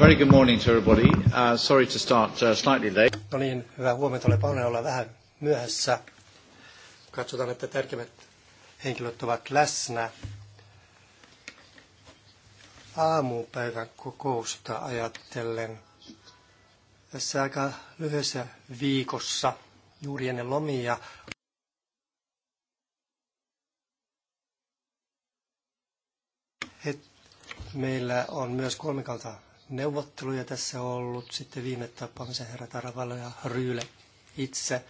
very good morning to everybody. Uh, sorry to start uh, slightly late. No niin, hyvää huomenta. Olen pahoillani olla vähän myöhässä. Katsotaan, että tärkeimmät henkilöt ovat läsnä. Aamupäivän kokousta ajatellen. Tässä aika lyhyessä viikossa, juuri ennen lomia, meillä on myös kolmikalta neuvotteluja tässä ollut. Sitten viime tapaamisen herra Taravalo ja Ryyle itse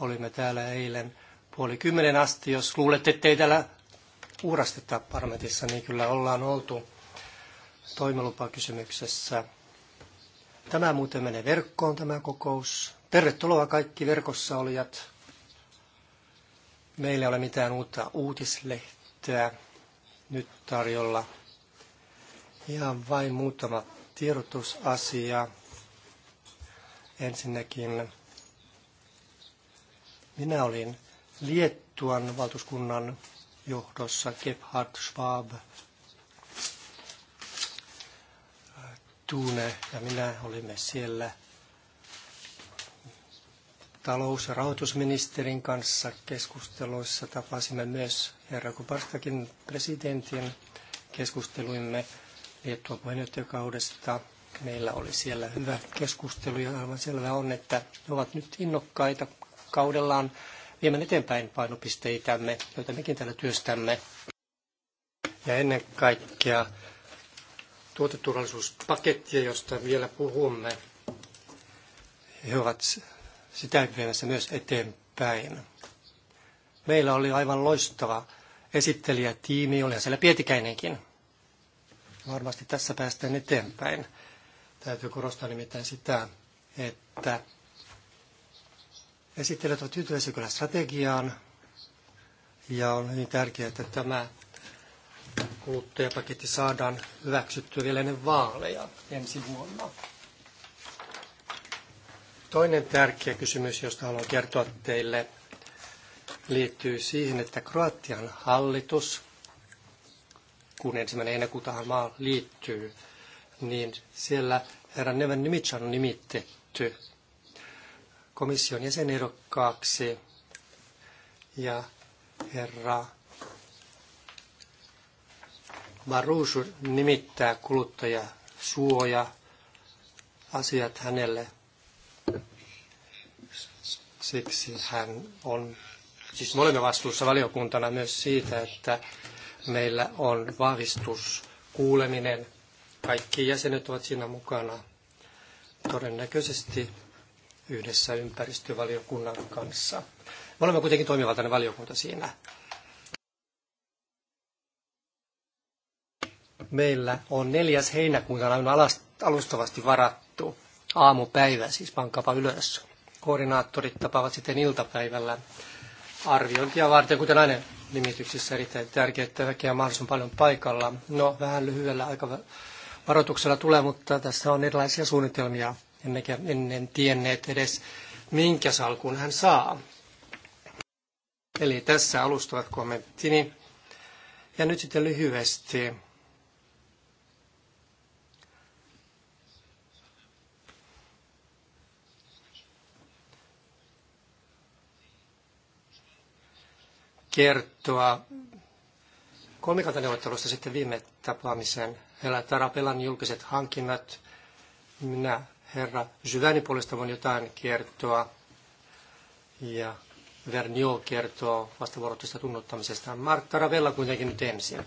olimme täällä eilen puoli kymmenen asti. Jos luulette, ettei täällä uurasteta parlamentissa, niin kyllä ollaan oltu toimilupakysymyksessä. Tämä muuten menee verkkoon tämä kokous. Tervetuloa kaikki verkossa olijat. Meillä ei ole mitään uutta uutislehteä nyt tarjolla. Ihan vain muutama tiedotusasia. Ensinnäkin minä olin Liettuan valtuuskunnan johdossa Gebhard Schwab, Tuune ja minä olimme siellä talous- ja rahoitusministerin kanssa keskusteluissa. Tapasimme myös herra Kuparstakin presidentin. Keskusteluimme Liettua puheenjohtajakaudesta. Meillä oli siellä hyvä keskustelu ja aivan selvä on, että he ovat nyt innokkaita kaudellaan viemään eteenpäin painopisteitämme, joita mekin täällä työstämme. Ja ennen kaikkea tuoteturvallisuuspakettia, josta vielä puhumme, he ovat sitä viemässä myös eteenpäin. Meillä oli aivan loistava esittelijätiimi, olihan siellä Pietikäinenkin. Varmasti tässä päästään eteenpäin. Täytyy korostaa nimittäin sitä, että esittelijät ovat tyytyväisiä kyllä strategiaan, ja on hyvin tärkeää, että tämä kuluttajapaketti saadaan hyväksyttyä vielä ennen vaaleja ensi vuonna. Toinen tärkeä kysymys, josta haluan kertoa teille, liittyy siihen, että Kroatian hallitus kun ensimmäinen tähän maa liittyy, niin siellä herran Neven Nimitsan on nimitetty komission jäsenehdokkaaksi ja herra Barroso nimittää kuluttaja suoja asiat hänelle. Siksi hän on, siis me olemme vastuussa valiokuntana myös siitä, että Meillä on vahvistuskuuleminen. Kaikki jäsenet ovat siinä mukana todennäköisesti yhdessä ympäristövaliokunnan kanssa. Me olemme kuitenkin toimivaltainen valiokunta siinä. Meillä on 4. heinäkuuta on alustavasti varattu aamupäivä, siis pankapa ylös. Koordinaattorit tapaavat sitten iltapäivällä arviointia varten, kuten aina nimityksissä erittäin tärkeää, että väkeä mahdollisimman paljon paikalla. No, vähän lyhyellä aikavaroituksella tulee, mutta tässä on erilaisia suunnitelmia. Emmekä ennen tienneet edes, minkä salkun hän saa. Eli tässä alustavat kommenttini. Ja nyt sitten lyhyesti kertoa kolmikantaneuvottelusta sitten viime tapaamisen. Heillä Tarapelan julkiset hankinnat. Minä herra Syvänin puolesta voin jotain kertoa. Ja Vernio kertoo vastavuorotusta tunnuttamisesta. Mark Tarapella kuitenkin nyt ensin.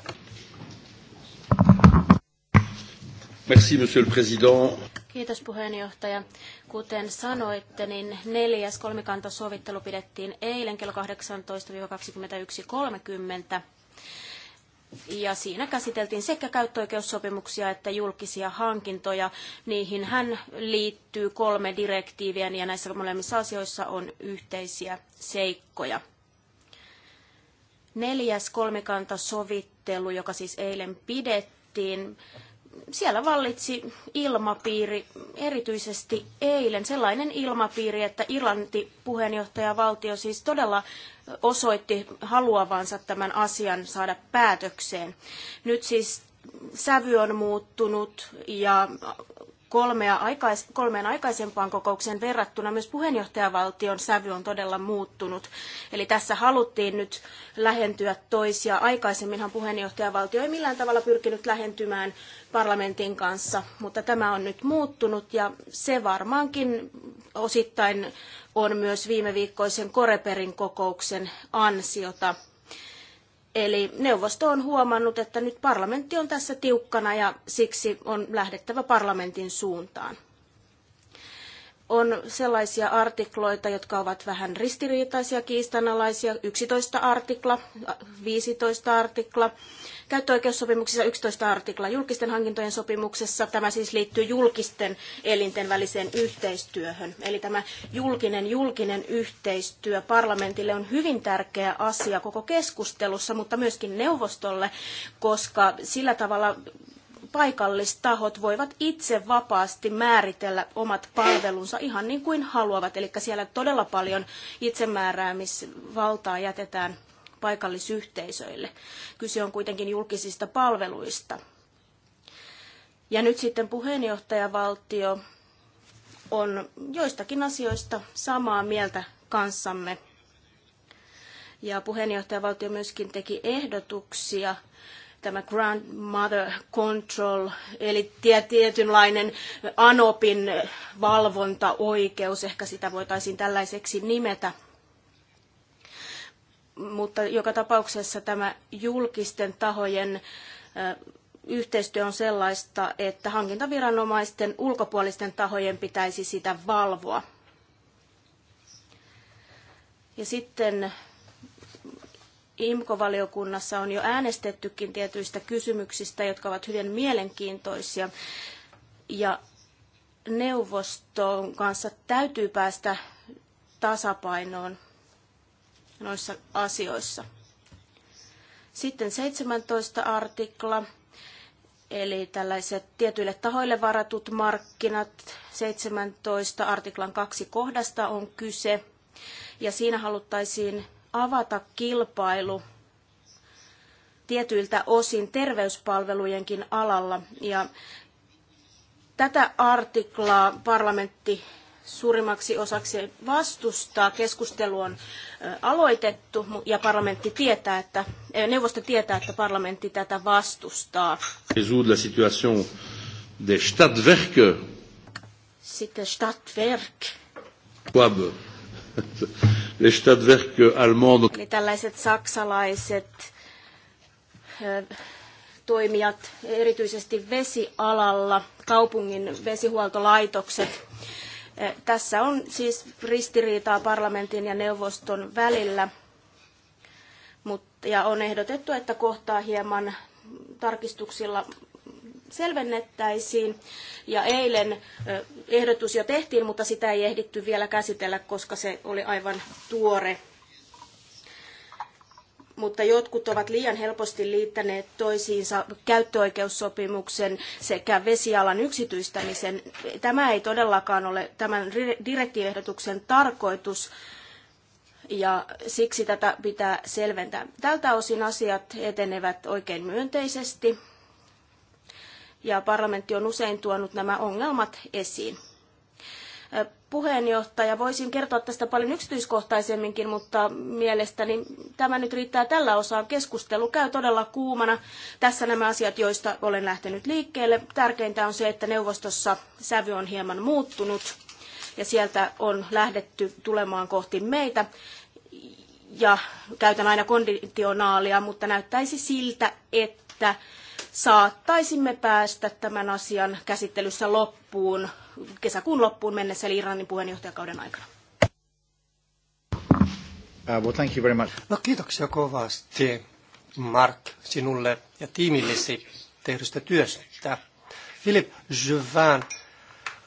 Merci, monsieur le président. Kiitos puheenjohtaja. Kuten sanoitte, niin neljäs kolmikantasovittelu pidettiin eilen kello 18-21.30. Ja siinä käsiteltiin sekä käyttöoikeussopimuksia että julkisia hankintoja. Niihin hän liittyy kolme direktiiviä ja näissä molemmissa asioissa on yhteisiä seikkoja. Neljäs kolmikantasovittelu, joka siis eilen pidettiin, siellä vallitsi ilmapiiri, erityisesti eilen sellainen ilmapiiri, että Irlanti puheenjohtajavaltio siis todella osoitti haluavansa tämän asian saada päätökseen. Nyt siis sävy on muuttunut ja kolmea aikais- kolmeen aikaisempaan kokoukseen verrattuna myös puheenjohtajavaltion sävy on todella muuttunut. Eli tässä haluttiin nyt lähentyä toisia. Aikaisemminhan puheenjohtajavaltio ei millään tavalla pyrkinyt lähentymään parlamentin kanssa, mutta tämä on nyt muuttunut ja se varmaankin osittain on myös viime viikkoisen Koreperin kokouksen ansiota – Eli neuvosto on huomannut, että nyt parlamentti on tässä tiukkana ja siksi on lähdettävä parlamentin suuntaan on sellaisia artikloita, jotka ovat vähän ristiriitaisia, kiistanalaisia. 11 artikla, 15 artikla, käyttöoikeussopimuksessa 11 artikla, julkisten hankintojen sopimuksessa. Tämä siis liittyy julkisten elinten väliseen yhteistyöhön. Eli tämä julkinen julkinen yhteistyö parlamentille on hyvin tärkeä asia koko keskustelussa, mutta myöskin neuvostolle, koska sillä tavalla paikallistahot voivat itse vapaasti määritellä omat palvelunsa ihan niin kuin haluavat. Eli siellä todella paljon itsemääräämisvaltaa jätetään paikallisyhteisöille. Kyse on kuitenkin julkisista palveluista. Ja nyt sitten puheenjohtajavaltio on joistakin asioista samaa mieltä kanssamme. Ja puheenjohtajavaltio myöskin teki ehdotuksia tämä grandmother control, eli tietynlainen ANOPin valvontaoikeus, ehkä sitä voitaisiin tällaiseksi nimetä. Mutta joka tapauksessa tämä julkisten tahojen yhteistyö on sellaista, että hankintaviranomaisten ulkopuolisten tahojen pitäisi sitä valvoa. Ja sitten IMKO-valiokunnassa on jo äänestettykin tietyistä kysymyksistä, jotka ovat hyvin mielenkiintoisia. Ja neuvoston kanssa täytyy päästä tasapainoon noissa asioissa. Sitten 17 artikla, eli tällaiset tietyille tahoille varatut markkinat. 17 artiklan kaksi kohdasta on kyse, ja siinä haluttaisiin avata kilpailu tietyiltä osin terveyspalvelujenkin alalla. Ja tätä artiklaa parlamentti suurimmaksi osaksi vastustaa. Keskustelu on aloitettu ja parlamentti tietää, että, neuvosto tietää, että parlamentti tätä vastustaa. Sitten Stadtwerk. Eli tällaiset saksalaiset toimijat, erityisesti vesialalla, kaupungin vesihuoltolaitokset. Tässä on siis ristiriitaa parlamentin ja neuvoston välillä, mutta, ja on ehdotettu, että kohtaa hieman tarkistuksilla selvennettäisiin. Ja eilen ehdotus jo tehtiin, mutta sitä ei ehditty vielä käsitellä, koska se oli aivan tuore. Mutta jotkut ovat liian helposti liittäneet toisiinsa käyttöoikeussopimuksen sekä vesialan yksityistämisen. Tämä ei todellakaan ole tämän direktiivehdotuksen tarkoitus ja siksi tätä pitää selventää. Tältä osin asiat etenevät oikein myönteisesti ja parlamentti on usein tuonut nämä ongelmat esiin. Puheenjohtaja, voisin kertoa tästä paljon yksityiskohtaisemminkin, mutta mielestäni tämä nyt riittää tällä osaa. Keskustelu käy todella kuumana. Tässä nämä asiat, joista olen lähtenyt liikkeelle. Tärkeintä on se, että neuvostossa sävy on hieman muuttunut ja sieltä on lähdetty tulemaan kohti meitä ja käytän aina konditionaalia, mutta näyttäisi siltä, että saattaisimme päästä tämän asian käsittelyssä loppuun, kesäkuun loppuun mennessä, eli Irlannin puheenjohtajakauden aikana. Uh, well, thank you very much. No kiitoksia kovasti Mark sinulle ja tiimillesi tehdystä työstä. Philip Juvan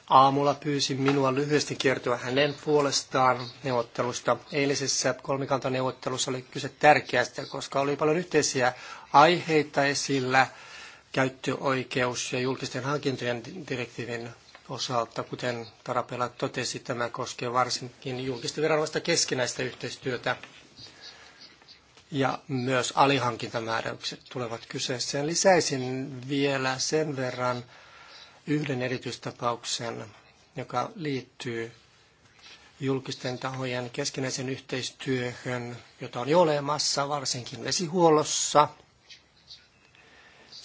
aamulla pyysi minua lyhyesti kertoa hänen puolestaan neuvottelusta. Eilisessä kolmikantaneuvottelussa oli kyse tärkeästä, koska oli paljon yhteisiä aiheita esillä – käyttöoikeus ja julkisten hankintojen direktiivin osalta, kuten Tarapela totesi, tämä koskee varsinkin julkisten viranomaisten keskinäistä yhteistyötä ja myös alihankintamääräykset tulevat kyseeseen. Lisäisin vielä sen verran yhden erityistapauksen, joka liittyy julkisten tahojen keskinäisen yhteistyöhön, jota on jo olemassa, varsinkin vesihuollossa –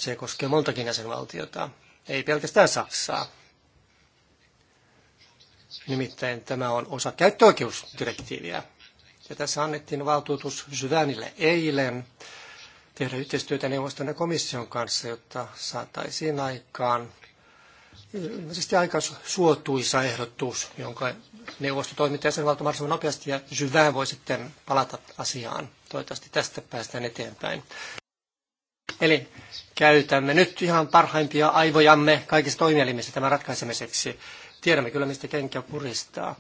se koskee montakin jäsenvaltiota, ei pelkästään Saksaa. Nimittäin tämä on osa käyttöoikeusdirektiiviä. Ja tässä annettiin valtuutus Syvänille eilen tehdä yhteistyötä neuvoston ja komission kanssa, jotta saataisiin aikaan ilmeisesti aika suotuisa ehdotus, jonka neuvosto toimii jäsenvaltio mahdollisimman nopeasti ja Syvään voi sitten palata asiaan. Toivottavasti tästä päästään eteenpäin. Eli käytämme nyt ihan parhaimpia aivojamme kaikissa toimielimissä tämän ratkaisemiseksi. Tiedämme kyllä, mistä kenkä puristaa.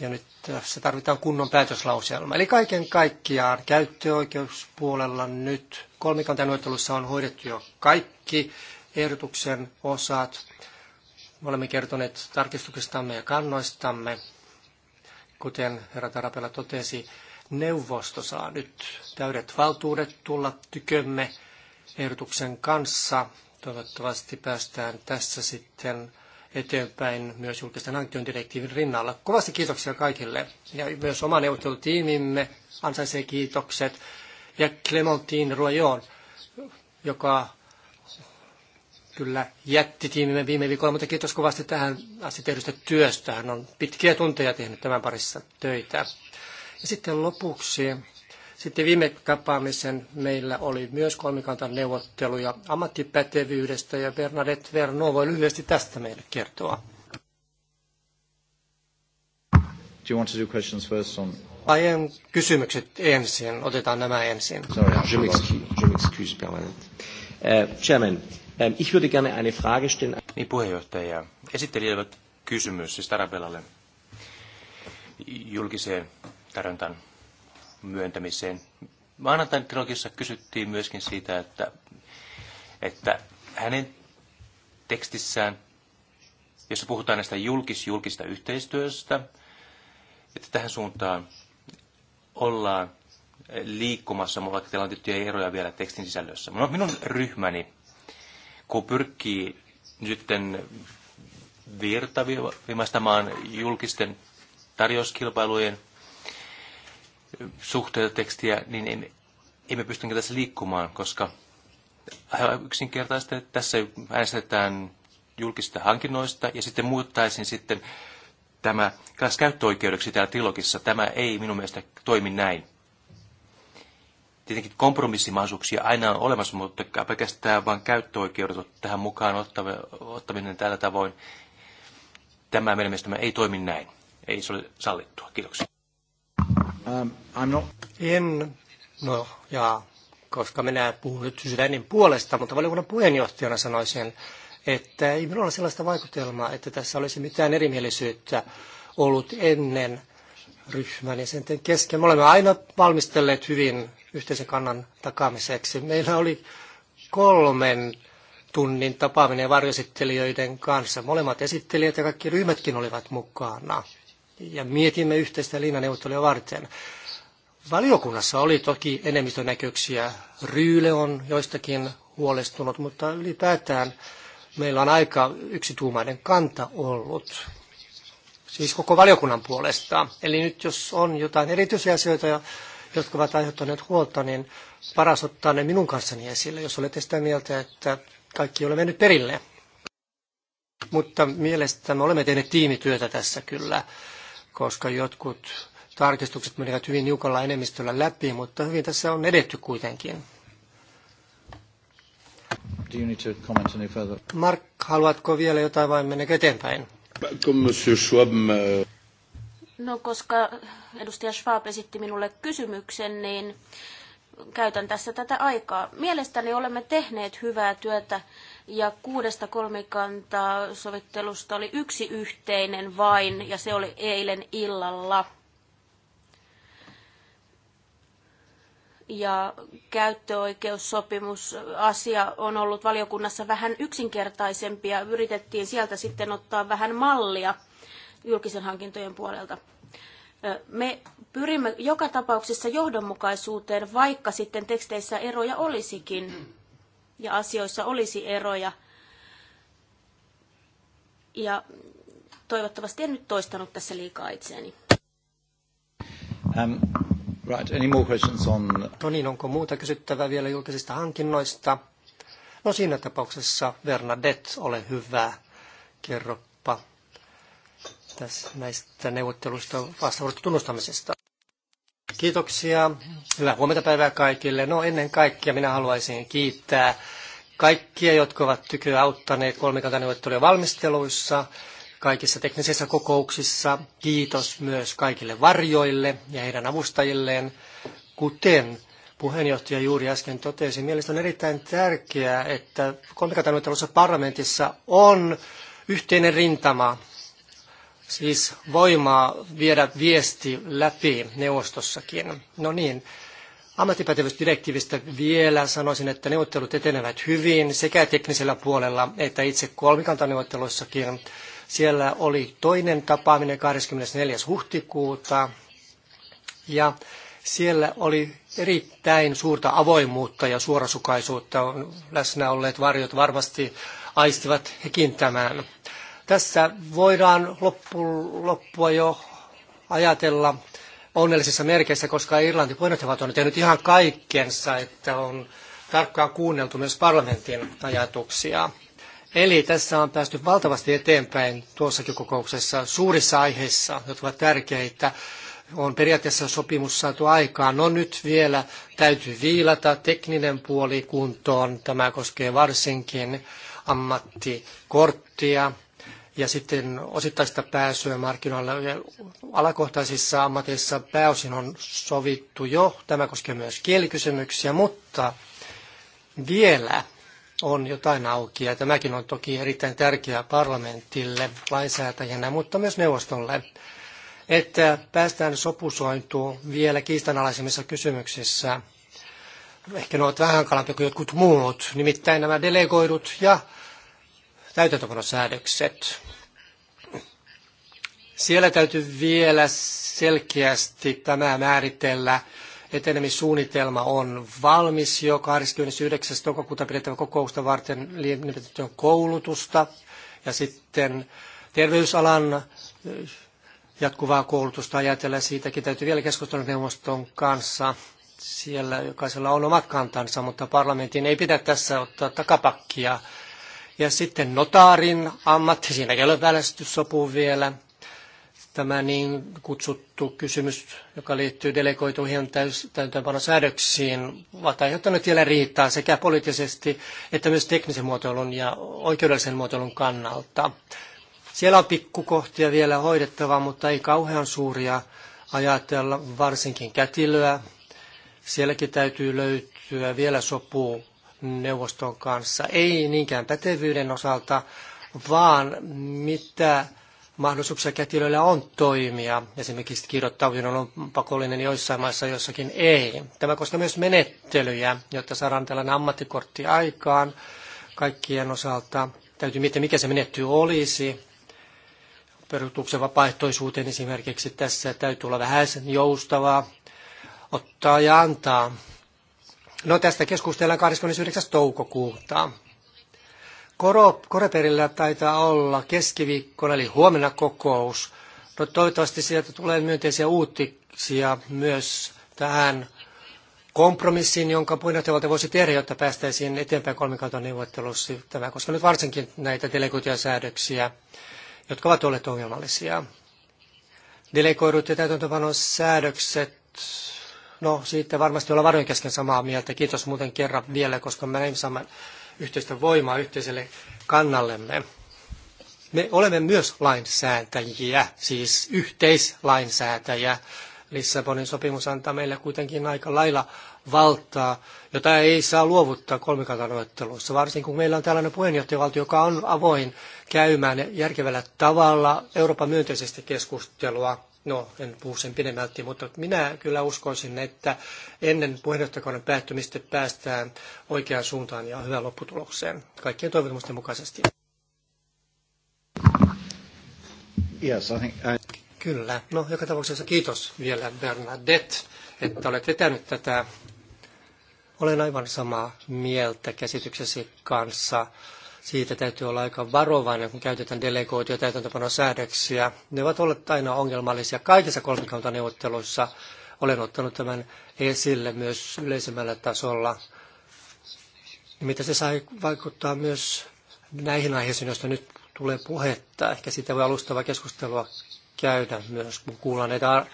Ja nyt tässä äh, tarvitaan kunnon päätöslauselma. Eli kaiken kaikkiaan käyttöoikeuspuolella nyt kolmikantaneuvottelussa on hoidettu jo kaikki ehdotuksen osat. Me olemme kertoneet tarkistuksistamme ja kannoistamme. Kuten herra Tarapela totesi, neuvosto saa nyt täydet valtuudet tulla tykömme ehdotuksen kanssa. Toivottavasti päästään tässä sitten eteenpäin myös julkisten hankintojen direktiivin rinnalla. Kovasti kiitoksia kaikille ja myös oma neuvottelutiimimme ansaisee kiitokset ja Clementine Royon, joka kyllä jätti tiimimme viime viikolla, mutta kiitos kovasti tähän asti tehdystä työstä. Hän on pitkiä tunteja tehnyt tämän parissa töitä. Ja sitten lopuksi sitten viime tapaamisen meillä oli myös kolmikantan neuvotteluja ammattipätevyydestä ja Bernadette Verno voi lyhyesti tästä meille kertoa. Do you want to do questions first on... Aion kysymykset ensin. Otetaan nämä ensin. Sorry, je m'excuse, Bernadette. Uh, chairman, um, ich würde gerne eine Frage stellen. Niin puheenjohtaja, esittelijävät kysymys siis Tarabellalle julkiseen tarjontaan myöntämiseen. Maanantain trilogissa kysyttiin myöskin siitä, että, että hänen tekstissään, jossa puhutaan näistä julkis-julkista yhteistyöstä, että tähän suuntaan ollaan liikkumassa, vaikka teillä on tiettyjä eroja vielä tekstin sisällössä. No, minun ryhmäni, kun pyrkii nyt virtavimaistamaan julkisten tarjouskilpailujen suhteita tekstiä, niin emme, emme pysty tässä liikkumaan, koska yksinkertaisesti tässä äänestetään julkisista hankinnoista ja sitten muuttaisin sitten tämä kas käyttöoikeudeksi täällä trilogissa. Tämä ei minun mielestä toimi näin. Tietenkin kompromissimahdollisuuksia aina on olemassa, mutta pelkästään vain käyttöoikeudet tähän mukaan ottaminen tällä tavoin. Tämä meidän mielestämme ei toimi näin. Ei se ole sallittua. Kiitoksia. Um, I'm not... En, no jaa, koska minä puhun nyt sydänin puolesta, mutta valiokunnan puheenjohtajana sanoisin, että ei minulla ole sellaista vaikutelmaa, että tässä olisi mitään erimielisyyttä ollut ennen ryhmän jäsenten kesken. Me olemme aina valmistelleet hyvin yhteisen kannan takaamiseksi. Meillä oli kolmen tunnin tapaaminen varjoesittelijöiden kanssa. Molemmat esittelijät ja kaikki ryhmätkin olivat mukana ja mietimme yhteistä linjaneuvottelua varten. Valiokunnassa oli toki enemmistönäköksiä. Ryyle on joistakin huolestunut, mutta ylipäätään meillä on aika yksituumainen kanta ollut. Siis koko valiokunnan puolesta. Eli nyt jos on jotain erityisiä asioita, jotka ovat aiheuttaneet huolta, niin paras ottaa ne minun kanssani esille, jos olette sitä mieltä, että kaikki ei ole mennyt perille. Mutta mielestäni me olemme tehneet tiimityötä tässä kyllä koska jotkut tarkistukset menivät hyvin niukalla enemmistöllä läpi, mutta hyvin tässä on edetty kuitenkin. Do you need to comment any further? Mark, haluatko vielä jotain vai mennäkö eteenpäin? No, koska edustaja Schwab esitti minulle kysymyksen, niin käytän tässä tätä aikaa. Mielestäni olemme tehneet hyvää työtä ja kuudesta kolmikantaa sovittelusta oli yksi yhteinen vain, ja se oli eilen illalla. Ja käyttöoikeussopimusasia on ollut valiokunnassa vähän yksinkertaisempi ja yritettiin sieltä sitten ottaa vähän mallia julkisen hankintojen puolelta me pyrimme joka tapauksessa johdonmukaisuuteen, vaikka sitten teksteissä eroja olisikin ja asioissa olisi eroja. Ja toivottavasti en nyt toistanut tässä liikaa itseäni. Um, right, any more questions on... No niin, onko muuta kysyttävää vielä julkisista hankinnoista? No siinä tapauksessa Bernadette, ole hyvä, kerropa tässä näistä neuvotteluista vastaavuudesta tunnustamisesta. Kiitoksia. Hyvää huomenta päivää kaikille. No ennen kaikkea minä haluaisin kiittää kaikkia, jotka ovat tykyä auttaneet kolmikantaneuvottelujen valmisteluissa, kaikissa teknisissä kokouksissa. Kiitos myös kaikille varjoille ja heidän avustajilleen, kuten puheenjohtaja juuri äsken totesi. Mielestäni on erittäin tärkeää, että kolmikantaneuvottelussa parlamentissa on yhteinen rintama siis voimaa viedä viesti läpi neuvostossakin. No niin, ammattipätevyysdirektiivistä vielä sanoisin, että neuvottelut etenevät hyvin sekä teknisellä puolella että itse kolmikantaneuvotteluissakin. Siellä oli toinen tapaaminen 24. huhtikuuta ja siellä oli erittäin suurta avoimuutta ja suorasukaisuutta. Läsnä olleet varjot varmasti aistivat hekin tämän. Tässä voidaan loppu, loppua jo ajatella onnellisissa merkeissä, koska Irlanti puheenjohtajavaltio on tehnyt ihan kaikkensa, että on tarkkaan kuunneltu myös parlamentin ajatuksia. Eli tässä on päästy valtavasti eteenpäin tuossakin kokouksessa suurissa aiheissa, jotka ovat tärkeitä. On periaatteessa sopimus saatu aikaan. No nyt vielä täytyy viilata tekninen puoli kuntoon. Tämä koskee varsinkin ammattikorttia ja sitten osittaista pääsyä markkinoille alakohtaisissa ammateissa pääosin on sovittu jo. Tämä koskee myös kielikysymyksiä, mutta vielä on jotain auki ja tämäkin on toki erittäin tärkeää parlamentille lainsäätäjänä, mutta myös neuvostolle, että päästään sopusointuun vielä kiistanalaisemmissa kysymyksissä. Ehkä ne ovat vähän hankalampia kuin jotkut muut, nimittäin nämä delegoidut ja täytäntöpanosäädökset. Siellä täytyy vielä selkeästi tämä määritellä. Etenemissuunnitelma on valmis jo 29. toukokuuta pidettävä kokousta varten nimitettyä koulutusta ja sitten terveysalan eh, jatkuvaa koulutusta ajatellen. Siitäkin täytyy vielä keskustella neuvoston kanssa. Siellä jokaisella on omat kantansa, mutta parlamentin ei pidä tässä ottaa takapakkia ja sitten notaarin ammatti, siinä ei ole välästyssopua vielä. Tämä niin kutsuttu kysymys, joka liittyy delegoituihin täytäntöönpanosäädöksiin, ovat aiheuttaneet vielä riittää sekä poliittisesti että myös teknisen muotoilun ja oikeudellisen muotoilun kannalta. Siellä on pikkukohtia vielä hoidettavaa, mutta ei kauhean suuria ajatella, varsinkin kätilöä. Sielläkin täytyy löytyä vielä sopuu neuvoston kanssa, ei niinkään pätevyyden osalta, vaan mitä mahdollisuuksia kätilöillä on toimia. Esimerkiksi kirjoittaminen on pakollinen joissain maissa, joissakin ei. Tämä koskee myös menettelyjä, jotta saadaan tällainen ammattikortti aikaan kaikkien osalta. Täytyy miettiä, mikä se menetty olisi. Perustuksen vapaaehtoisuuteen esimerkiksi tässä täytyy olla vähän joustavaa, ottaa ja antaa No tästä keskustellaan 29. toukokuuta. Koro, Koreperillä taitaa olla keskiviikkona, eli huomenna kokous. No toivottavasti sieltä tulee myönteisiä uutisia myös tähän kompromissiin, jonka puheenjohtajavalta voisi tehdä, jotta päästäisiin eteenpäin kolmikantan neuvottelussa. Tämä koska nyt varsinkin näitä delegoituja säädöksiä, jotka ovat olleet ongelmallisia. Delegoidut ja säädökset. No, siitä varmasti olla varojen kesken samaa mieltä. Kiitos muuten kerran vielä, koska me näin saman yhteistä voimaa yhteiselle kannallemme. Me olemme myös lainsäätäjiä, siis yhteislainsäätäjiä. Lissabonin sopimus antaa meille kuitenkin aika lailla valtaa, jota ei saa luovuttaa kolmikantanoitteluissa, varsinkin kun meillä on tällainen puheenjohtajavaltio, joka on avoin käymään järkevällä tavalla Euroopan myönteisesti keskustelua. No, en puhu sen pidemmälti, mutta minä kyllä uskoisin, että ennen puheenjohtajakauden päättymistä päästään oikeaan suuntaan ja hyvään lopputulokseen kaikkien toivomusten mukaisesti. Yes, I think I... Uh, kyllä. No, joka tapauksessa kiitos vielä Bernadette, että olet vetänyt tätä. Olen aivan samaa mieltä käsityksesi kanssa siitä täytyy olla aika varovainen, kun käytetään delegoituja täytäntöpanosäädöksiä. Ne ovat olleet aina ongelmallisia kaikissa kolmikantaneuvotteluissa. Olen ottanut tämän esille myös yleisemmällä tasolla. Mitä se sai vaikuttaa myös näihin aiheisiin, joista nyt tulee puhetta. Ehkä siitä voi alustavaa keskustelua käydä myös, kun kuullaan näitä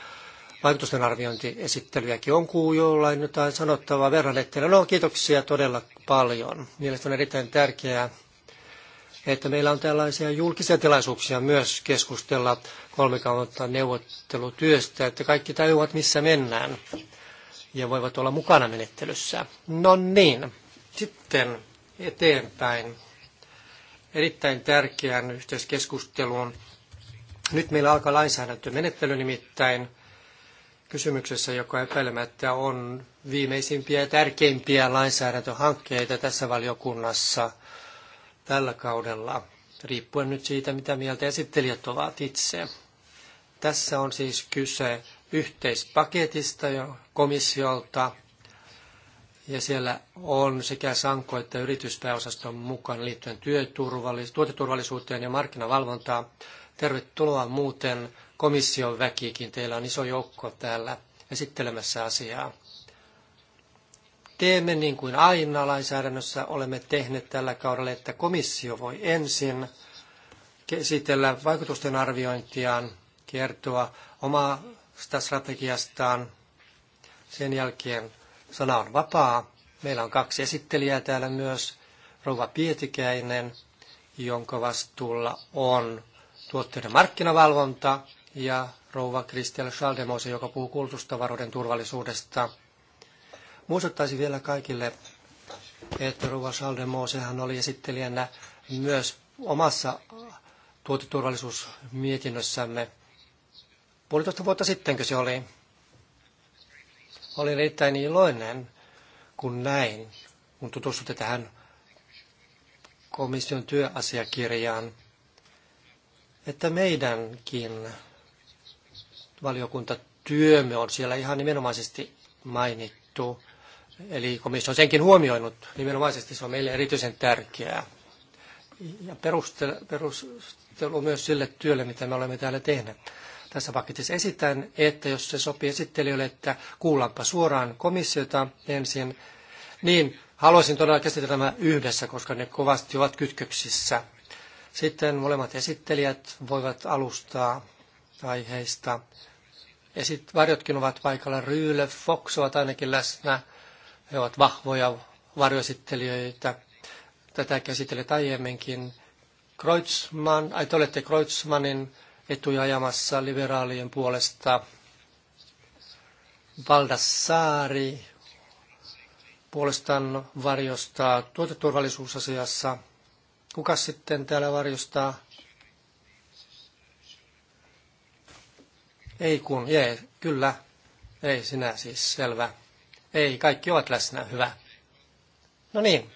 vaikutusten arviointiesittelyjäkin. On kuu jollain jotain sanottavaa verran, että no kiitoksia todella paljon. Mielestäni on erittäin tärkeää, että meillä on tällaisia julkisia tilaisuuksia myös keskustella kolmikautta neuvottelutyöstä, että kaikki tajuavat, missä mennään ja voivat olla mukana menettelyssä. No niin, sitten eteenpäin erittäin tärkeään yhteiskeskusteluun. Nyt meillä alkaa lainsäädäntömenettely nimittäin kysymyksessä, joka epäilemättä on viimeisimpiä ja tärkeimpiä lainsäädäntöhankkeita tässä valiokunnassa – tällä kaudella, riippuen nyt siitä, mitä mieltä esittelijät ovat itse. Tässä on siis kyse yhteispaketista jo komissiolta, ja siellä on sekä sanko- että yrityspääosaston mukaan liittyen työturvallis- tuoteturvallisuuteen ja markkinavalvontaan. Tervetuloa muuten komission väkiikin. Teillä on iso joukko täällä esittelemässä asiaa teemme niin kuin aina lainsäädännössä olemme tehneet tällä kaudella, että komissio voi ensin esitellä vaikutusten arviointiaan, kertoa omasta strategiastaan. Sen jälkeen sana on vapaa. Meillä on kaksi esittelijää täällä myös, Rouva Pietikäinen, jonka vastuulla on tuotteiden markkinavalvonta, ja Rouva Kristel Schaldemose, joka puhuu kulutustavaroiden turvallisuudesta – Muistuttaisin vielä kaikille, että Ruva sehän oli esittelijänä myös omassa tuotiturvallisuusmietinnössämme. puolitoista vuotta sittenkö se oli. Olin erittäin iloinen, kun näin, kun tutustutte tähän komission työasiakirjaan, että meidänkin valiokuntatyömme on siellä ihan nimenomaisesti mainittu. Eli komissio on senkin huomioinut, nimenomaisesti se on meille erityisen tärkeää. Ja perustelu, myös sille työlle, mitä me olemme täällä tehneet. Tässä paketissa esitän, että jos se sopii esittelijöille, että kuullaanpa suoraan komissiota ensin, niin haluaisin todella käsitellä nämä yhdessä, koska ne kovasti ovat kytköksissä. Sitten molemmat esittelijät voivat alustaa aiheista. Ja sitten varjotkin ovat paikalla. Ryyle, Fox ovat ainakin läsnä. He ovat vahvoja varjoesittelijöitä. Tätä käsitellet aiemminkin. Kreutzmann, ai te olette Kreutzmannin etuja ajamassa liberaalien puolesta. Valdassaari puolestaan varjostaa tuoteturvallisuusasiassa. Kuka sitten täällä varjostaa? Ei kun, jee, kyllä. Ei sinä siis, selvä. Ei, kaikki ovat läsnä. Hyvä. No niin,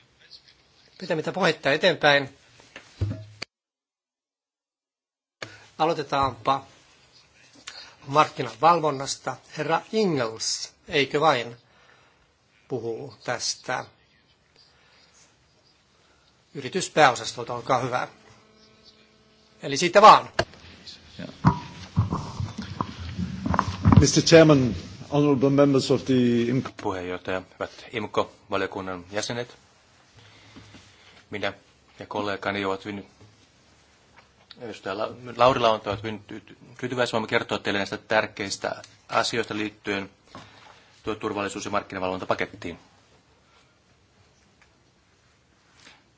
pitämättä puhetta eteenpäin. Aloitetaanpa markkinavalvonnasta. Herra Ingels, eikö vain, puhuu tästä yrityspääosastolta. Olkaa hyvä. Eli siitä vaan. Mr. Chairman, honorable members of the IMCO. Puheenjohtaja, hyvät IMCO-valiokunnan jäsenet. Minä ja kollegani ovat hyvin, edustaja Lauri Launto, ovat hyvin tyytyväisiä. Voimme kertoa teille näistä tärkeistä asioista liittyen tuo turvallisuus- ja markkinavalvontapakettiin.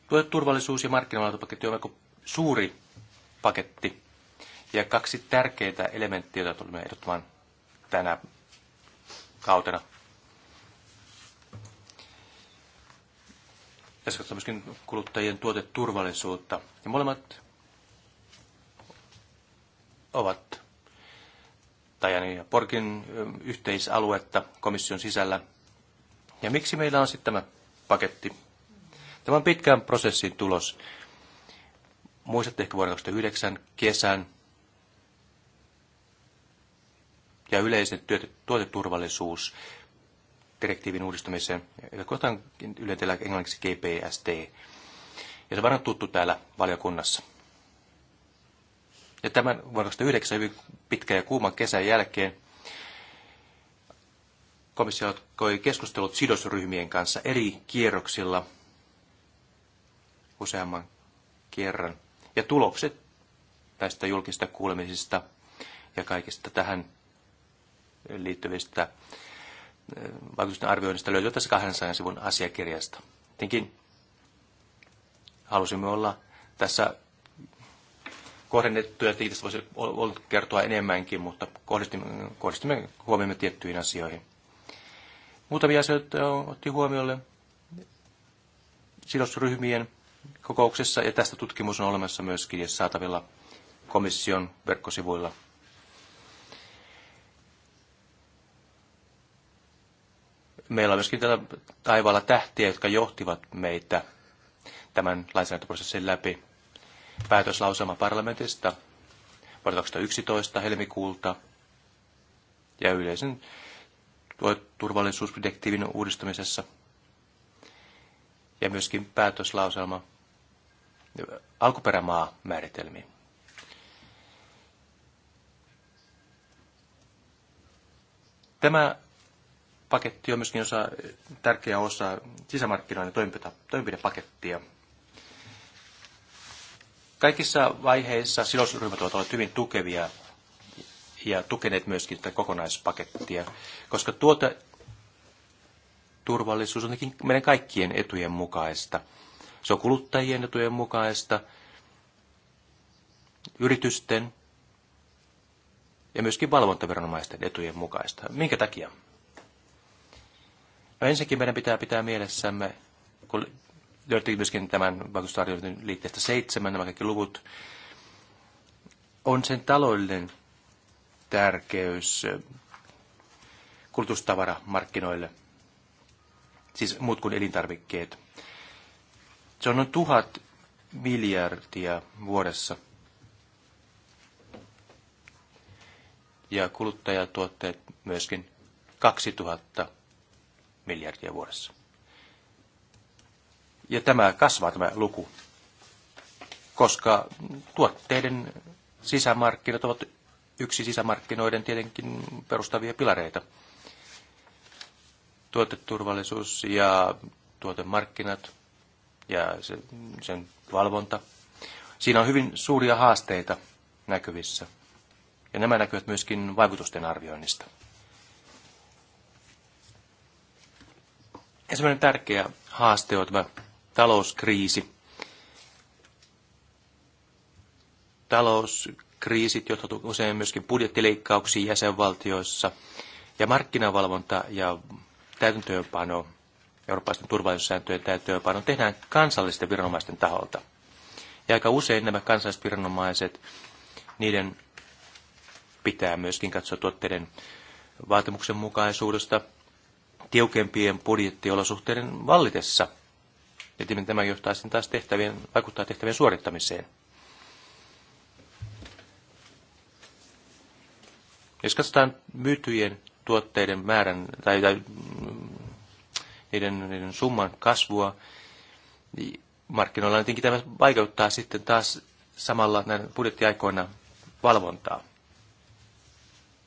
Tuoteturvallisuus- ja markkinavalvontapaketti on melko suuri paketti ja kaksi tärkeää elementtiä, joita tulemme ehdottamaan tänä kautena. Tässä katsotaan myöskin kuluttajien tuoteturvallisuutta. Ja molemmat ovat tajani ja Porkin yhteisaluetta komission sisällä. Ja miksi meillä on sitten tämä paketti? Tämä on pitkän prosessin tulos. Muistatte ehkä vuoden 2009 kesän, ja yleisen tuoteturvallisuus direktiivin uudistamiseen, eli kohtaan yleitellä englanniksi GPST. Ja se on varmaan tuttu täällä valiokunnassa. Ja tämän vuonna 2009 hyvin pitkän ja kuuman kesän jälkeen komissio alkoi keskustelut sidosryhmien kanssa eri kierroksilla useamman kerran. Ja tulokset näistä julkista kuulemisista ja kaikista tähän liittyvistä äh, vaikutusten arvioinnista löytyy tässä 200 sivun asiakirjasta. Tietenkin halusimme olla tässä kohdennettuja, että itse voisi kertoa enemmänkin, mutta kohdistimme, kohdistimme huomioimme tiettyihin asioihin. Muutamia asioita otti huomiolle sidosryhmien kokouksessa, ja tästä tutkimus on olemassa myöskin saatavilla komission verkkosivuilla – Meillä on myöskin tällä taivaalla tähtiä, jotka johtivat meitä tämän lainsäädäntöprosessin läpi. Päätöslauselma parlamentista vuonna 2011 helmikuulta ja yleisen turvallisuusdirektiivin uudistamisessa ja myöskin päätöslauselma alkuperämaa määritelmiin. Tämä paketti on myöskin osa, tärkeä osa sisämarkkinoiden toimenpidepakettia. Kaikissa vaiheissa sidosryhmät ovat olleet hyvin tukevia ja tukeneet myöskin tätä kokonaispakettia, koska tuota turvallisuus on meidän kaikkien etujen mukaista. Se on kuluttajien etujen mukaista, yritysten ja myöskin valvontaviranomaisten etujen mukaista. Minkä takia? Ensinnäkin meidän pitää pitää mielessämme, kun löytyy myöskin tämän vaikutusarvioinnin liitteestä seitsemän, nämä kaikki luvut, on sen taloudellinen tärkeys kulutustavaramarkkinoille, siis muut kuin elintarvikkeet. Se on noin tuhat miljardia vuodessa. Ja kuluttajatuotteet myöskin 2000 miljardia vuodessa. Ja tämä kasvaa tämä luku, koska tuotteiden sisämarkkinat ovat yksi sisämarkkinoiden tietenkin perustavia pilareita. Tuoteturvallisuus ja tuotemarkkinat ja sen valvonta. Siinä on hyvin suuria haasteita näkyvissä. Ja nämä näkyvät myöskin vaikutusten arvioinnista. semmoinen tärkeä haaste on tämä talouskriisi. Talouskriisit johtuvat usein myöskin budjettileikkauksiin jäsenvaltioissa ja markkinavalvonta ja täytäntöönpano, eurooppalaisten turvallisuussääntöjen täytäntöönpano tehdään kansallisten viranomaisten taholta. Ja aika usein nämä kansalliset viranomaiset, niiden pitää myöskin katsoa tuotteiden mukaisuudesta tiukempien budjettiolosuhteiden vallitessa. Ja tämä johtaa sitten taas tehtävien, vaikuttaa tehtävien suorittamiseen. Jos katsotaan myytyjen tuotteiden määrän tai, tai mm, niiden, niiden summan kasvua, niin markkinoilla tietenkin tämä vaikeuttaa sitten taas samalla näin budjettiaikoina valvontaa.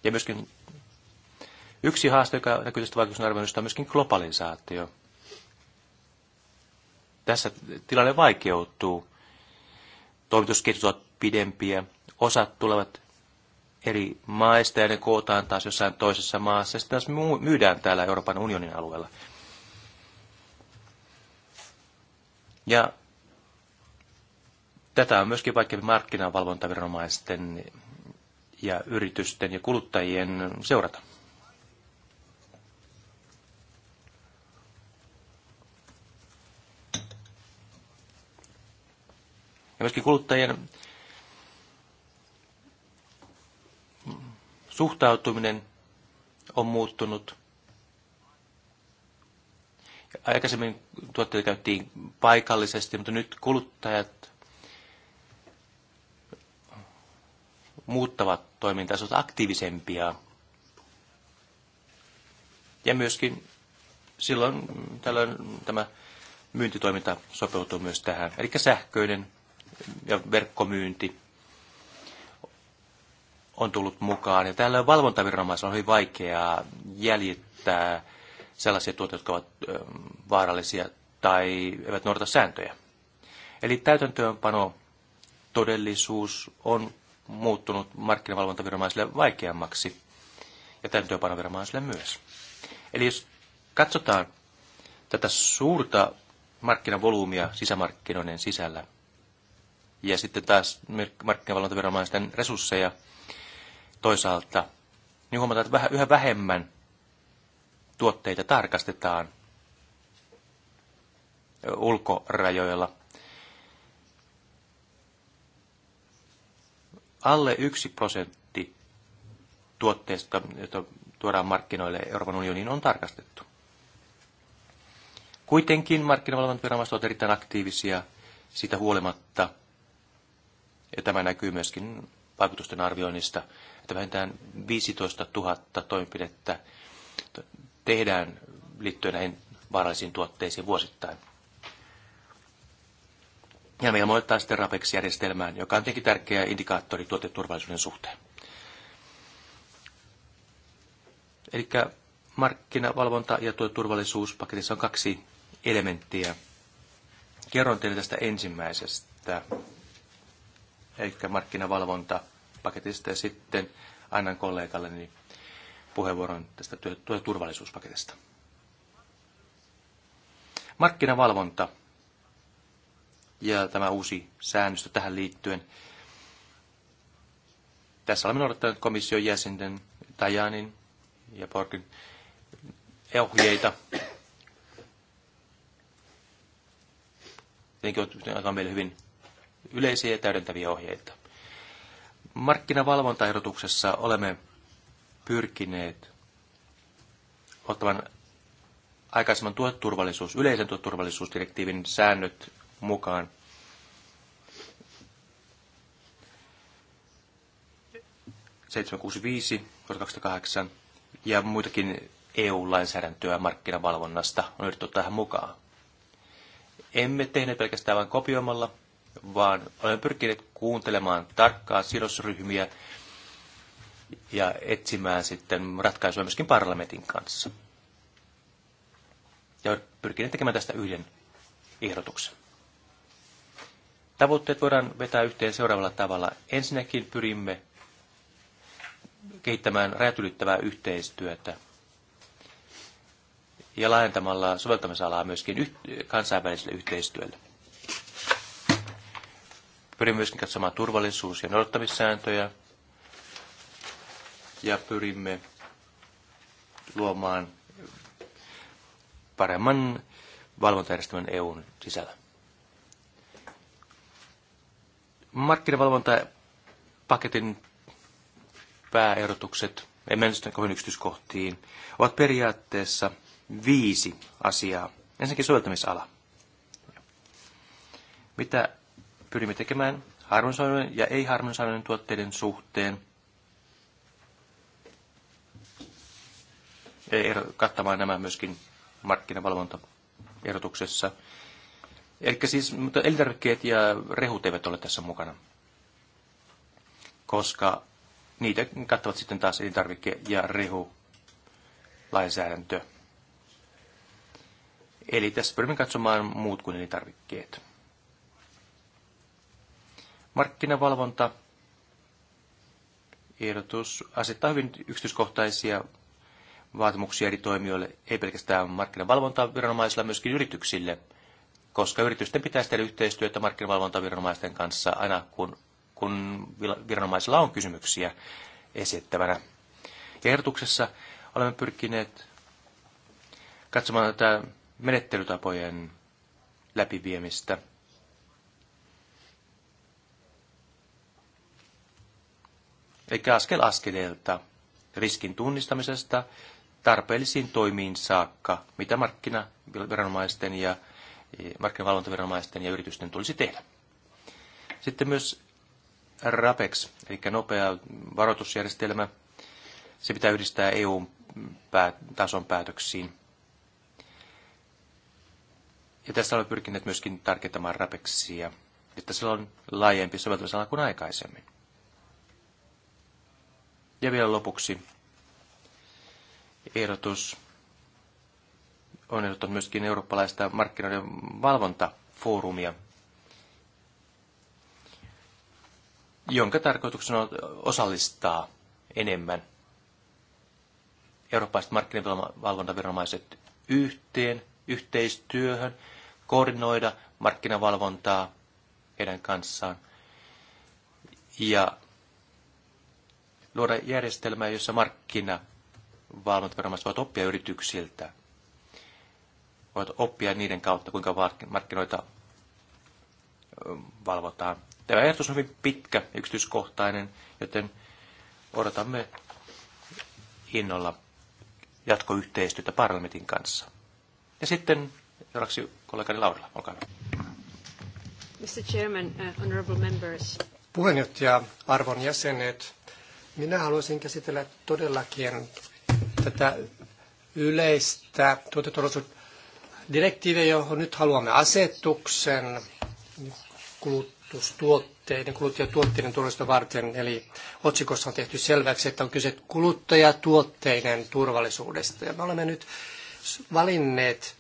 Ja myöskin Yksi haaste, joka näkyy tästä vaikutusarvioinnista, on myöskin globalisaatio. Tässä tilanne vaikeutuu. Toimitusketjut ovat pidempiä, osat tulevat eri maista ja ne kootaan taas jossain toisessa maassa sitten taas myydään täällä Euroopan unionin alueella. Ja tätä on myöskin vaikeampi markkinavalvontaviranomaisten ja yritysten ja kuluttajien seurata. Ja myöskin kuluttajien suhtautuminen on muuttunut. Aikaisemmin tuotteita käyttiin paikallisesti, mutta nyt kuluttajat muuttavat toimintaa, ovat aktiivisempia. Ja myöskin silloin tällöin tämä myyntitoiminta sopeutuu myös tähän. Eli sähköinen ja verkkomyynti on tullut mukaan. Ja täällä valvontaviranomaisilla on hyvin vaikeaa jäljittää sellaisia tuotteita, jotka ovat vaarallisia tai eivät noudata sääntöjä. Eli täytäntöönpano todellisuus on muuttunut markkinavalvontaviranomaisille vaikeammaksi ja täytäntöönpanoviranomaisille myös. Eli jos katsotaan tätä suurta markkinavolyymia sisämarkkinoiden sisällä, ja sitten taas markkinavalvontaviranomaisten resursseja toisaalta, niin huomataan, että yhä vähemmän tuotteita tarkastetaan ulkorajoilla. Alle yksi prosentti tuotteista, joita tuodaan markkinoille Euroopan unioniin, on tarkastettu. Kuitenkin markkinavalvontaviranomaiset ovat erittäin aktiivisia sitä huolimatta – ja tämä näkyy myöskin vaikutusten arvioinnista, että vähintään 15 000 toimenpidettä tehdään liittyen näihin vaarallisiin tuotteisiin vuosittain. Ja me ilmoittaa sitten RAPEX-järjestelmään, joka on tietenkin tärkeä indikaattori tuoteturvallisuuden suhteen. Eli markkinavalvonta ja tuoteturvallisuuspaketissa on kaksi elementtiä. Kerron teille tästä ensimmäisestä eikä markkinavalvonta paketista ja sitten annan kollegalleni puheenvuoron tästä turvallisuuspaketista. Markkinavalvonta ja tämä uusi säännöstö tähän liittyen. Tässä olemme noudattaneet komission jäsenten Tajanin ja Porkin ohjeita. Tietenkin on meille hyvin yleisiä ja täydentäviä ohjeita. Markkinavalvontaehdotuksessa olemme pyrkineet ottamaan aikaisemman tuoteturvallisuus, yleisen tuoteturvallisuusdirektiivin säännöt mukaan. ja muitakin EU-lainsäädäntöä markkinavalvonnasta on yritetty tähän mukaan. Emme tehneet pelkästään vain kopioimalla vaan olen pyrkineet kuuntelemaan tarkkaan sidosryhmiä ja etsimään sitten ratkaisuja myöskin parlamentin kanssa. Ja pyrkineet tekemään tästä yhden ehdotuksen. Tavoitteet voidaan vetää yhteen seuraavalla tavalla. Ensinnäkin pyrimme kehittämään rajat ylittävää yhteistyötä ja laajentamalla soveltamisalaa myöskin kansainväliselle yhteistyölle. Pyrimme myöskin katsomaan turvallisuus- ja noudattamissääntöjä. Ja pyrimme luomaan paremman valvontajärjestelmän EUn sisällä. Markkinavalvontapaketin pääehdotukset, en mennä kovin yksityiskohtiin, ovat periaatteessa viisi asiaa. Ensinnäkin soveltamisala. Mitä pyrimme tekemään harmonisoidun ja ei-harmonisoidun tuotteiden suhteen. E- er- kattamaan nämä myöskin markkinavalvontaehdotuksessa. Eli siis, mutta elintarvikkeet ja rehut eivät ole tässä mukana, koska niitä kattavat sitten taas elintarvikke- ja rehu Eli tässä pyrimme katsomaan muut kuin elintarvikkeet. Markkinavalvonta ehdotus asettaa hyvin yksityiskohtaisia vaatimuksia eri toimijoille, ei pelkästään markkinavalvontaviranomaisilla, myöskin yrityksille, koska yritysten pitäisi tehdä yhteistyötä markkinavalvontaviranomaisten kanssa aina, kun, kun viranomaisilla on kysymyksiä esittävänä. ehdotuksessa olemme pyrkineet katsomaan tätä menettelytapojen läpiviemistä eli askel askeleelta riskin tunnistamisesta tarpeellisiin toimiin saakka, mitä markkinaviranomaisten ja e, markkinavalvontaviranomaisten ja yritysten tulisi tehdä. Sitten myös RAPEX, eli nopea varoitusjärjestelmä, se pitää yhdistää EU-tason päätöksiin. Ja tässä olemme pyrkineet myöskin tarkentamaan RAPEXia, että sillä on laajempi soveltamisala kuin aikaisemmin. Ja vielä lopuksi ehdotus on ehdottanut myöskin eurooppalaista markkinoiden valvontafoorumia, jonka tarkoituksena on osallistaa enemmän eurooppalaiset markkinavalvontaviranomaiset yhteen, yhteistyöhön, koordinoida markkinavalvontaa heidän kanssaan ja luoda järjestelmää, jossa markkina valvontaviranomaiset voivat oppia yrityksiltä. Voivat oppia niiden kautta, kuinka markkinoita valvotaan. Tämä ajatus on hyvin pitkä, yksityiskohtainen, joten odotamme innolla jatkoyhteistyötä parlamentin kanssa. Ja sitten seuraavaksi kollegani Laurila, olkaa hyvä. Mr. Chairman, uh, honorable members. Puheenjohtaja, arvon jäsenet, minä haluaisin käsitellä todellakin tätä yleistä tuoteturvallisuusdirektiiviä, johon nyt haluamme asetuksen kulutustuotteiden, kuluttajatuotteiden turvallisuutta varten. Eli otsikossa on tehty selväksi, että on kyse kuluttajatuotteiden turvallisuudesta. Ja me olemme nyt valinneet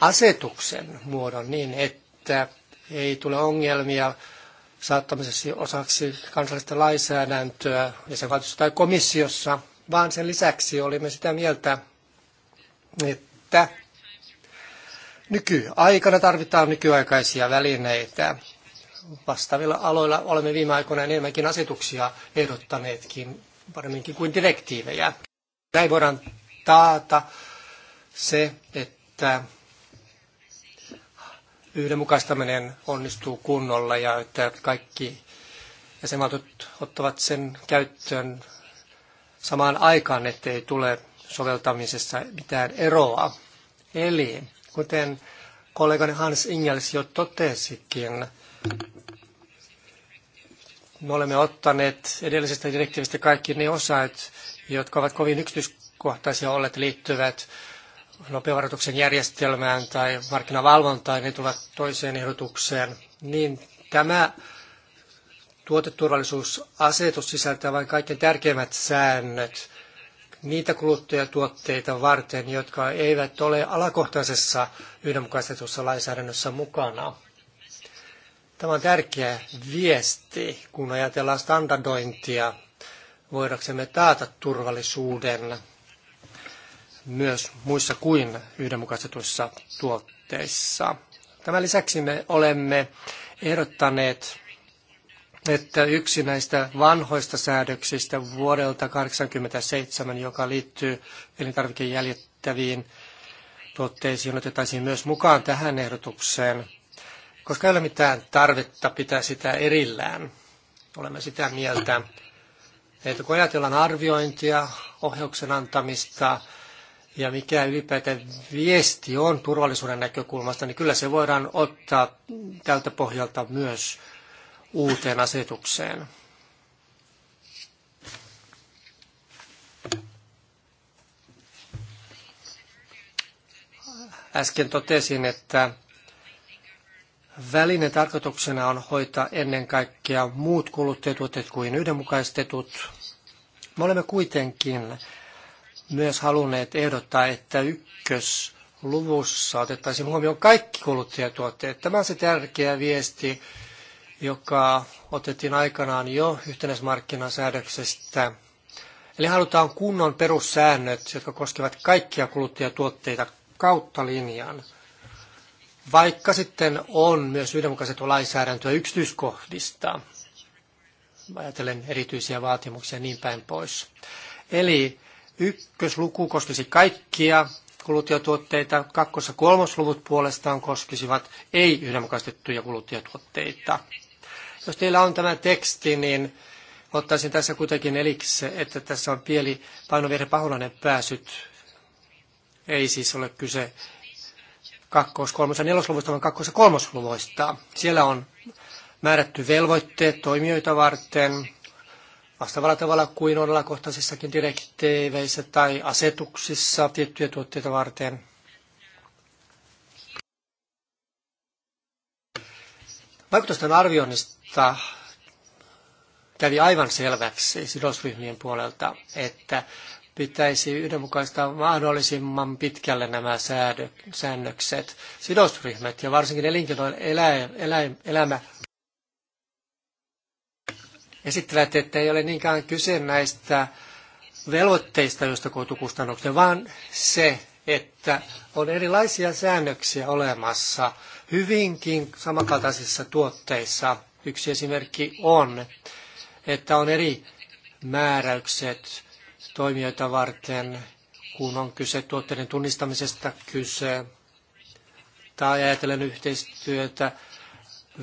asetuksen muodon niin, että ei tule ongelmia saattamiseksi osaksi kansallista lainsäädäntöä sen tai komissiossa, vaan sen lisäksi olimme sitä mieltä, että nykyaikana tarvitaan nykyaikaisia välineitä. Vastaavilla aloilla olemme viime aikoina enemmänkin asetuksia ehdottaneetkin paremminkin kuin direktiivejä. Näin voidaan taata se, että yhdenmukaistaminen onnistuu kunnolla ja että kaikki jäsenvaltiot ottavat sen käyttöön samaan aikaan, ettei tule soveltamisessa mitään eroa. Eli kuten kollegani Hans Ingels jo totesikin, me olemme ottaneet edellisestä direktiivistä kaikki ne osat, jotka ovat kovin yksityiskohtaisia olleet liittyvät nopeavaroituksen järjestelmään tai markkinavalvontaan, ne tulevat toiseen ehdotukseen, niin tämä tuoteturvallisuusasetus sisältää vain kaikkein tärkeimmät säännöt niitä kuluttajatuotteita varten, jotka eivät ole alakohtaisessa yhdenmukaistetussa lainsäädännössä mukana. Tämä on tärkeä viesti, kun ajatellaan standardointia, voidaksemme taata turvallisuuden myös muissa kuin yhdenmukaistetuissa tuotteissa. Tämän lisäksi me olemme ehdottaneet, että yksi näistä vanhoista säädöksistä vuodelta 1987, joka liittyy elintarvikejäljettäviin tuotteisiin, otettaisiin myös mukaan tähän ehdotukseen, koska ei ole mitään tarvetta pitää sitä erillään. Olemme sitä mieltä, että kun ajatellaan arviointia, ohjauksen antamista, ja mikä ylipäätään viesti on turvallisuuden näkökulmasta, niin kyllä se voidaan ottaa tältä pohjalta myös uuteen asetukseen. Äsken totesin, että väline tarkoituksena on hoitaa ennen kaikkea muut kulutetut kuin yhdenmukaistetut. Me olemme kuitenkin myös halunneet ehdottaa, että ykkösluvussa otettaisiin huomioon kaikki kuluttajatuotteet. Tämä on se tärkeä viesti, joka otettiin aikanaan jo yhtenäismarkkinasäädöksestä. Eli halutaan kunnon perussäännöt, jotka koskevat kaikkia kuluttajatuotteita kautta linjan. Vaikka sitten on myös yhdenmukaiset lainsäädäntöä yksityiskohdista, ajatellen erityisiä vaatimuksia ja niin päin pois. Eli Ykkösluku koskisi kaikkia kuluttajatuotteita, kakkos- ja kolmosluvut puolestaan koskisivat ei yhdenmukaistettuja kuluttajatuotteita. Jos teillä on tämä teksti, niin ottaisin tässä kuitenkin elikse, että tässä on pieni painovirhe paholainen pääsyt. Ei siis ole kyse kakkos-, kolmos- ja nelosluvuista, vaan kakkos- ja kolmosluvuista. Siellä on määrätty velvoitteet toimijoita varten, vastaavalla tavalla kuin on alakohtaisissakin direktiiveissä tai asetuksissa tiettyjä tuotteita varten. Vaikutusten arvioinnista kävi aivan selväksi sidosryhmien puolelta, että pitäisi yhdenmukaistaa mahdollisimman pitkälle nämä säädö, säännökset. Sidosryhmät ja varsinkin elinkeinoelämä esittävät, että ei ole niinkään kyse näistä velvoitteista, joista koituu kustannuksia, vaan se, että on erilaisia säännöksiä olemassa hyvinkin samankaltaisissa tuotteissa. Yksi esimerkki on, että on eri määräykset toimijoita varten, kun on kyse tuotteiden tunnistamisesta kyse, tai ajatellen yhteistyötä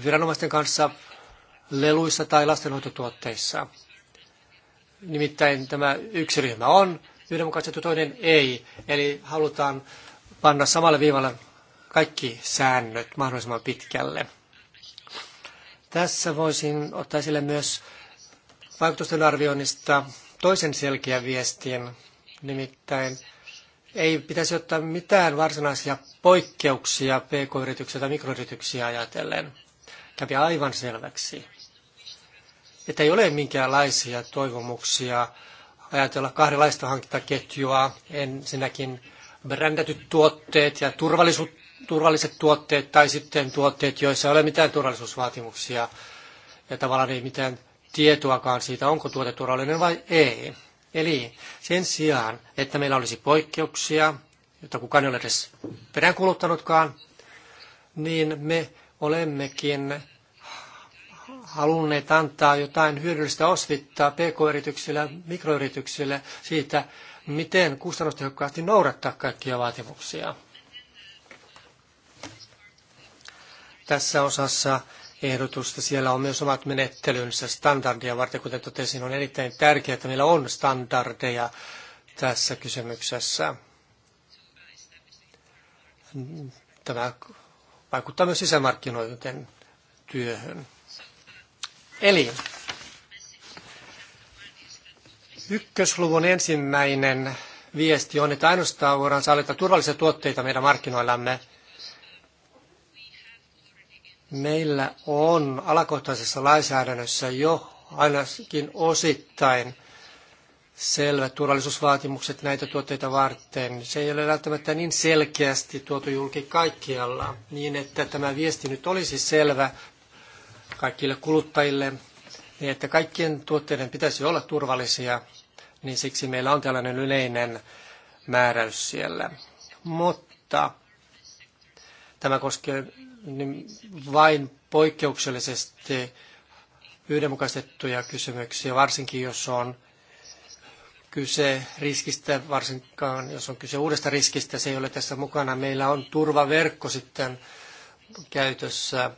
viranomaisten kanssa leluissa tai lastenhoitotuotteissa. Nimittäin tämä yksi ryhmä on ja toinen ei. Eli halutaan panna samalle viivalle kaikki säännöt mahdollisimman pitkälle. Tässä voisin ottaa esille myös vaikutusten arvioinnista toisen selkeän viestin, nimittäin ei pitäisi ottaa mitään varsinaisia poikkeuksia pk-yrityksiä tai mikroyrityksiä ajatellen. Kävi aivan selväksi, että ei ole minkäänlaisia toivomuksia ajatella kahdenlaista hankintaketjua. Ensinnäkin brändätyt tuotteet ja turvalliset tuotteet tai sitten tuotteet, joissa ei ole mitään turvallisuusvaatimuksia ja tavallaan ei mitään tietoakaan siitä, onko tuote turvallinen vai ei. Eli sen sijaan, että meillä olisi poikkeuksia, joita kukaan ei ole edes peräänkuluttanutkaan, niin me olemmekin halunneet antaa jotain hyödyllistä osvittaa pk-yrityksille ja mikroyrityksille siitä, miten kustannustehokkaasti noudattaa kaikkia vaatimuksia. Tässä osassa ehdotusta siellä on myös omat menettelynsä standardia varten. Kuten totesin, on erittäin tärkeää, että meillä on standardeja tässä kysymyksessä. Tämä vaikuttaa myös sisämarkkinoiden työhön. Eli ykkösluvun ensimmäinen viesti on, että ainoastaan voidaan saada turvallisia tuotteita meidän markkinoillamme. Meillä on alakohtaisessa lainsäädännössä jo ainakin osittain selvät turvallisuusvaatimukset näitä tuotteita varten. Se ei ole välttämättä niin selkeästi tuotu julki kaikkialla, niin että tämä viesti nyt olisi selvä kaikille kuluttajille, niin että kaikkien tuotteiden pitäisi olla turvallisia, niin siksi meillä on tällainen yleinen määräys siellä. Mutta tämä koskee niin vain poikkeuksellisesti yhdenmukaistettuja kysymyksiä, varsinkin jos on kyse riskistä, varsinkaan jos on kyse uudesta riskistä, se ei ole tässä mukana. Meillä on turvaverkko sitten käytössä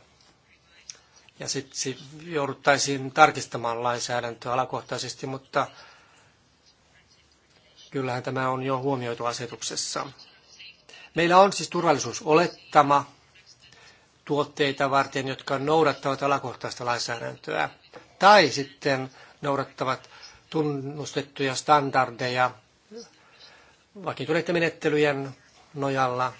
ja sitten jouduttaisiin tarkistamaan lainsäädäntöä alakohtaisesti, mutta kyllähän tämä on jo huomioitu asetuksessa. Meillä on siis turvallisuusolettama tuotteita varten, jotka noudattavat alakohtaista lainsäädäntöä tai sitten noudattavat tunnustettuja standardeja vakiintuneiden menettelyjen nojalla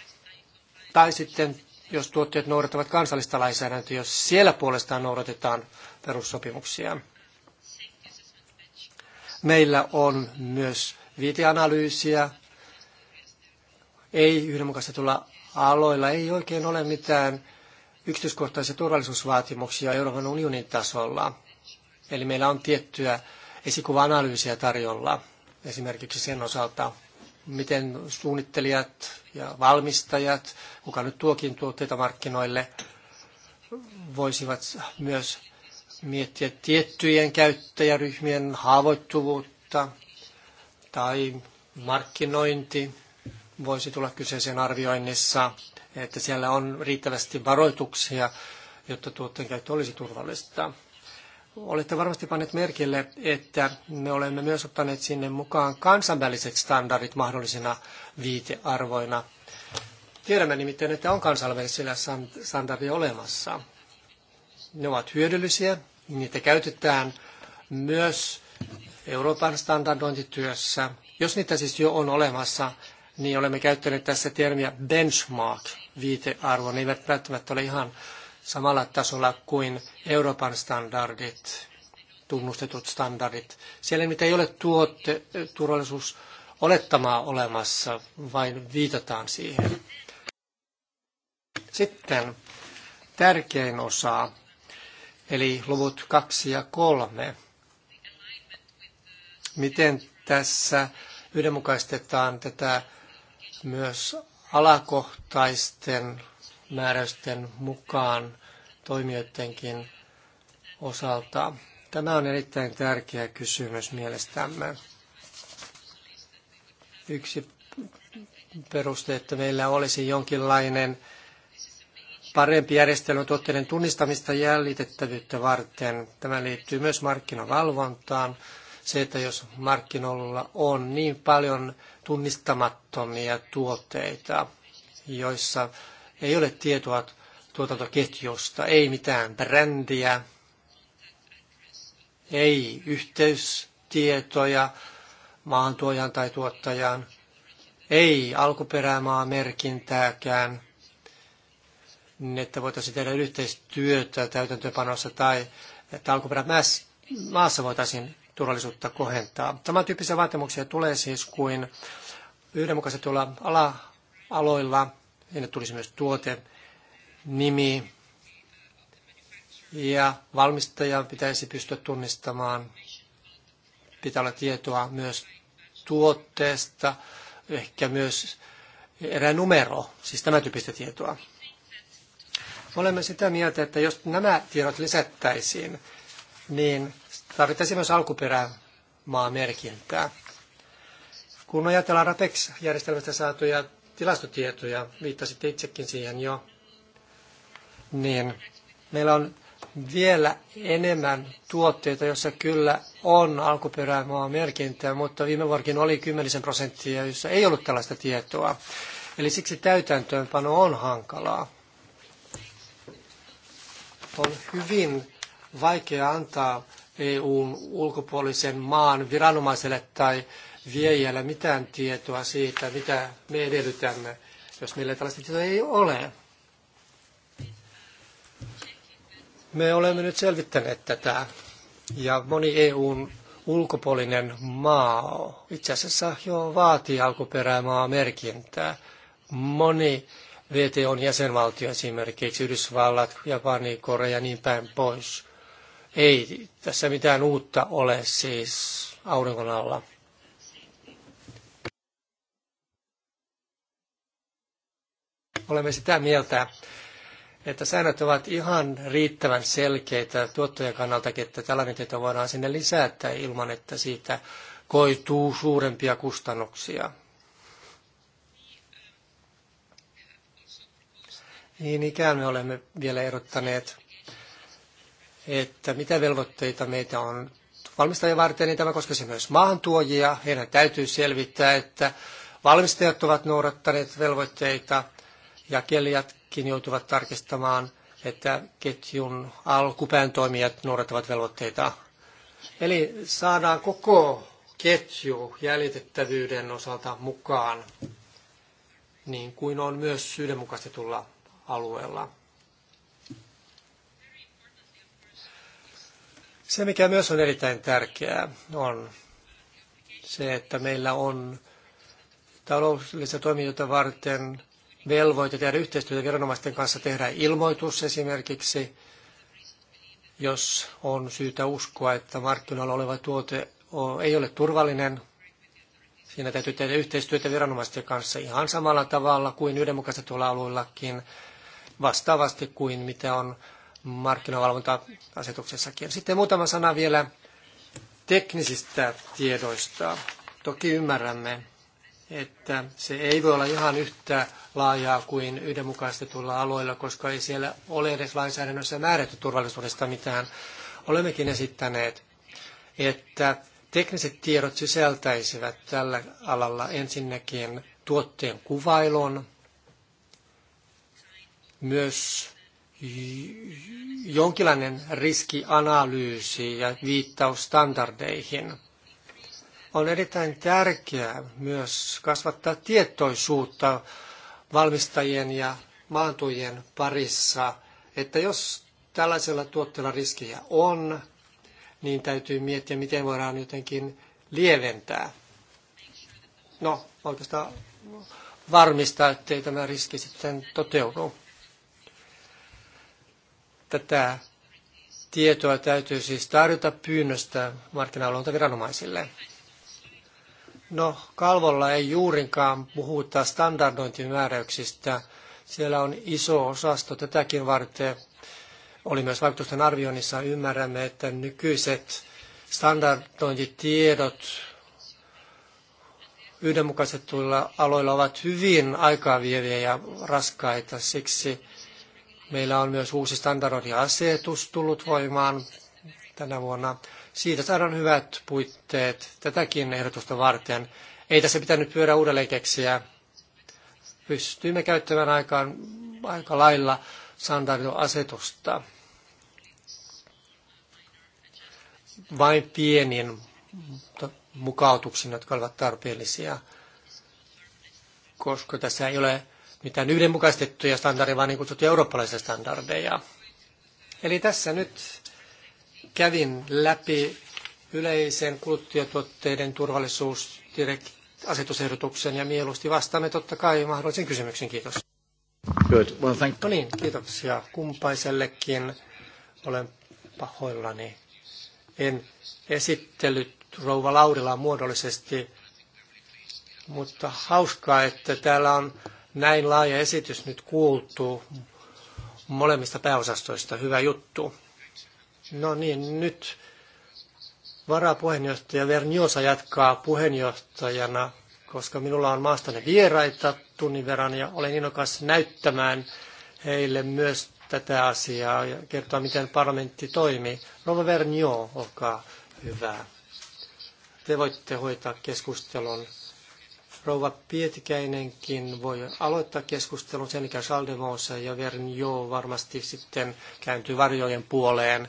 tai sitten jos tuotteet noudattavat kansallista lainsäädäntöä, jos siellä puolestaan noudatetaan perussopimuksia. Meillä on myös viiteanalyysiä. Ei yhdenmukaistetulla aloilla ei oikein ole mitään yksityiskohtaisia turvallisuusvaatimuksia Euroopan unionin tasolla. Eli meillä on tiettyä esikuva-analyysiä tarjolla esimerkiksi sen osalta, miten suunnittelijat ja valmistajat, kuka nyt tuokin tuotteita markkinoille, voisivat myös miettiä tiettyjen käyttäjäryhmien haavoittuvuutta tai markkinointi voisi tulla kyseeseen arvioinnissa, että siellä on riittävästi varoituksia, jotta tuotteen käyttö olisi turvallista olette varmasti panneet merkille, että me olemme myös ottaneet sinne mukaan kansainväliset standardit mahdollisina viitearvoina. Tiedämme nimittäin, että on kansainvälisillä standardeja olemassa. Ne ovat hyödyllisiä, niitä käytetään myös Euroopan standardointityössä. Jos niitä siis jo on olemassa, niin olemme käyttäneet tässä termiä benchmark, viitearvo. Ne eivät välttämättä ole ihan samalla tasolla kuin Euroopan standardit, tunnustetut standardit. Siellä nyt ei ole tuotte, turvallisuus olettamaa olemassa, vain viitataan siihen. Sitten tärkein osa, eli luvut kaksi ja kolme. Miten tässä yhdenmukaistetaan tätä myös alakohtaisten määräysten mukaan toimijoidenkin osalta. Tämä on erittäin tärkeä kysymys mielestämme. Yksi peruste, että meillä olisi jonkinlainen parempi järjestelmä tuotteiden tunnistamista jäljitettävyyttä varten. Tämä liittyy myös markkinavalvontaan. Se, että jos markkinoilla on niin paljon tunnistamattomia tuotteita, joissa ei ole tietoa tuotantoketjusta, ei mitään brändiä, ei yhteystietoja maantuojan tai tuottajan, ei alkuperämaa merkintääkään, niin että voitaisiin tehdä yhteistyötä täytäntöpanossa tai että alkuperämaassa voitaisiin turvallisuutta kohentaa. Tämän tyyppisiä vaatimuksia tulee siis kuin yhdenmukaiset tuolla ala-aloilla, sinne tulisi myös tuote nimi ja valmistajan pitäisi pystyä tunnistamaan. Pitää olla tietoa myös tuotteesta, ehkä myös erään numero, siis tämä tyyppistä tietoa. Olemme sitä mieltä, että jos nämä tiedot lisättäisiin, niin tarvittaisiin myös alkuperämaamerkintää. Kun ajatellaan RAPEX-järjestelmästä saatuja tilastotietoja, viittasitte itsekin siihen jo, niin meillä on vielä enemmän tuotteita, joissa kyllä on alkuperämaa merkintää, mutta viime vuorokin oli kymmenisen prosenttia, jossa ei ollut tällaista tietoa. Eli siksi täytäntöönpano on hankalaa. On hyvin vaikea antaa EUn ulkopuolisen maan viranomaiselle tai viejälle mitään tietoa siitä, mitä me edellytämme, jos meillä tällaista tietoa ei ole. Me olemme nyt selvittäneet tätä ja moni EUn ulkopuolinen maa itse asiassa jo vaatii alkuperämaa merkintää. Moni VTOn jäsenvaltio esimerkiksi, Yhdysvallat, Japani, Korea ja niin päin pois. Ei tässä mitään uutta ole siis auringon alla. Olemme sitä mieltä, että säännöt ovat ihan riittävän selkeitä tuottojen kannalta, että tällainen tieto voidaan sinne lisätä ilman, että siitä koituu suurempia kustannuksia. Niin ikään me olemme vielä erottaneet, että mitä velvoitteita meitä on valmistajia varten, niin tämä koskee myös maahantuojia. Heidän täytyy selvittää, että valmistajat ovat noudattaneet velvoitteita, jakelijat kaikkiin joutuvat tarkistamaan, että ketjun alkupään toimijat noudattavat velvoitteita. Eli saadaan koko ketju jäljitettävyyden osalta mukaan, niin kuin on myös syydenmukaistetulla alueella. Se, mikä myös on erittäin tärkeää, on se, että meillä on taloudellista toimijoita varten velvoite tehdä yhteistyötä viranomaisten kanssa, tehdä ilmoitus esimerkiksi, jos on syytä uskoa, että markkinoilla oleva tuote ei ole turvallinen. Siinä täytyy tehdä yhteistyötä viranomaisten kanssa ihan samalla tavalla kuin tuolla alueillakin, vastaavasti kuin mitä on markkinavalvonta-asetuksessakin. Sitten muutama sana vielä teknisistä tiedoista. Toki ymmärrämme, että se ei voi olla ihan yhtä laajaa kuin yhdenmukaistetulla aloilla, koska ei siellä ole edes lainsäädännössä määrätty turvallisuudesta mitään. Olemmekin esittäneet, että tekniset tiedot sisältäisivät tällä alalla ensinnäkin tuotteen kuvailun, myös jonkinlainen riskianalyysi ja viittaus standardeihin. On erittäin tärkeää myös kasvattaa tietoisuutta valmistajien ja maantujien parissa, että jos tällaisella tuotteella riskejä on, niin täytyy miettiä, miten voidaan jotenkin lieventää. No, oikeastaan varmistaa, ettei tämä riski sitten toteudu. Tätä tietoa täytyy siis tarjota pyynnöstä markkinavalvontaviranomaisille. viranomaisille. No, kalvolla ei juurinkaan puhuta standardointimääräyksistä. Siellä on iso osasto tätäkin varten. Oli myös vaikutusten arvioinnissa ymmärrämme, että nykyiset standardointitiedot yhdenmukaistetuilla aloilla ovat hyvin aikaa vieviä ja raskaita. Siksi meillä on myös uusi standardointiasetus tullut voimaan tänä vuonna. Siitä saadaan hyvät puitteet tätäkin ehdotusta varten. Ei tässä pitänyt pyörä uudelleen keksiä. Pystyimme käyttämään aikaan aika lailla asetusta Vain pienin mukautuksiin, jotka olivat tarpeellisia, koska tässä ei ole mitään yhdenmukaistettuja standardeja, vaan niin kutsuttuja eurooppalaisia standardeja. Eli tässä nyt kävin läpi yleisen kuluttajatuotteiden turvallisuusasetusehdotuksen ja mieluusti vastaamme totta kai mahdollisiin kysymyksiin. Kiitos. Good. Well, thank... No niin, kiitoksia kumpaisellekin. Olen pahoillani. En esittellyt rouva Laurilaa muodollisesti, mutta hauskaa, että täällä on näin laaja esitys nyt kuultu molemmista pääosastoista. Hyvä juttu. No niin, nyt varapuheenjohtaja Verniosa jatkaa puheenjohtajana, koska minulla on maastanne vieraita tunnin verran ja olen innokas näyttämään heille myös tätä asiaa ja kertoa, miten parlamentti toimii. Rova Vernio, olkaa hyvä. Te voitte hoitaa keskustelun. Rouva Pietikäinenkin voi aloittaa keskustelun, sen jälkeen ja Vernio varmasti sitten kääntyy varjojen puoleen.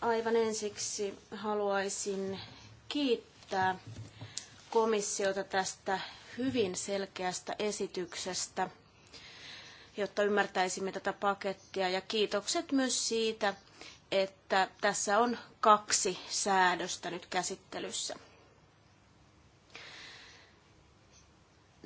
Aivan ensiksi haluaisin kiittää komissiota tästä hyvin selkeästä esityksestä, jotta ymmärtäisimme tätä pakettia. Ja kiitokset myös siitä, että tässä on kaksi säädöstä nyt käsittelyssä.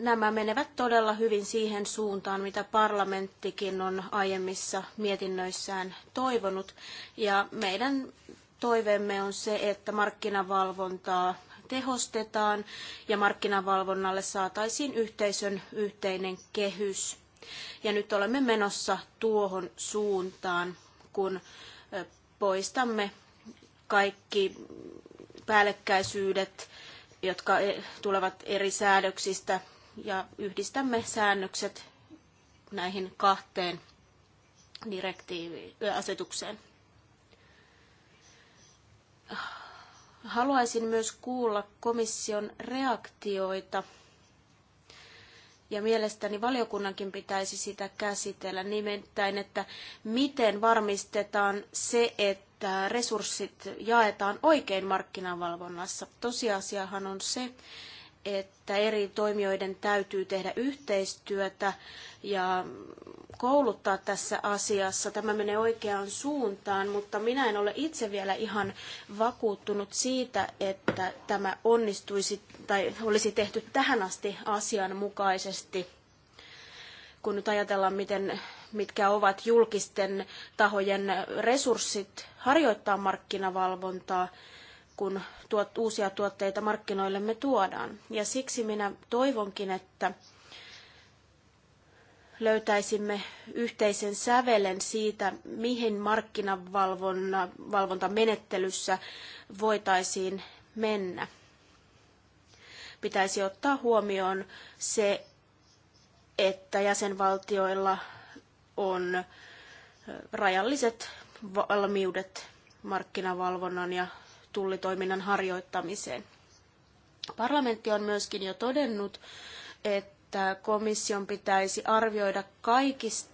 nämä menevät todella hyvin siihen suuntaan, mitä parlamenttikin on aiemmissa mietinnöissään toivonut. Ja meidän toiveemme on se, että markkinavalvontaa tehostetaan ja markkinavalvonnalle saataisiin yhteisön yhteinen kehys. Ja nyt olemme menossa tuohon suuntaan, kun poistamme kaikki päällekkäisyydet, jotka e, tulevat eri säädöksistä ja yhdistämme säännökset näihin kahteen direktiiviasetukseen. Haluaisin myös kuulla komission reaktioita ja mielestäni valiokunnankin pitäisi sitä käsitellä, nimittäin, että miten varmistetaan se, että resurssit jaetaan oikein markkinavalvonnassa. Tosiasiahan on se, että eri toimijoiden täytyy tehdä yhteistyötä ja kouluttaa tässä asiassa. Tämä menee oikeaan suuntaan, mutta minä en ole itse vielä ihan vakuuttunut siitä, että tämä onnistuisi tai olisi tehty tähän asti asianmukaisesti. Kun nyt ajatellaan, miten, mitkä ovat julkisten tahojen resurssit harjoittaa markkinavalvontaa, kun tuot, uusia tuotteita markkinoille me tuodaan. Ja siksi minä toivonkin, että löytäisimme yhteisen sävelen siitä, mihin markkinavalvontamenettelyssä voitaisiin mennä. Pitäisi ottaa huomioon se, että jäsenvaltioilla on rajalliset valmiudet markkinavalvonnan ja tullitoiminnan harjoittamiseen. Parlamentti on myöskin jo todennut, että komission pitäisi arvioida kaikista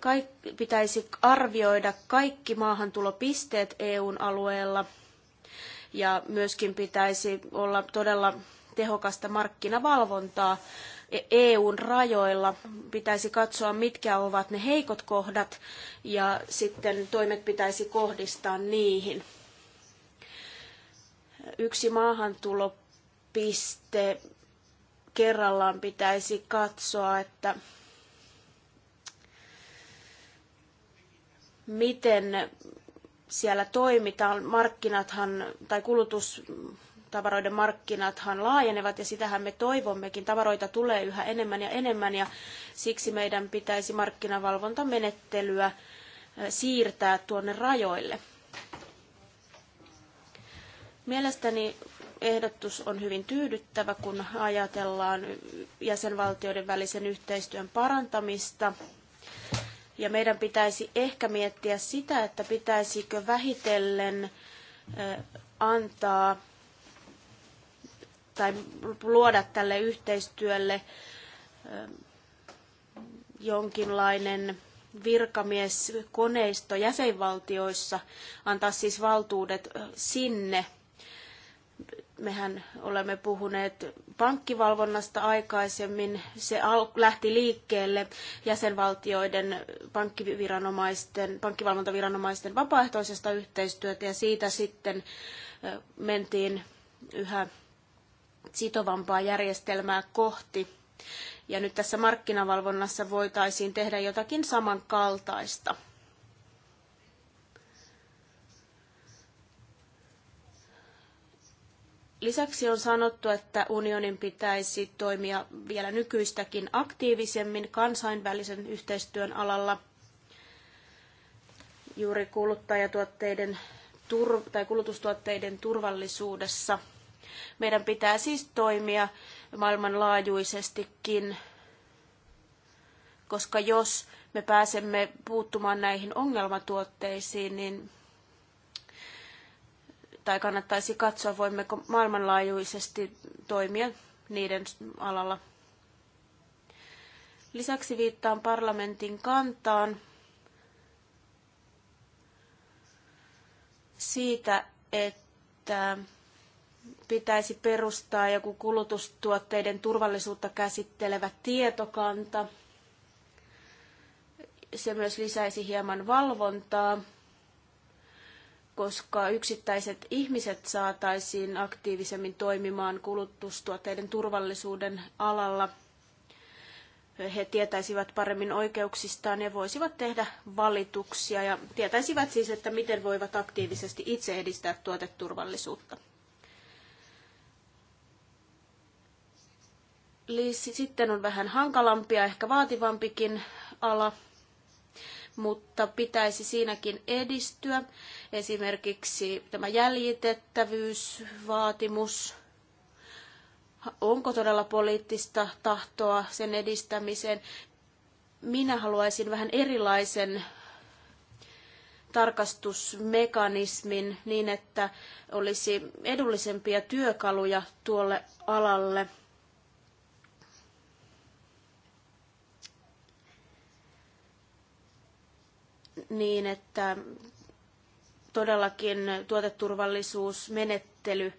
Kaik, pitäisi arvioida kaikki maahantulopisteet EUn alueella ja myöskin pitäisi olla todella tehokasta markkinavalvontaa e- EUn rajoilla. Pitäisi katsoa, mitkä ovat ne heikot kohdat ja sitten toimet pitäisi kohdistaa niihin. Yksi maahantulopiste kerrallaan pitäisi katsoa, että miten siellä toimitaan. Markkinathan tai kulutus tavaroiden markkinathan laajenevat ja sitähän me toivommekin. Tavaroita tulee yhä enemmän ja enemmän ja siksi meidän pitäisi markkinavalvontamenettelyä siirtää tuonne rajoille. Mielestäni ehdotus on hyvin tyydyttävä, kun ajatellaan jäsenvaltioiden välisen yhteistyön parantamista. Ja meidän pitäisi ehkä miettiä sitä, että pitäisikö vähitellen antaa tai luoda tälle yhteistyölle jonkinlainen virkamieskoneisto jäsenvaltioissa, antaa siis valtuudet sinne Mehän olemme puhuneet pankkivalvonnasta aikaisemmin. Se lähti liikkeelle jäsenvaltioiden pankkiviranomaisten, pankkivalvontaviranomaisten vapaaehtoisesta yhteistyötä ja siitä sitten mentiin yhä sitovampaa järjestelmää kohti. Ja nyt tässä markkinavalvonnassa voitaisiin tehdä jotakin samankaltaista. Lisäksi on sanottu, että unionin pitäisi toimia vielä nykyistäkin aktiivisemmin kansainvälisen yhteistyön alalla juuri kuluttajatuotteiden tur- tai kulutustuotteiden turvallisuudessa. Meidän pitää siis toimia maailmanlaajuisestikin, koska jos me pääsemme puuttumaan näihin ongelmatuotteisiin, niin tai kannattaisi katsoa, voimmeko maailmanlaajuisesti toimia niiden alalla. Lisäksi viittaan parlamentin kantaan siitä, että pitäisi perustaa joku kulutustuotteiden turvallisuutta käsittelevä tietokanta. Se myös lisäisi hieman valvontaa koska yksittäiset ihmiset saataisiin aktiivisemmin toimimaan kulutustuotteiden turvallisuuden alalla. He tietäisivät paremmin oikeuksistaan ja voisivat tehdä valituksia ja tietäisivät siis, että miten voivat aktiivisesti itse edistää tuoteturvallisuutta. Sitten on vähän hankalampia, ehkä vaativampikin ala, mutta pitäisi siinäkin edistyä. Esimerkiksi tämä jäljitettävyysvaatimus, onko todella poliittista tahtoa sen edistämiseen. Minä haluaisin vähän erilaisen tarkastusmekanismin niin, että olisi edullisempia työkaluja tuolle alalle – niin, että todellakin tuoteturvallisuusmenettely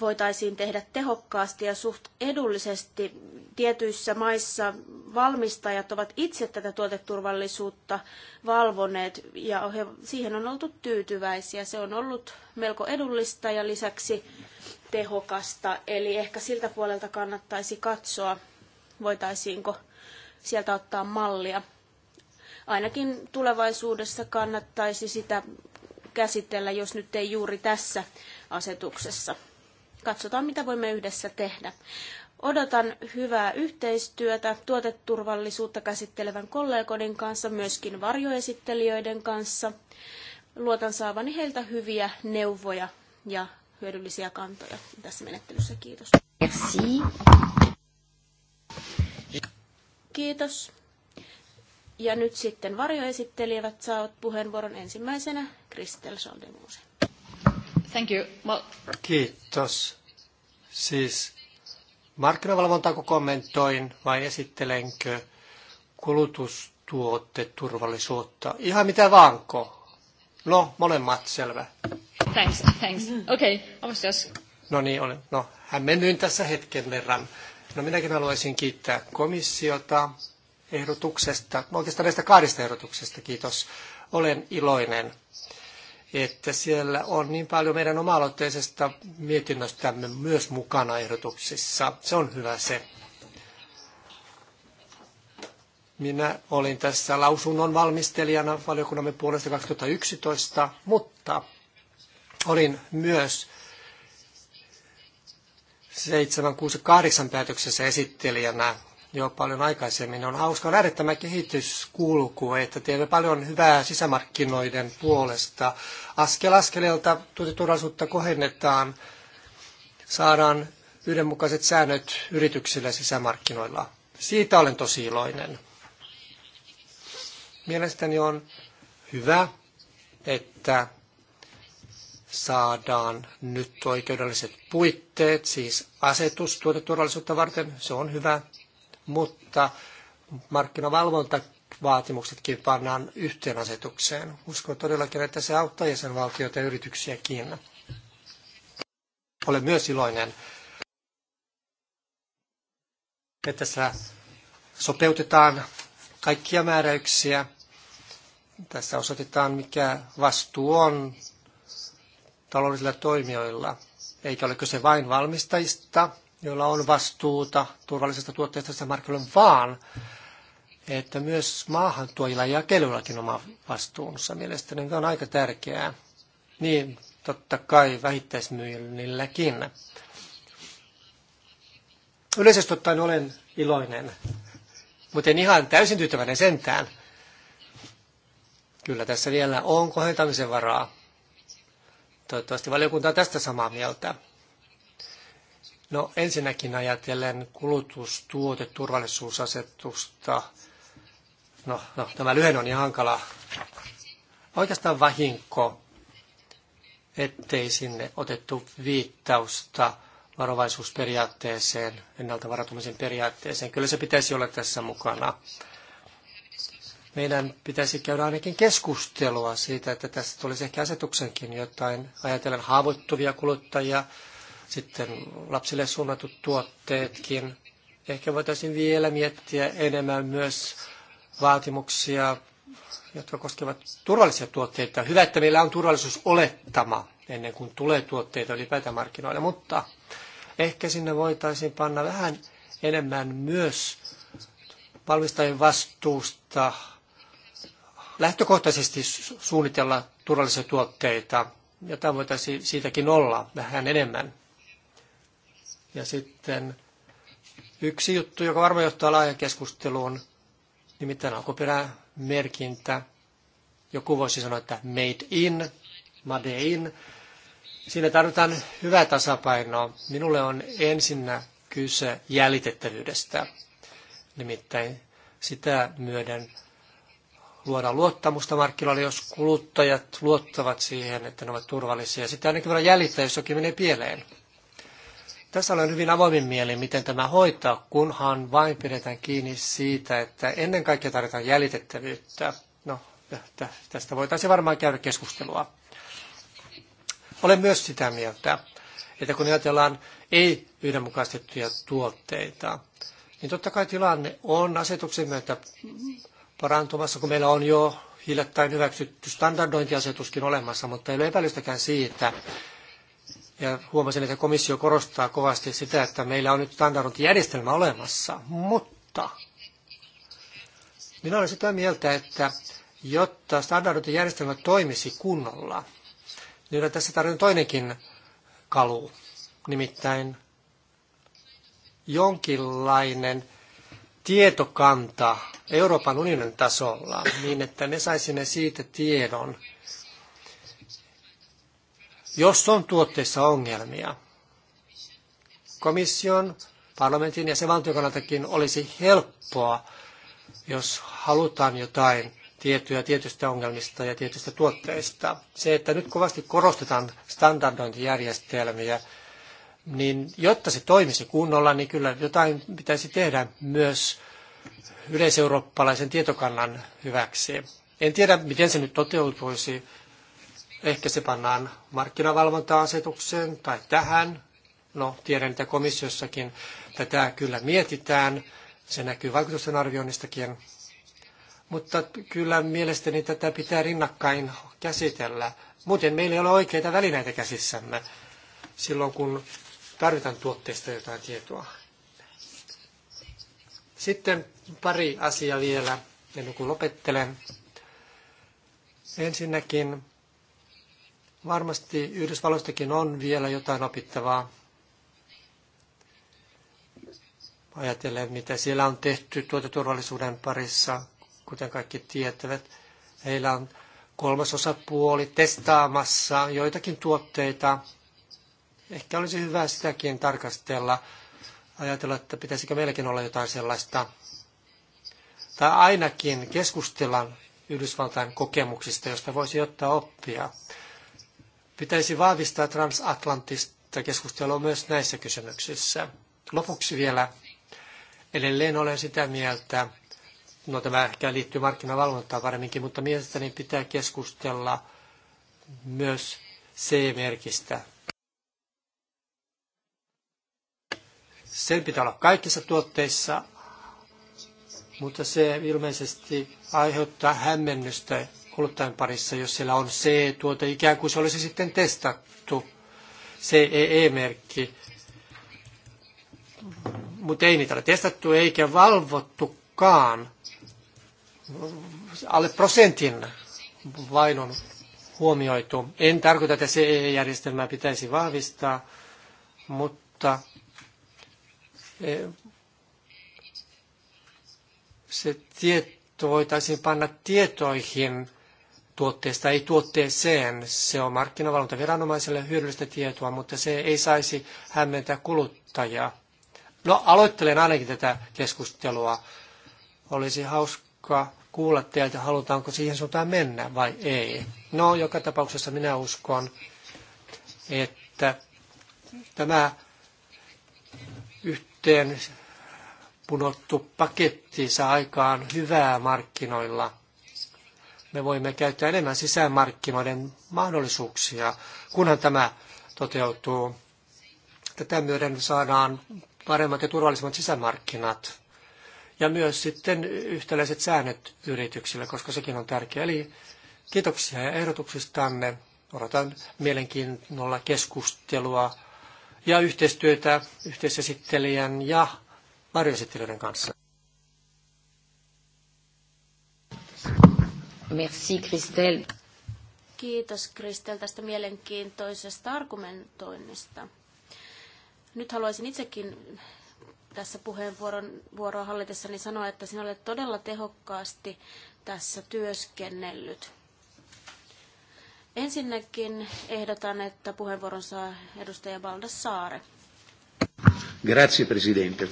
voitaisiin tehdä tehokkaasti ja suht edullisesti. Tietyissä maissa valmistajat ovat itse tätä tuoteturvallisuutta valvoneet ja he, siihen on oltu tyytyväisiä. Se on ollut melko edullista ja lisäksi tehokasta, eli ehkä siltä puolelta kannattaisi katsoa, voitaisiinko sieltä ottaa mallia ainakin tulevaisuudessa kannattaisi sitä käsitellä, jos nyt ei juuri tässä asetuksessa. Katsotaan, mitä voimme yhdessä tehdä. Odotan hyvää yhteistyötä tuoteturvallisuutta käsittelevän kollegoiden kanssa, myöskin varjoesittelijöiden kanssa. Luotan saavani heiltä hyviä neuvoja ja hyödyllisiä kantoja tässä menettelyssä. Kiitos. Merci. Kiitos. Ja nyt sitten varjoesittelijät saavat puheenvuoron ensimmäisenä Kristel Soldemuusen. Thank you. Well... Kiitos. Siis markkinavalvontaako kommentoin vai esittelenkö kulutustuoteturvallisuutta? Ihan mitä vaanko? No, molemmat selvä. Thanks, thanks. Okay, I was just... No niin, olen. No, hämmennyin tässä hetken verran. No minäkin haluaisin kiittää komissiota ehdotuksesta, oikeastaan näistä kahdesta ehdotuksesta, kiitos. Olen iloinen, että siellä on niin paljon meidän oma-aloitteisesta mietinnöstämme myös mukana ehdotuksissa. Se on hyvä se. Minä olin tässä lausunnon valmistelijana valiokunnamme puolesta 2011, mutta olin myös 768 päätöksessä esittelijänä jo paljon aikaisemmin. On hauska nähdä tämä kehityskulku, että teemme paljon hyvää sisämarkkinoiden puolesta. Askel askeleelta turvallisuutta kohennetaan, saadaan yhdenmukaiset säännöt yrityksille sisämarkkinoilla. Siitä olen tosi iloinen. Mielestäni on hyvä, että saadaan nyt oikeudelliset puitteet, siis asetus tuoteturvallisuutta varten, se on hyvä mutta markkinavalvontavaatimuksetkin pannaan yhteen asetukseen. Uskon todellakin, että se auttaa jäsenvaltioita ja yrityksiäkin. Olen myös iloinen, että tässä sopeutetaan kaikkia määräyksiä. Tässä osoitetaan, mikä vastuu on taloudellisilla toimijoilla, eikä ole kyse vain valmistajista, joilla on vastuuta turvallisesta tuotteesta markkinoilla, vaan että myös maahantuojilla ja jakelijoillakin oma vastuunsa. Mielestäni on aika tärkeää. Niin, totta kai vähittäismyynnilläkin. Yleisesti ottaen olen iloinen, mutta en ihan täysin tyytyväinen sentään. Kyllä tässä vielä on kohentamisen varaa. Toivottavasti valiokunta on tästä samaa mieltä. No ensinnäkin ajatellen kulutustuoteturvallisuusasetusta. No, no tämä lyhen on niin hankala. Oikeastaan vahinko, ettei sinne otettu viittausta varovaisuusperiaatteeseen, ennalta varautumisen periaatteeseen. Kyllä se pitäisi olla tässä mukana. Meidän pitäisi käydä ainakin keskustelua siitä, että tässä tulisi ehkä asetuksenkin jotain. Ajatellen haavoittuvia kuluttajia, sitten lapsille suunnatut tuotteetkin. Ehkä voitaisiin vielä miettiä enemmän myös vaatimuksia, jotka koskevat turvallisia tuotteita. Hyvä, että meillä on turvallisuusolettama ennen kuin tulee tuotteita ylipäätään markkinoille, mutta ehkä sinne voitaisiin panna vähän enemmän myös valmistajien vastuusta lähtökohtaisesti suunnitella turvallisia tuotteita, tämä voitaisiin siitäkin olla vähän enemmän. Ja sitten yksi juttu, joka varmaan johtaa laajan keskusteluun, nimittäin alkuperämerkintä. Joku voisi sanoa, että made in, made in. Siinä tarvitaan hyvää tasapainoa. Minulle on ensinnä kyse jäljitettävyydestä. Nimittäin sitä myöden luoda luottamusta markkinoille, jos kuluttajat luottavat siihen, että ne ovat turvallisia. Sitä ainakin voidaan jäljittää, jos jokin menee pieleen. Tässä olen hyvin avoimin mielin, miten tämä hoitaa, kunhan vain pidetään kiinni siitä, että ennen kaikkea tarvitaan jäljitettävyyttä. No, tästä voitaisiin varmaan käydä keskustelua. Olen myös sitä mieltä, että kun ajatellaan ei yhdenmukaistettuja tuotteita, niin totta kai tilanne on asetuksen myötä parantumassa, kun meillä on jo hiljattain hyväksytty standardointiasetuskin olemassa, mutta ei ole epäilystäkään siitä, ja huomasin, että komissio korostaa kovasti sitä, että meillä on nyt standardointijärjestelmä olemassa, mutta minä olen sitä mieltä, että jotta standardointijärjestelmä toimisi kunnolla, niin tässä tarvitaan toinenkin kalu, nimittäin jonkinlainen tietokanta Euroopan unionin tasolla, niin että ne saisi ne siitä tiedon, jos on tuotteissa ongelmia. Komission, parlamentin ja se valtiokannaltakin olisi helppoa, jos halutaan jotain tiettyjä tietystä ongelmista ja tietystä tuotteista. Se, että nyt kovasti korostetaan standardointijärjestelmiä, niin jotta se toimisi kunnolla, niin kyllä jotain pitäisi tehdä myös yleiseurooppalaisen tietokannan hyväksi. En tiedä, miten se nyt toteutuisi Ehkä se pannaan markkinavalvonta-asetukseen tai tähän. No, tiedän, että komissiossakin tätä kyllä mietitään. Se näkyy vaikutusten arvioinnistakin. Mutta kyllä mielestäni tätä pitää rinnakkain käsitellä. Muuten meillä ei ole oikeita välineitä käsissämme silloin, kun tarvitaan tuotteista jotain tietoa. Sitten pari asiaa vielä, ennen kuin lopettelen. Ensinnäkin Varmasti Yhdysvalloistakin on vielä jotain opittavaa. Ajatellen, mitä siellä on tehty tuoteturvallisuuden parissa, kuten kaikki tietävät. Heillä on kolmas osapuoli testaamassa joitakin tuotteita. Ehkä olisi hyvä sitäkin tarkastella, ajatella, että pitäisikö meilläkin olla jotain sellaista. Tai ainakin keskustella Yhdysvaltain kokemuksista, josta voisi ottaa oppia. Pitäisi vahvistaa transatlanttista keskustelua myös näissä kysymyksissä. Lopuksi vielä edelleen olen sitä mieltä, no tämä ehkä liittyy markkinavalvontaan paremminkin, mutta mielestäni pitää keskustella myös C-merkistä. Sen pitää olla kaikissa tuotteissa, mutta se ilmeisesti aiheuttaa hämmennystä kuluttajan parissa, jos siellä on CE-tuote, ikään kuin se olisi sitten testattu CEE-merkki. Mutta ei niitä ole testattu eikä valvottukaan. Alle prosentin vain on huomioitu. En tarkoita, että CEE-järjestelmää pitäisi vahvistaa, mutta e, se tieto voitaisiin panna tietoihin tuotteesta ei tuotteeseen. Se on markkinavalvontaviranomaiselle hyödyllistä tietoa, mutta se ei saisi hämmentää kuluttajaa. No, aloittelen ainakin tätä keskustelua. Olisi hauska kuulla teiltä, halutaanko siihen suuntaan mennä vai ei. No, joka tapauksessa minä uskon, että tämä yhteen punottu paketti saa aikaan hyvää markkinoilla – me voimme käyttää enemmän sisämarkkinoiden mahdollisuuksia, kunhan tämä toteutuu. Tätä myöden saadaan paremmat ja turvallisemmat sisämarkkinat ja myös sitten yhtäläiset säännöt yrityksille, koska sekin on tärkeää. Eli kiitoksia ja ehdotuksistanne. Odotan mielenkiinnolla keskustelua ja yhteistyötä yhteisesittelijän ja varjoesittelijöiden kanssa. Merci Kiitos Kristel tästä mielenkiintoisesta argumentoinnista. Nyt haluaisin itsekin tässä puheenvuoron vuoroa hallitessani sanoa, että sinä olet todella tehokkaasti tässä työskennellyt. Ensinnäkin ehdotan, että puheenvuoron saa edustaja Valda Saare. Grazie, Presidente.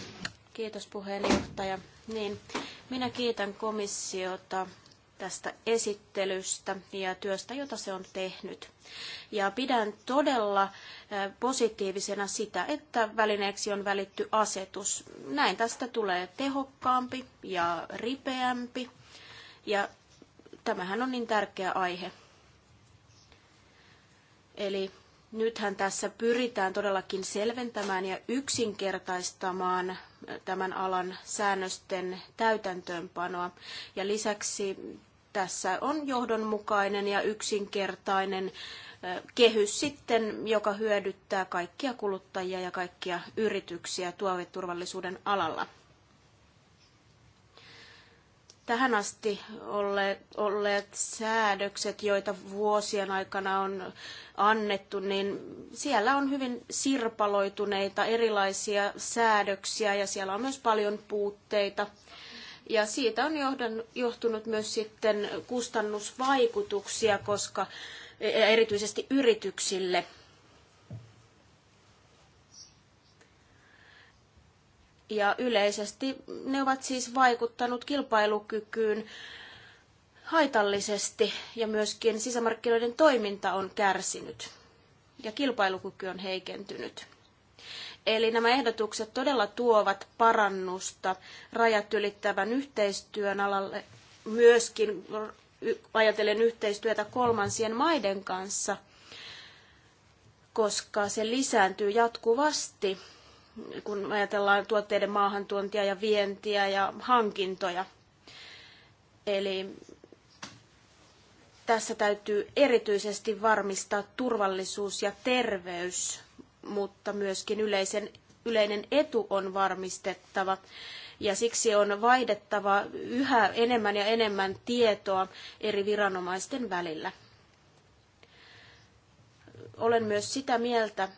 Kiitos puheenjohtaja. Niin, minä kiitän komissiota tästä esittelystä ja työstä, jota se on tehnyt. Ja pidän todella positiivisena sitä, että välineeksi on välitty asetus. Näin tästä tulee tehokkaampi ja ripeämpi. Ja tämähän on niin tärkeä aihe. Eli Nythän tässä pyritään todellakin selventämään ja yksinkertaistamaan tämän alan säännösten täytäntöönpanoa. Ja lisäksi tässä on johdonmukainen ja yksinkertainen kehys sitten, joka hyödyttää kaikkia kuluttajia ja kaikkia yrityksiä tuoveturvallisuuden alalla tähän asti olleet, olleet säädökset, joita vuosien aikana on annettu, niin siellä on hyvin sirpaloituneita erilaisia säädöksiä ja siellä on myös paljon puutteita. Ja siitä on johtunut myös sitten kustannusvaikutuksia, koska e, e, erityisesti yrityksille – Ja yleisesti ne ovat siis vaikuttanut kilpailukykyyn haitallisesti ja myöskin sisämarkkinoiden toiminta on kärsinyt ja kilpailukyky on heikentynyt. Eli nämä ehdotukset todella tuovat parannusta rajat ylittävän yhteistyön alalle, myöskin ajatellen yhteistyötä kolmansien maiden kanssa, koska se lisääntyy jatkuvasti kun ajatellaan tuotteiden maahantuontia ja vientiä ja hankintoja. Eli tässä täytyy erityisesti varmistaa turvallisuus ja terveys, mutta myöskin yleisen, yleinen etu on varmistettava. Ja siksi on vaihdettava yhä enemmän ja enemmän tietoa eri viranomaisten välillä. Olen myös sitä mieltä,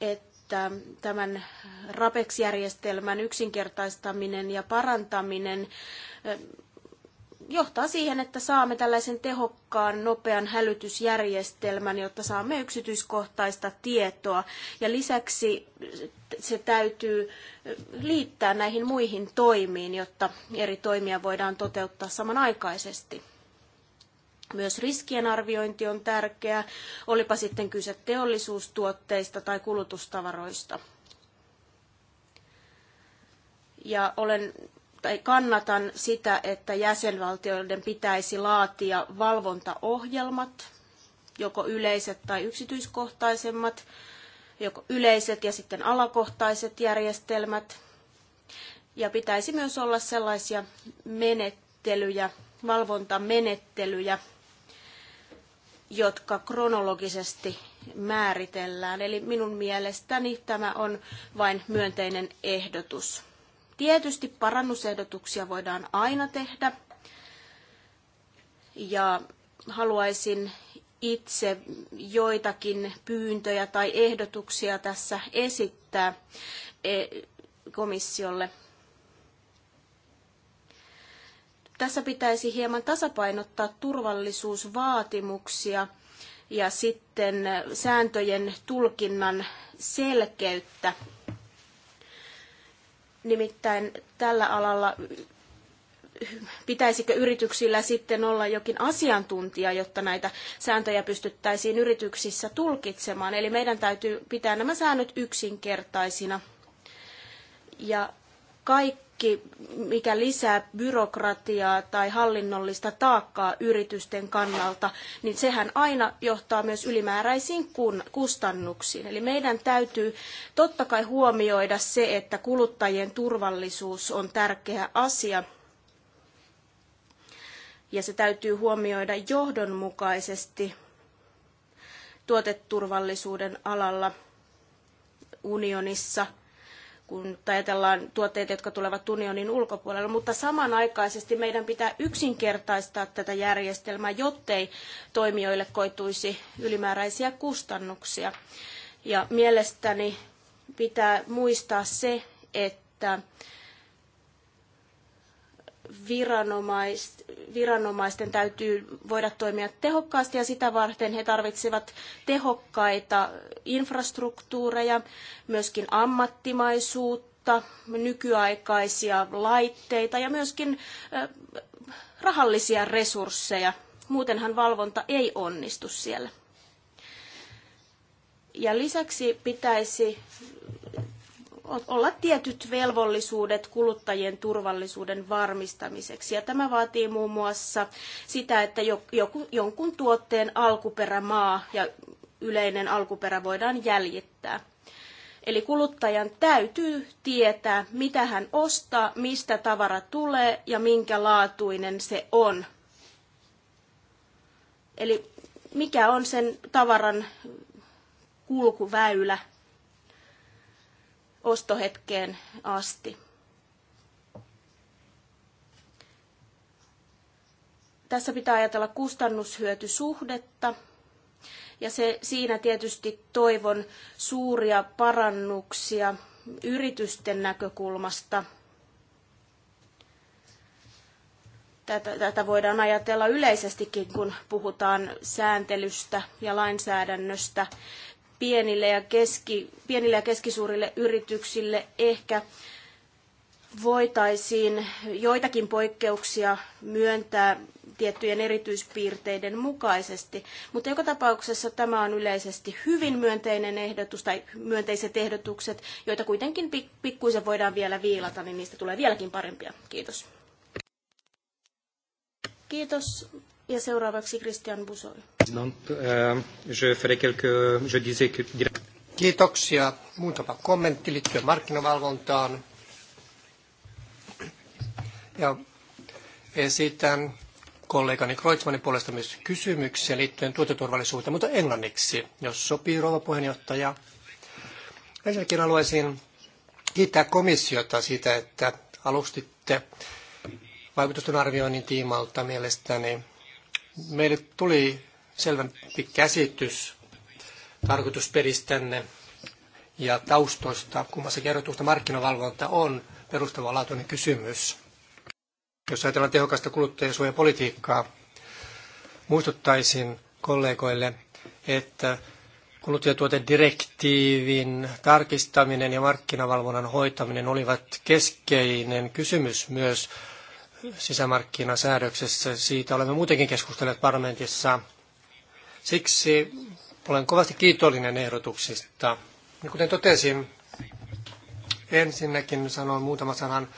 että että tämän RAPEX-järjestelmän yksinkertaistaminen ja parantaminen johtaa siihen, että saamme tällaisen tehokkaan, nopean hälytysjärjestelmän, jotta saamme yksityiskohtaista tietoa. Ja lisäksi se täytyy liittää näihin muihin toimiin, jotta eri toimia voidaan toteuttaa samanaikaisesti. Myös riskien arviointi on tärkeää, olipa sitten kyse teollisuustuotteista tai kulutustavaroista. Ja olen tai kannatan sitä, että jäsenvaltioiden pitäisi laatia valvontaohjelmat, joko yleiset tai yksityiskohtaisemmat, joko yleiset ja sitten alakohtaiset järjestelmät. Ja pitäisi myös olla sellaisia menettelyjä, valvontamenettelyjä, jotka kronologisesti määritellään. Eli minun mielestäni tämä on vain myönteinen ehdotus. Tietysti parannusehdotuksia voidaan aina tehdä. Ja haluaisin itse joitakin pyyntöjä tai ehdotuksia tässä esittää eh, komissiolle tässä pitäisi hieman tasapainottaa turvallisuusvaatimuksia ja sitten sääntöjen tulkinnan selkeyttä. Nimittäin tällä alalla pitäisikö yrityksillä sitten olla jokin asiantuntija, jotta näitä sääntöjä pystyttäisiin yrityksissä tulkitsemaan. Eli meidän täytyy pitää nämä säännöt yksinkertaisina. Ja kaikki kaikki, mikä lisää byrokratiaa tai hallinnollista taakkaa yritysten kannalta, niin sehän aina johtaa myös ylimääräisiin kustannuksiin. Eli meidän täytyy totta kai huomioida se, että kuluttajien turvallisuus on tärkeä asia. Ja se täytyy huomioida johdonmukaisesti tuoteturvallisuuden alalla unionissa – kun ajatellaan tuotteita, jotka tulevat unionin ulkopuolella, mutta samanaikaisesti meidän pitää yksinkertaistaa tätä järjestelmää, jottei toimijoille koituisi ylimääräisiä kustannuksia. Ja mielestäni pitää muistaa se, että viranomaisten täytyy voida toimia tehokkaasti ja sitä varten he tarvitsevat tehokkaita infrastruktuureja, myöskin ammattimaisuutta, nykyaikaisia laitteita ja myöskin rahallisia resursseja. Muutenhan valvonta ei onnistu siellä. Ja lisäksi pitäisi olla tietyt velvollisuudet kuluttajien turvallisuuden varmistamiseksi. Ja tämä vaatii muun muassa sitä, että joku, jonkun tuotteen alkuperämaa ja yleinen alkuperä voidaan jäljittää. Eli kuluttajan täytyy tietää, mitä hän ostaa, mistä tavara tulee ja minkä laatuinen se on. Eli mikä on sen tavaran kulkuväylä ostohetkeen asti. Tässä pitää ajatella kustannushyötysuhdetta, ja se, siinä tietysti toivon suuria parannuksia yritysten näkökulmasta. Tätä, tätä voidaan ajatella yleisestikin, kun puhutaan sääntelystä ja lainsäädännöstä pienille ja, keski, pienille ja keskisuurille yrityksille ehkä voitaisiin joitakin poikkeuksia myöntää tiettyjen erityispiirteiden mukaisesti. Mutta joka tapauksessa tämä on yleisesti hyvin myönteinen ehdotus tai myönteiset ehdotukset, joita kuitenkin pikkuisen voidaan vielä viilata, niin niistä tulee vieläkin parempia. Kiitos. Kiitos. Ja seuraavaksi Christian euh, Kiitoksia. Muutama kommentti liittyen markkinavalvontaan. Ja esitän kollegani Kreutzmannin puolesta myös kysymyksiä liittyen tuoteturvallisuuteen, mutta englanniksi, jos sopii rouva puheenjohtaja. Ensinnäkin haluaisin kiittää komissiota siitä, että alustitte vaikutusten arvioinnin tiimalta mielestäni Meille tuli selvempi käsitys tarkoitusperistänne ja taustoista, kun kummassa kerrotusta markkinavalvonta on perustavanlaatuinen kysymys. Jos ajatellaan tehokasta kuluttajasuojapolitiikkaa, muistuttaisin kollegoille, että kuluttajatuotedirektiivin tarkistaminen ja markkinavalvonnan hoitaminen olivat keskeinen kysymys myös sisämarkkinasäädöksessä. Siitä olemme muutenkin keskustelleet parlamentissa. Siksi olen kovasti kiitollinen ehdotuksista. Ja kuten totesin, ensinnäkin sanon muutama sanan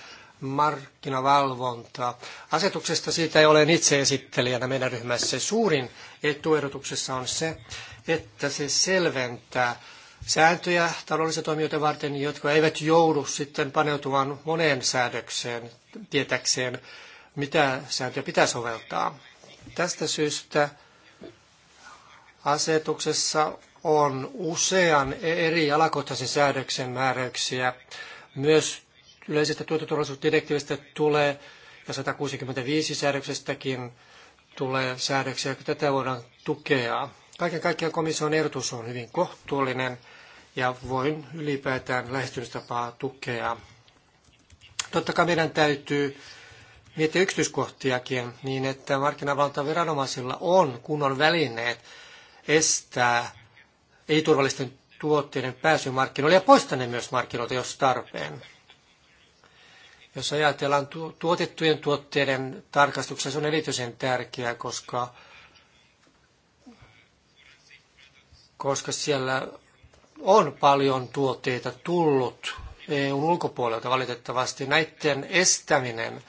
markkinavalvontaa. Asetuksesta siitä ei ole itse esittelijänä meidän ryhmässä. Suurin etuehdotuksessa on se, että se selventää sääntöjä taloudellisia toimijoita varten, jotka eivät joudu sitten paneutumaan moneen säädökseen tietäkseen, mitä sääntöjä pitää soveltaa. Tästä syystä asetuksessa on usean eri alakohtaisen säädöksen määräyksiä. Myös yleisestä tuotantoturvallisuusdirektiivistä tulee ja 165 säädöksestäkin tulee säädöksiä, tätä voidaan tukea. Kaiken kaikkiaan komission ehdotus on hyvin kohtuullinen ja voin ylipäätään lähestymistapaa tukea. Totta kai meidän täytyy miettiä yksityiskohtiakin niin, että viranomaisilla on kunnon välineet estää ei-turvallisten tuotteiden pääsy markkinoille ja poistaa ne myös markkinoilta, jos tarpeen. Jos ajatellaan tuotettujen tuotteiden tarkastuksessa, se on erityisen tärkeää, koska, koska siellä on paljon tuotteita tullut EUn ulkopuolelta valitettavasti. Näiden estäminen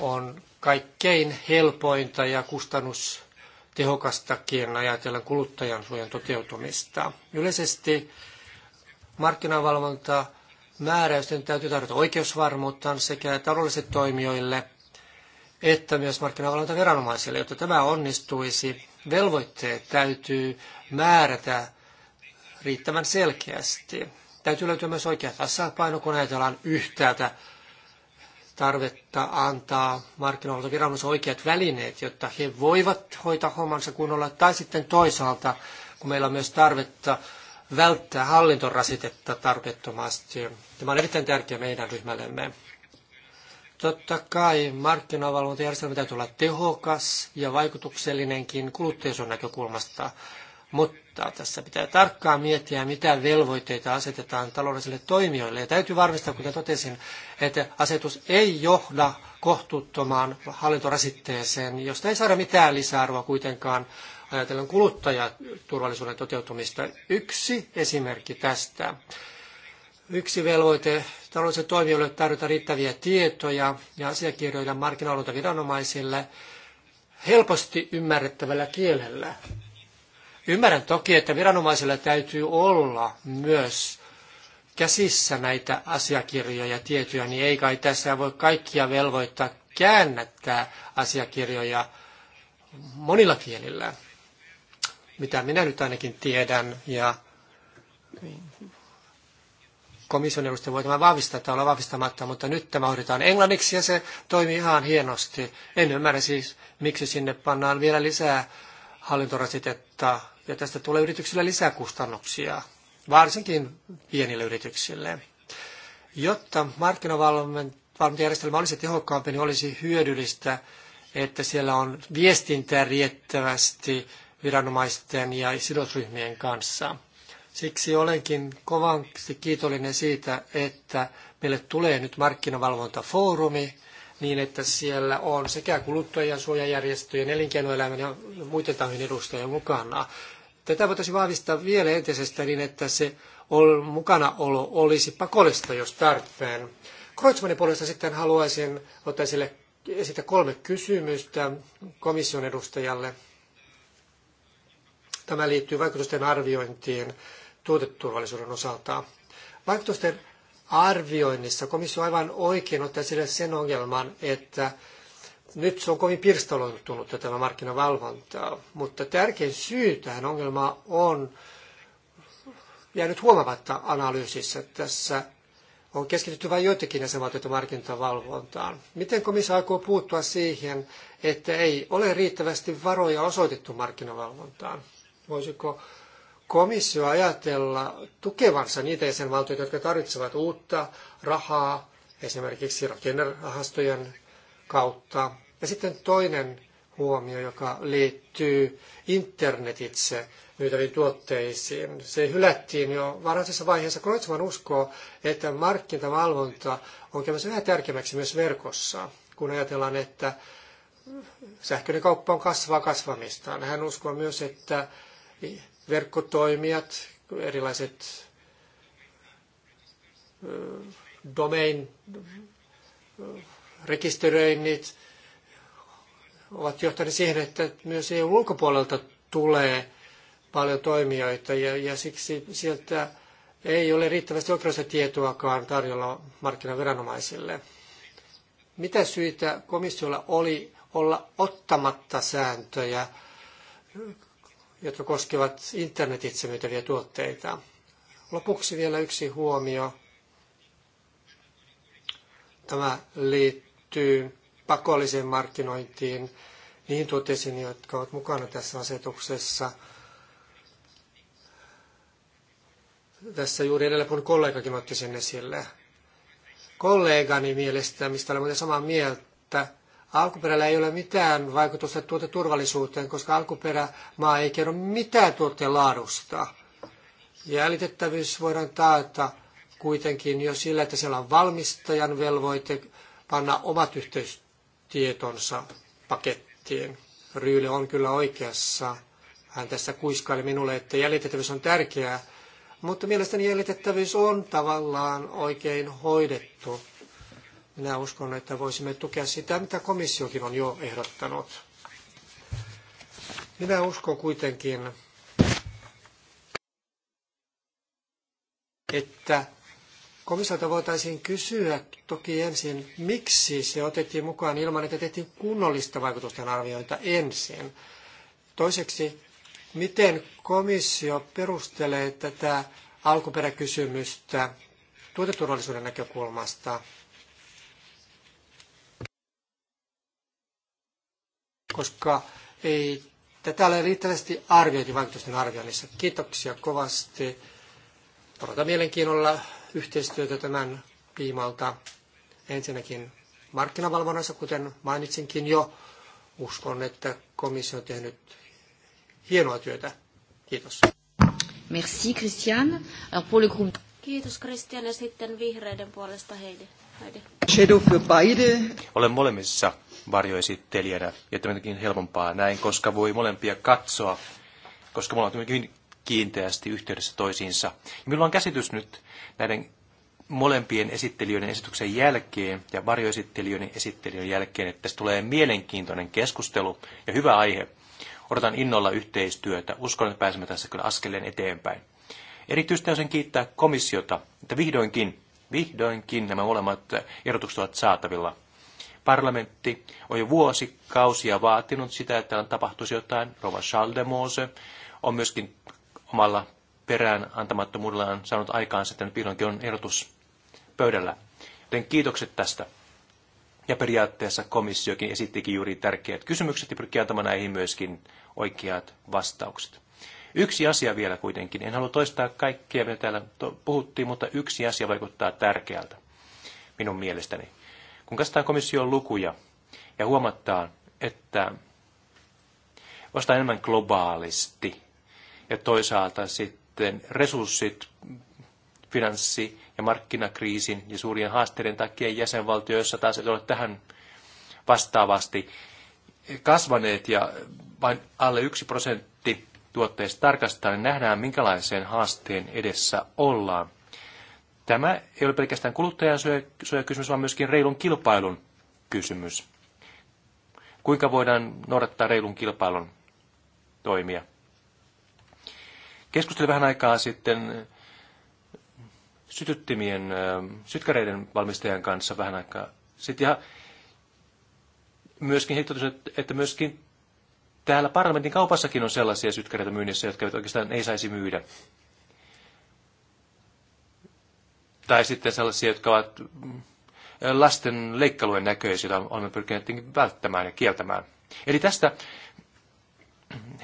on kaikkein helpointa ja kustannustehokastakin ajatellen kuluttajan suojan toteutumista. Yleisesti markkinavalvonta määräysten täytyy tarjota oikeusvarmuutta sekä taloudellisille toimijoille että myös markkinavalvontaviranomaisille. Jotta tämä onnistuisi, velvoitteet täytyy määrätä riittävän selkeästi. Täytyy löytyä myös oikea tasapaino, kun ajatellaan yhtäältä tarvetta antaa markkinoilta viranomaisille oikeat välineet, jotta he voivat hoitaa hommansa kunnolla, tai sitten toisaalta, kun meillä on myös tarvetta välttää hallintorasitetta tarpeettomasti. Tämä on erittäin tärkeä meidän ryhmällemme. Totta kai markkinavalvontajärjestelmä täytyy olla tehokas ja vaikutuksellinenkin kuluttajaisuuden näkökulmasta, mutta asettaa. Tässä pitää tarkkaan miettiä, mitä velvoitteita asetetaan taloudellisille toimijoille. Ja täytyy varmistaa, kuten totesin, että asetus ei johda kohtuuttomaan hallintorasitteeseen, josta ei saada mitään lisäarvoa kuitenkaan ajatellen kuluttajaturvallisuuden toteutumista. Yksi esimerkki tästä. Yksi velvoite taloudellisille toimijoille tarjota riittäviä tietoja ja asiakirjoja markkinoilta viranomaisille helposti ymmärrettävällä kielellä. Ymmärrän toki, että viranomaisilla täytyy olla myös käsissä näitä asiakirjoja ja tietoja, niin ei kai tässä voi kaikkia velvoittaa käännättää asiakirjoja monilla kielillä, mitä minä nyt ainakin tiedän. Ja komission edustaja voi tämän vahvistaa tai olla vahvistamatta, mutta nyt tämä hoidetaan englanniksi ja se toimii ihan hienosti. En ymmärrä siis, miksi sinne pannaan vielä lisää hallintorasitetta ja tästä tulee yrityksille lisää kustannuksia, varsinkin pienille yrityksille. Jotta markkinavalvontajärjestelmä olisi tehokkaampi, niin olisi hyödyllistä, että siellä on viestintää riittävästi viranomaisten ja sidosryhmien kanssa. Siksi olenkin kovasti kiitollinen siitä, että meille tulee nyt markkinavalvontafoorumi niin, että siellä on sekä kuluttajien suojajärjestöjen, elinkeinoelämän ja muiden tahojen edustajia mukana. Tätä voitaisiin vahvistaa vielä entisestä niin, että se mukanaolo olisi pakollista, jos tarpeen. Kreutzmannin puolesta sitten haluaisin ottaa sille esittää kolme kysymystä komission edustajalle. Tämä liittyy vaikutusten arviointiin tuoteturvallisuuden osalta. Vaikutusten arvioinnissa komissio aivan oikein ottaa sille sen ongelman, että nyt se on kovin pirstaloitunut tämä markkinavalvonta, mutta tärkein syy tähän ongelmaan on jäänyt huomaamatta analyysissä. Tässä on keskitytty vain joitakin jäsenvaltioita markkinavalvontaan. Miten komissio aikoo puuttua siihen, että ei ole riittävästi varoja osoitettu markkinavalvontaan? Voisiko komissio ajatella tukevansa niitä jäsenvaltioita, jotka tarvitsevat uutta rahaa, esimerkiksi rakennerahastojen kautta, ja sitten toinen huomio, joka liittyy internetitse myytäviin tuotteisiin. Se hylättiin jo varhaisessa vaiheessa. Kreutzmann uskoo, että markkinavalvonta on käymässä yhä tärkeämmäksi myös verkossa, kun ajatellaan, että sähköinen kauppa on kasvaa kasvamistaan. Hän uskoo myös, että verkkotoimijat, erilaiset domain rekisteröinnit, ovat johtaneet siihen, että myös EU-ulkopuolelta tulee paljon toimijoita ja, ja siksi sieltä ei ole riittävästi oikeudellista tietoakaan tarjolla markkinaviranomaisille. Mitä syitä komissiolla oli olla ottamatta sääntöjä, jotka koskevat internetitse myytäviä tuotteita? Lopuksi vielä yksi huomio. Tämä liittyy pakolliseen markkinointiin, niihin totesin, jotka ovat mukana tässä asetuksessa. Tässä juuri edellä puhunut kollegakin otti sen esille. Kollegani mielestä, mistä olen muuten samaa mieltä, alkuperällä ei ole mitään vaikutusta tuoteturvallisuuteen, koska alkuperämaa ei kerro mitään tuotteen laadusta. Jäljitettävyys voidaan taata kuitenkin jo sillä, että siellä on valmistajan velvoite panna omat yhteistyöt tietonsa pakettiin. Ryyle on kyllä oikeassa. Hän tässä kuiskaili minulle, että jäljitettävyys on tärkeää, mutta mielestäni jäljitettävyys on tavallaan oikein hoidettu. Minä uskon, että voisimme tukea sitä, mitä komissiokin on jo ehdottanut. Minä uskon kuitenkin, että Komissiolta voitaisiin kysyä toki ensin, miksi se otettiin mukaan ilman, että tehtiin kunnollista vaikutusten arviointa ensin. Toiseksi, miten komissio perustelee tätä alkuperäkysymystä tuoteturvallisuuden näkökulmasta? Koska ei tätä ole riittävästi arvioitu vaikutusten arvioinnissa. Kiitoksia kovasti. Odotan mielenkiinnolla yhteistyötä tämän tiimalta. Ensinnäkin markkinavalvonnassa, kuten mainitsinkin jo, uskon, että komissio on tehnyt hienoa työtä. Kiitos. Merci Christian. Alors pour le groupe... Kiitos Christian ja sitten vihreiden puolesta Heidi. Heidi. Olen molemmissa varjoesittelijänä ja on helpompaa näin, koska voi molempia katsoa, koska me ollaan hyvin kiinteästi yhteydessä toisiinsa. Ja minulla on käsitys nyt näiden molempien esittelijöiden esityksen jälkeen ja varjoesittelijöiden esittelijöiden jälkeen, että tässä tulee mielenkiintoinen keskustelu ja hyvä aihe. Odotan innolla yhteistyötä. Uskon, että pääsemme tässä kyllä askeleen eteenpäin. Erityisesti haluaisin kiittää komissiota, että vihdoinkin, vihdoinkin nämä molemmat erotukset ovat saatavilla. Parlamentti on jo vuosikausia vaatinut sitä, että tapahtuisi jotain. Rova Charles de Mose on myöskin omalla perään antamattomuudellaan saanut aikaan sitten vihdoinkin on ehdotus pöydällä. Joten kiitokset tästä. Ja periaatteessa komissiokin esittikin juuri tärkeät kysymykset ja pyrkii antamaan näihin myöskin oikeat vastaukset. Yksi asia vielä kuitenkin. En halua toistaa kaikkia, mitä täällä puhuttiin, mutta yksi asia vaikuttaa tärkeältä minun mielestäni. Kun katsotaan komission lukuja ja huomataan, että vasta enemmän globaalisti ja toisaalta sitten resurssit finanssi- ja markkinakriisin ja suurien haasteiden takia jäsenvaltioissa taas ei ole tähän vastaavasti kasvaneet ja vain alle yksi prosentti tuotteista tarkastaa, niin nähdään minkälaiseen haasteen edessä ollaan. Tämä ei ole pelkästään kuluttajan kysymys vaan myöskin reilun kilpailun kysymys. Kuinka voidaan noudattaa reilun kilpailun toimia? keskustelin vähän aikaa sitten eh, sytyttimien, eh, sytkäreiden valmistajan kanssa vähän aikaa sitten. Ja myöskin he että myöskin täällä parlamentin kaupassakin on sellaisia sytkäreitä myynnissä, jotka oikeastaan ei saisi myydä. Tai sitten sellaisia, jotka ovat eh, lasten leikkalujen näköisiä, joita olemme pyrkineet välttämään ja kieltämään. Eli tästä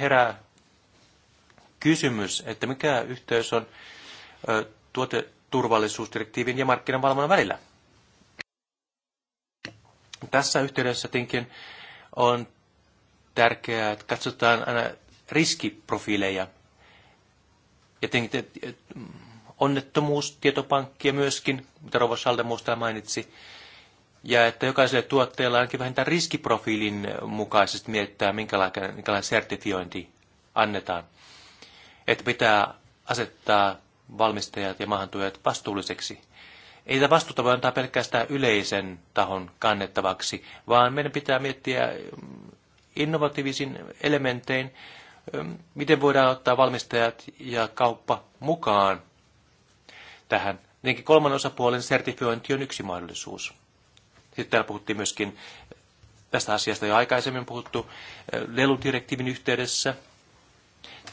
herää kysymys, että mikä yhteys on tuoteturvallisuusdirektiivin ja markkinavalvonnan välillä. Tässä yhteydessä tietenkin on tärkeää, että katsotaan aina riskiprofiileja. Ja tinkin, onnettomuustietopankkia myöskin, mitä Rova Saldemuus mainitsi, ja että jokaiselle tuotteella ainakin vähintään riskiprofiilin mukaisesti miettää, minkälainen, minkälainen sertifiointi annetaan että pitää asettaa valmistajat ja maahantuojat vastuulliseksi. Ei tätä vastuuta voi antaa pelkästään yleisen tahon kannettavaksi, vaan meidän pitää miettiä mm, innovatiivisin elementein, mm, miten voidaan ottaa valmistajat ja kauppa mukaan tähän. Tietenkin kolman osapuolen sertifiointi on yksi mahdollisuus. Sitten täällä puhuttiin myöskin tästä asiasta jo aikaisemmin puhuttu mm, leludirektiivin yhteydessä –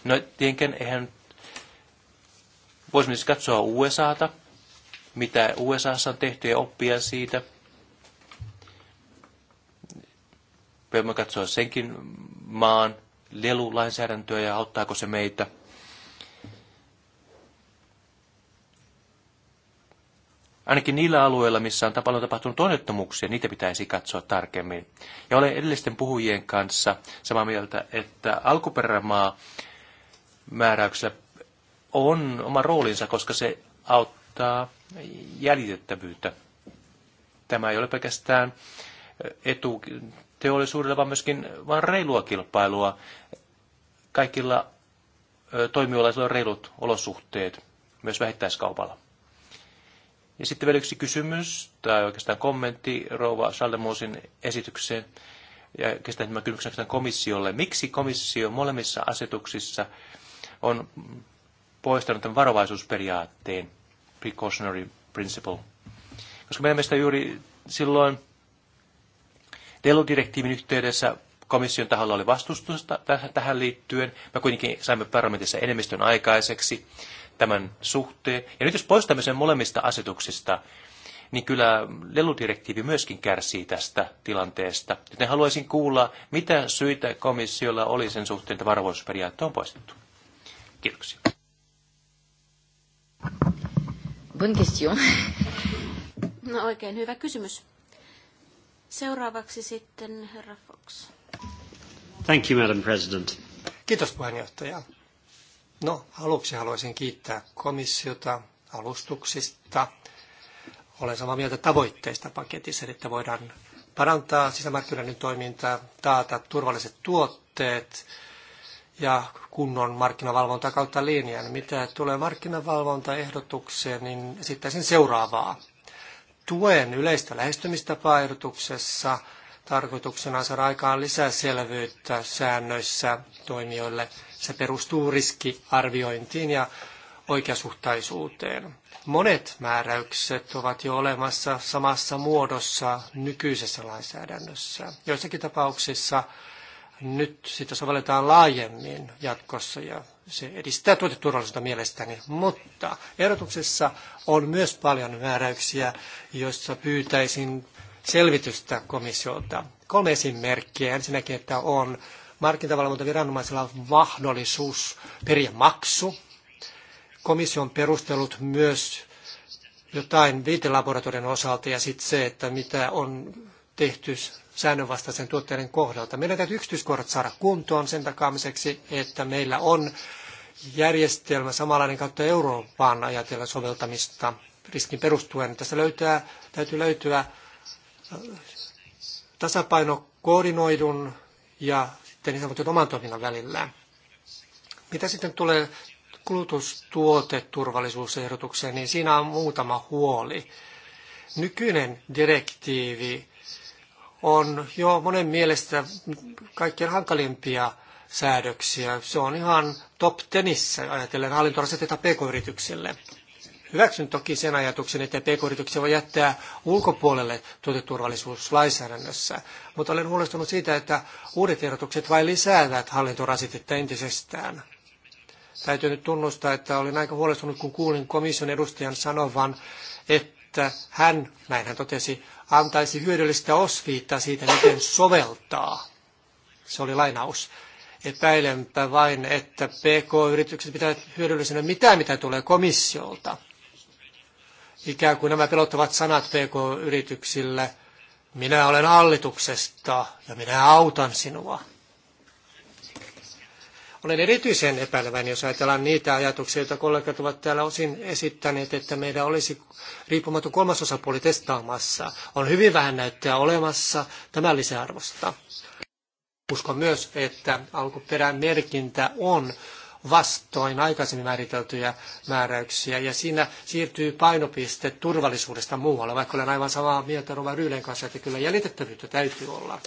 No tietenkin eihän, voisimme siis katsoa USAta, mitä USAssa on tehty ja oppia siitä. Voimme katsoa senkin maan lelulainsäädäntöä ja auttaako se meitä. Ainakin niillä alueilla, missä on paljon tapahtunut onnettomuuksia, niitä pitäisi katsoa tarkemmin. Ja olen edellisten puhujien kanssa samaa mieltä, että alkuperämaa määräyksellä on oma roolinsa, koska se auttaa jäljitettävyyttä. Tämä ei ole pelkästään etu teollisuudella, vaan myöskin vain reilua kilpailua. Kaikilla toimijoilla on reilut olosuhteet, myös vähittäiskaupalla. Ja sitten vielä yksi kysymys, tai oikeastaan kommentti Rouva Saldemosin esitykseen, ja kestän tämän kysymys komissiolle. Miksi komissio molemmissa asetuksissa on poistanut tämän varovaisuusperiaatteen, precautionary principle. Koska meidän mielestä juuri silloin DELU-direktiivin yhteydessä komission taholla oli vastustusta tähän liittyen. Me kuitenkin saimme parlamentissa enemmistön aikaiseksi tämän suhteen. Ja nyt jos poistamme sen molemmista asetuksista, niin kyllä leludirektiivi myöskin kärsii tästä tilanteesta. Joten haluaisin kuulla, mitä syitä komissiolla oli sen suhteen, että varovaisuusperiaate on poistettu. Kiitoksia. Bonne question. No oikein hyvä kysymys. Seuraavaksi sitten herra Fox. Thank you, Madam President. Kiitos puheenjohtaja. No, aluksi haluaisin kiittää komissiota alustuksista. Olen samaa mieltä tavoitteista paketissa, että voidaan parantaa sisämarkkinoiden toimintaa, taata turvalliset tuotteet, ja kunnon markkinavalvonta kautta linjan. Mitä tulee markkinavalvontaehdotukseen, niin esittäisin seuraavaa. Tuen yleistä lähestymistapaa ehdotuksessa tarkoituksena saada aikaan lisää selvyyttä säännöissä toimijoille. Se perustuu riskiarviointiin ja oikeasuhtaisuuteen. Monet määräykset ovat jo olemassa samassa muodossa nykyisessä lainsäädännössä. Joissakin tapauksissa nyt sitä sovelletaan laajemmin jatkossa ja se edistää tuoteturvallisuutta mielestäni. Mutta ehdotuksessa on myös paljon määräyksiä, joissa pyytäisin selvitystä komissiolta. Kolme esimerkkiä. Ensinnäkin, että on markkinavalvontaviranomaisilla on mahdollisuus periä maksu. Komissio on perustellut myös jotain viitelaboratorion osalta ja sitten se, että mitä on tehty säännönvastaisen tuotteiden kohdalta. Meidän täytyy yksityiskohdat saada kuntoon sen takaamiseksi, että meillä on järjestelmä samanlainen kautta Euroopan ajatella soveltamista riskin perustuen. Tässä löytää, täytyy löytyä äh, tasapaino koordinoidun ja sitten niin sanotun oman toiminnan välillä. Mitä sitten tulee kulutustuoteturvallisuusehdotukseen, niin siinä on muutama huoli. Nykyinen direktiivi on jo monen mielestä kaikkein hankalimpia säädöksiä. Se on ihan top tenissä ajatellen hallintorasitetta pk-yrityksille. Hyväksyn toki sen ajatuksen, että pk-yrityksiä voi jättää ulkopuolelle tuoteturvallisuuslainsäädännössä, mutta olen huolestunut siitä, että uudet ehdotukset vain lisäävät hallintorasitetta entisestään. Täytyy nyt tunnustaa, että olin aika huolestunut, kun kuulin komission edustajan sanovan, että hän, näin hän totesi, antaisi hyödyllistä osviittaa siitä, miten soveltaa. Se oli lainaus. Epäilenpä vain, että PK-yritykset pitävät hyödyllisenä mitä, mitä tulee komissiolta. Ikään kuin nämä pelottavat sanat PK-yrityksille, minä olen hallituksesta ja minä autan sinua. Olen erityisen epäileväinen, jos ajatellaan niitä ajatuksia, joita kollegat ovat täällä osin esittäneet, että meidän olisi riippumaton kolmas osapuoli testaamassa. On hyvin vähän näyttöä olemassa tämän lisäarvosta. Uskon myös, että alkuperän merkintä on vastoin aikaisemmin määriteltyjä määräyksiä, ja siinä siirtyy painopiste turvallisuudesta muualle, vaikka olen aivan samaa mieltä Rova Ryylen kanssa, että kyllä jäljitettävyyttä täytyy olla.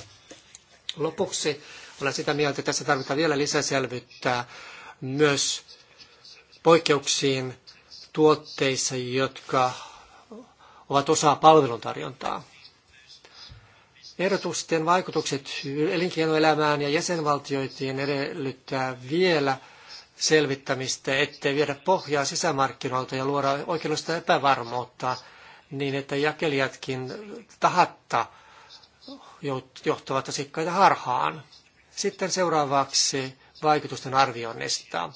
Lopuksi olen sitä mieltä, että tässä tarvitaan vielä selvittää myös poikkeuksiin tuotteissa, jotka ovat osa palveluntarjontaa. Ehdotusten vaikutukset elinkeinoelämään ja jäsenvaltioitiin edellyttää vielä selvittämistä, ettei viedä pohjaa sisämarkkinoilta ja luoda oikeudellista epävarmuutta niin, että jakelijatkin tahatta johtavat asiakkaita harhaan. Sitten seuraavaksi vaikutusten arvioinnista.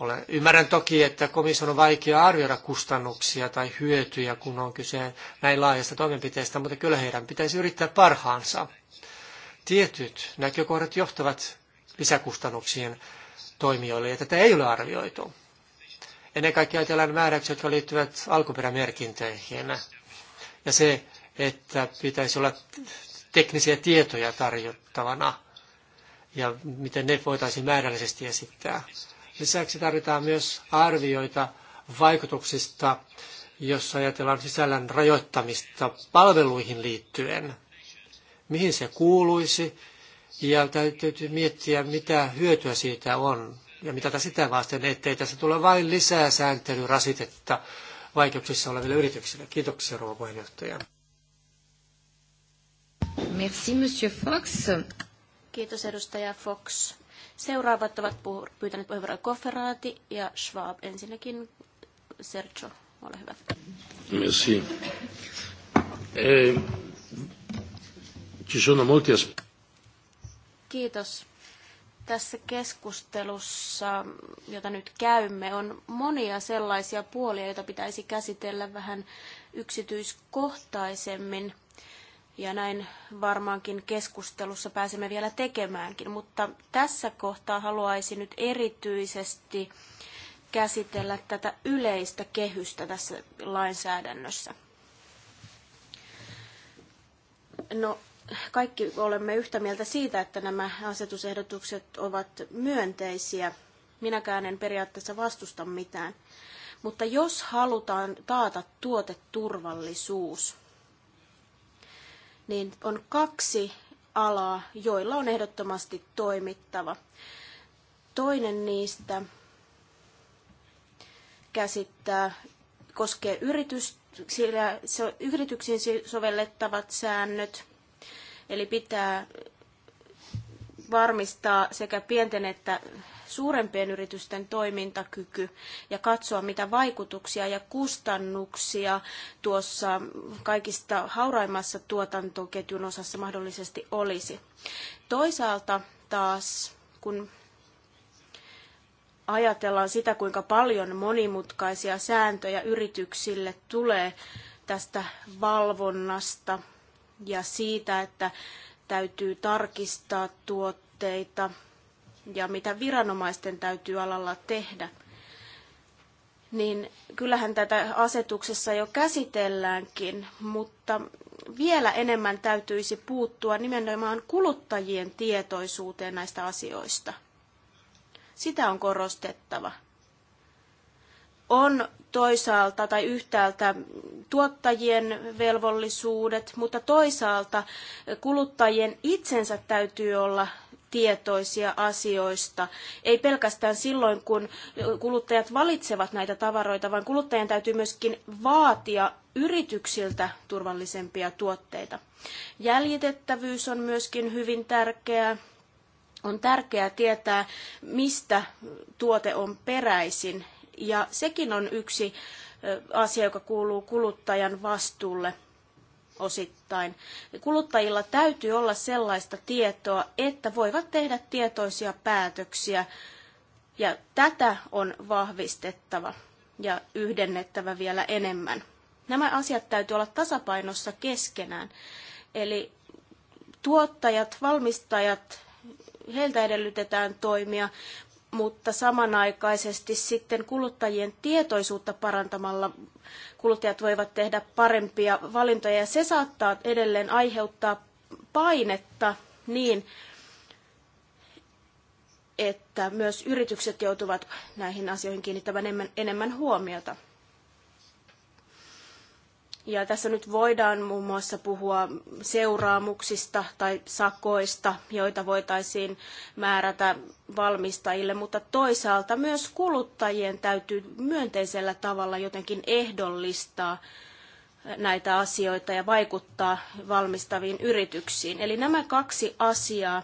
Olen, ymmärrän toki, että komission on vaikea arvioida kustannuksia tai hyötyjä, kun on kyse näin laajasta toimenpiteestä, mutta kyllä heidän pitäisi yrittää parhaansa. Tietyt näkökohdat johtavat lisäkustannuksiin toimijoille, ja tätä ei ole arvioitu. Ennen kaikkea ajatellaan määräyksiä, jotka liittyvät alkuperämerkintöihin. Ja se, että pitäisi olla teknisiä tietoja tarjottavana – ja miten ne voitaisiin määrällisesti esittää. Lisäksi tarvitaan myös arvioita vaikutuksista, jos ajatellaan sisällön rajoittamista palveluihin liittyen. Mihin se kuuluisi ja täytyy miettiä, mitä hyötyä siitä on ja mitä sitä vasten, ettei tässä tule vain lisää sääntelyrasitetta vaikeuksissa oleville yrityksille. Kiitoksia, rouva puheenjohtaja. Merci, Monsieur Fox. Kiitos edustaja Fox. Seuraavat ovat pyytäneet puheenvuoroja Kofferaati ja Schwab. Ensinnäkin Sergio, ole hyvä. Merci. Eh, Kiitos. Tässä keskustelussa, jota nyt käymme, on monia sellaisia puolia, joita pitäisi käsitellä vähän yksityiskohtaisemmin – ja näin varmaankin keskustelussa pääsemme vielä tekemäänkin. Mutta tässä kohtaa haluaisin nyt erityisesti käsitellä tätä yleistä kehystä tässä lainsäädännössä. No, kaikki olemme yhtä mieltä siitä, että nämä asetusehdotukset ovat myönteisiä. Minäkään en periaatteessa vastusta mitään. Mutta jos halutaan taata tuoteturvallisuus, niin on kaksi alaa, joilla on ehdottomasti toimittava. Toinen niistä käsittää, koskee yritys, sillä se, yrityksiin sovellettavat säännöt, eli pitää varmistaa sekä pienten että suurempien yritysten toimintakyky ja katsoa, mitä vaikutuksia ja kustannuksia tuossa kaikista hauraimmassa tuotantoketjun osassa mahdollisesti olisi. Toisaalta taas, kun ajatellaan sitä, kuinka paljon monimutkaisia sääntöjä yrityksille tulee tästä valvonnasta ja siitä, että täytyy tarkistaa tuotteita ja mitä viranomaisten täytyy alalla tehdä, niin kyllähän tätä asetuksessa jo käsitelläänkin, mutta vielä enemmän täytyisi puuttua nimenomaan kuluttajien tietoisuuteen näistä asioista. Sitä on korostettava. On toisaalta tai yhtäältä tuottajien velvollisuudet, mutta toisaalta kuluttajien itsensä täytyy olla tietoisia asioista. Ei pelkästään silloin, kun kuluttajat valitsevat näitä tavaroita, vaan kuluttajien täytyy myöskin vaatia yrityksiltä turvallisempia tuotteita. Jäljitettävyys on myöskin hyvin tärkeää. On tärkeää tietää, mistä tuote on peräisin. Ja sekin on yksi asia, joka kuuluu kuluttajan vastuulle osittain. Kuluttajilla täytyy olla sellaista tietoa, että voivat tehdä tietoisia päätöksiä, ja tätä on vahvistettava ja yhdennettävä vielä enemmän. Nämä asiat täytyy olla tasapainossa keskenään. Eli tuottajat, valmistajat, heiltä edellytetään toimia, mutta samanaikaisesti sitten kuluttajien tietoisuutta parantamalla kuluttajat voivat tehdä parempia valintoja ja se saattaa edelleen aiheuttaa painetta niin, että myös yritykset joutuvat näihin asioihin kiinnittämään enemmän huomiota. Ja tässä nyt voidaan muun muassa puhua seuraamuksista tai sakoista, joita voitaisiin määrätä valmistajille, mutta toisaalta myös kuluttajien täytyy myönteisellä tavalla jotenkin ehdollistaa näitä asioita ja vaikuttaa valmistaviin yrityksiin. Eli nämä kaksi asiaa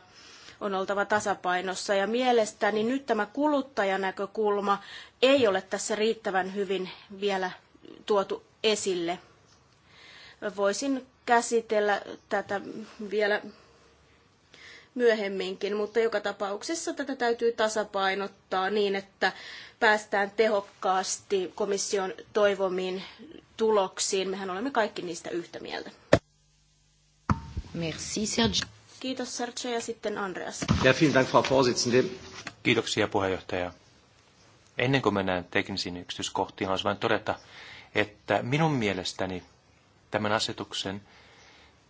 on oltava tasapainossa ja mielestäni nyt tämä kuluttajanäkökulma ei ole tässä riittävän hyvin vielä tuotu esille. Voisin käsitellä tätä vielä myöhemminkin, mutta joka tapauksessa tätä täytyy tasapainottaa niin, että päästään tehokkaasti komission toivomiin tuloksiin. Mehän olemme kaikki niistä yhtä mieltä. Merci, Serge, Kiitos Serge ja sitten Andreas. Ja vielen Dank, Frau Vorsitzende. Kiitoksia puheenjohtaja. Ennen kuin mennään teknisiin yksityiskohtiin, haluaisin vain todeta, että minun mielestäni – Tämän asetuksen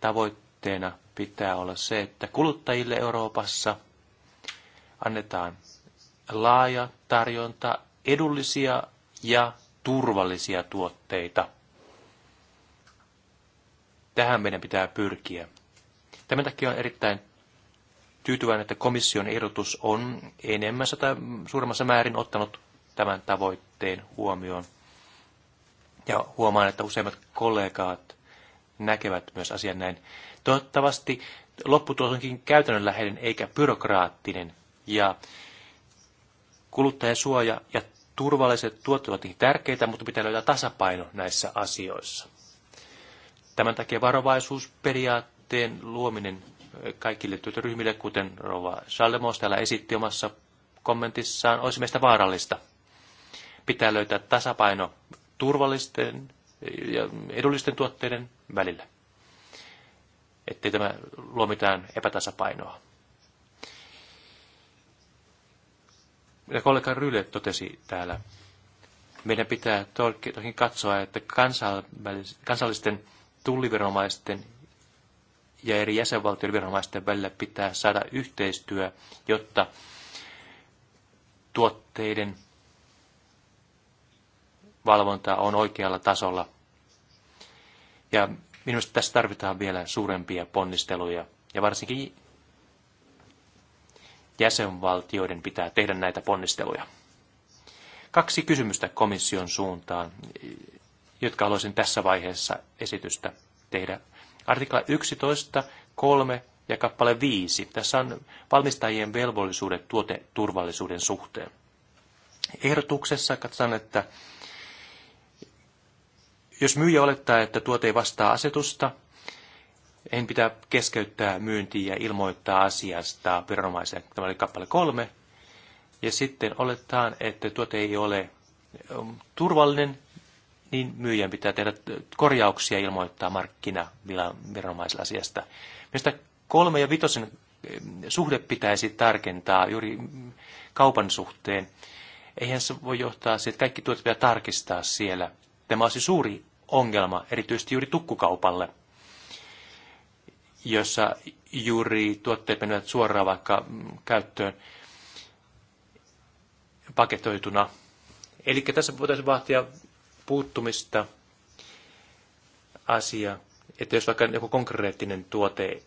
tavoitteena pitää olla se, että kuluttajille Euroopassa annetaan laaja tarjonta edullisia ja turvallisia tuotteita. Tähän meidän pitää pyrkiä. Tämän takia on erittäin tyytyväinen, että komission ehdotus on enemmässä tai suuremmassa määrin ottanut tämän tavoitteen huomioon. Ja huomaan, että useimmat kollegaat näkevät myös asian näin. Toivottavasti lopputulos onkin käytännönläheinen eikä byrokraattinen. Ja kuluttajasuoja ja turvalliset tuotteet ovat niin tärkeitä, mutta pitää löytää tasapaino näissä asioissa. Tämän takia varovaisuusperiaatteen luominen kaikille työryhmille, kuten Rova Schallemos täällä esitti omassa kommentissaan, olisi meistä vaarallista. Pitää löytää tasapaino turvallisten ja edullisten tuotteiden välillä, ettei tämä luo mitään epätasapainoa. Ja kollega Ryle totesi täällä, meidän pitää toki katsoa, että kansallisten tulliviranomaisten ja eri jäsenvaltioiden viranomaisten välillä pitää saada yhteistyö, jotta tuotteiden valvonta on oikealla tasolla. Ja minusta tässä tarvitaan vielä suurempia ponnisteluja ja varsinkin jäsenvaltioiden pitää tehdä näitä ponnisteluja. Kaksi kysymystä komission suuntaan, jotka haluaisin tässä vaiheessa esitystä tehdä. Artikla 11, 3 ja kappale 5. Tässä on valmistajien velvollisuudet tuoteturvallisuuden suhteen. Ehdotuksessa katsotaan, että jos myyjä olettaa, että tuote ei vastaa asetusta, en pitää keskeyttää myyntiä ja ilmoittaa asiasta viranomaisen. Tämä oli kappale kolme. Ja sitten oletetaan, että tuote ei ole um, turvallinen, niin myyjän pitää tehdä korjauksia ja ilmoittaa markkinaviranomaisella asiasta. Mistä kolme ja vitosen um, suhde pitäisi tarkentaa juuri um, kaupan suhteen. Eihän se voi johtaa siihen, että kaikki tuotteet pitää tarkistaa siellä. Tämä olisi suuri ongelma, erityisesti juuri tukkukaupalle, jossa juuri tuotteet menevät suoraan vaikka käyttöön paketoituna. Eli tässä voitaisiin vaatia puuttumista asia, että jos vaikka joku konkreettinen tuote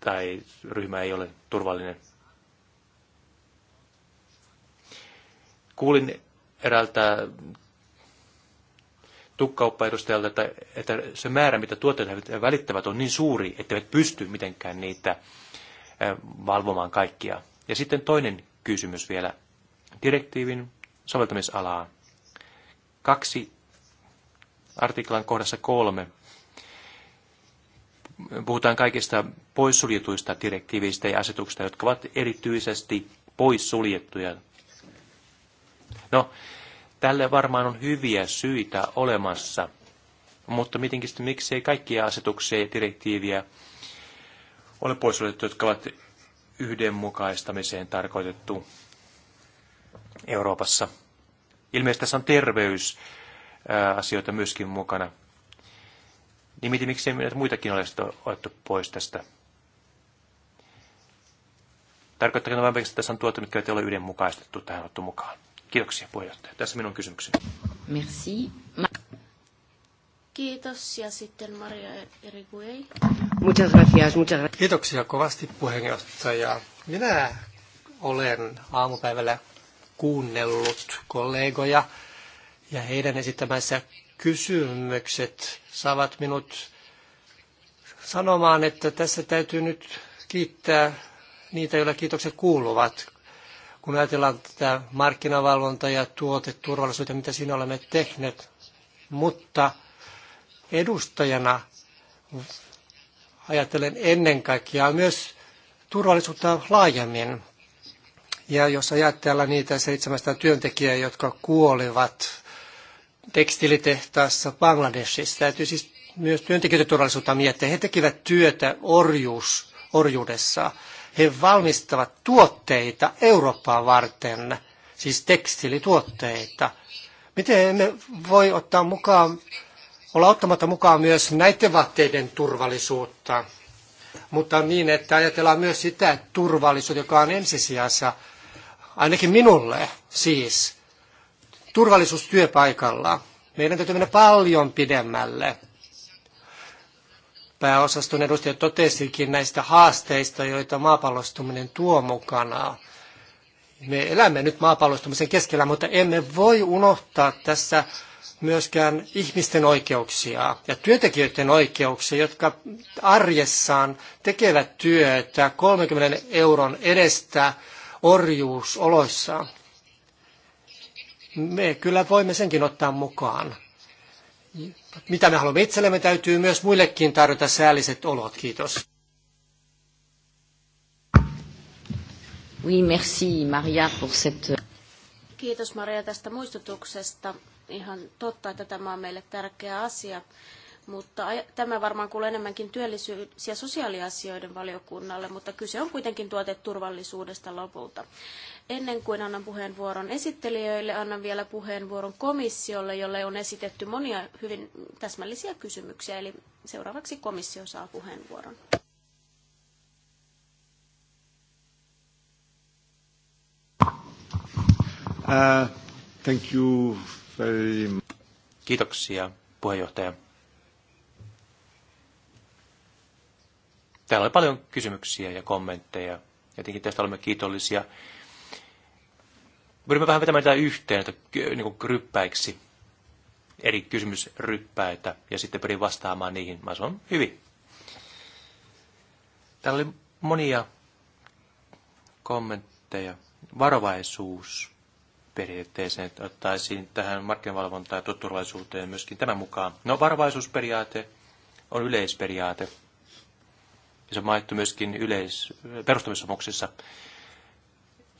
tai ryhmä ei ole turvallinen. Kuulin eräältä tukkauppaedustajalta, että, että se määrä, mitä tuotteet välittävät, on niin suuri, että etteivät pysty mitenkään niitä valvomaan kaikkia. Ja sitten toinen kysymys vielä direktiivin soveltamisalaa. Kaksi artiklan kohdassa kolme. Puhutaan kaikista poissuljetuista direktiivistä ja asetuksista, jotka ovat erityisesti poissuljettuja. No, Tälle varmaan on hyviä syitä olemassa, mutta mitenkin sitten miksei kaikkia asetuksia ja direktiiviä ole pois jotka ovat yhdenmukaistamiseen tarkoitettu Euroopassa. Ilmeisesti tässä on terveysasioita myöskin mukana. Niin miten, miksi näitä muitakin ole otettu pois tästä? Tarkoittaako tämä, että tässä on tuotu, mitkä ei ole yhdenmukaistettu tähän otettu mukaan? Kiitoksia puheenjohtaja. Tässä minun kysymykseni. Merci. Kiitos ja sitten Maria Eriguei. Muchas gracias, muchas gracias. Kiitoksia kovasti puheenjohtaja. Minä olen aamupäivällä kuunnellut kollegoja ja heidän esittämänsä kysymykset saavat minut sanomaan, että tässä täytyy nyt kiittää niitä, joilla kiitokset kuuluvat kun ajatellaan tätä markkinavalvontaa ja tuoteturvallisuutta, mitä siinä olemme tehneet, mutta edustajana ajattelen ennen kaikkea myös turvallisuutta laajemmin. Ja jos ajatellaan niitä seitsemästä työntekijää, jotka kuolivat tekstilitehtaassa Bangladesissa, täytyy siis myös työntekijöiden turvallisuutta miettiä. He tekivät työtä orjuus, orjuudessa he valmistavat tuotteita Eurooppaa varten, siis tekstiilituotteita. Miten emme voi ottaa mukaan, olla ottamatta mukaan myös näiden vaatteiden turvallisuutta, mutta niin, että ajatellaan myös sitä turvallisuutta, joka on ensisijassa, ainakin minulle siis, turvallisuus työpaikalla. Meidän täytyy mennä paljon pidemmälle pääosaston edustaja totesikin näistä haasteista, joita maapallostuminen tuo mukanaan. Me elämme nyt maapallostumisen keskellä, mutta emme voi unohtaa tässä myöskään ihmisten oikeuksia ja työntekijöiden oikeuksia, jotka arjessaan tekevät työtä 30 euron edestä orjuusoloissa. Me kyllä voimme senkin ottaa mukaan mitä me haluamme itsellemme, täytyy myös muillekin tarjota säälliset olot. Kiitos. Oui, merci Maria pour cette... Kiitos Maria tästä muistutuksesta. Ihan totta, että tämä on meille tärkeä asia, mutta tämä varmaan kuuluu enemmänkin työllisyys- ja sosiaaliasioiden valiokunnalle, mutta kyse on kuitenkin tuoteturvallisuudesta lopulta. Ennen kuin annan puheenvuoron esittelijöille, annan vielä puheenvuoron komissiolle, jolle on esitetty monia hyvin täsmällisiä kysymyksiä. Eli seuraavaksi komissio saa puheenvuoron. Uh, thank you very much. Kiitoksia, puheenjohtaja. Täällä oli paljon kysymyksiä ja kommentteja. Ja tietenkin tästä olemme kiitollisia Pyrimme vähän vetämään tätä yhteen niin kuin ryppäiksi, eri kysymysryppäitä, ja sitten pyrin vastaamaan niihin sanon hyvin. Täällä oli monia kommentteja. Varovaisuus periaatteeseen ottaisiin tähän markkinavalvontaan ja turvallisuuteen myöskin tämän mukaan. No varovaisuusperiaate on yleisperiaate. Ja se on mainittu myöskin yleis- perustamissopimuksissa.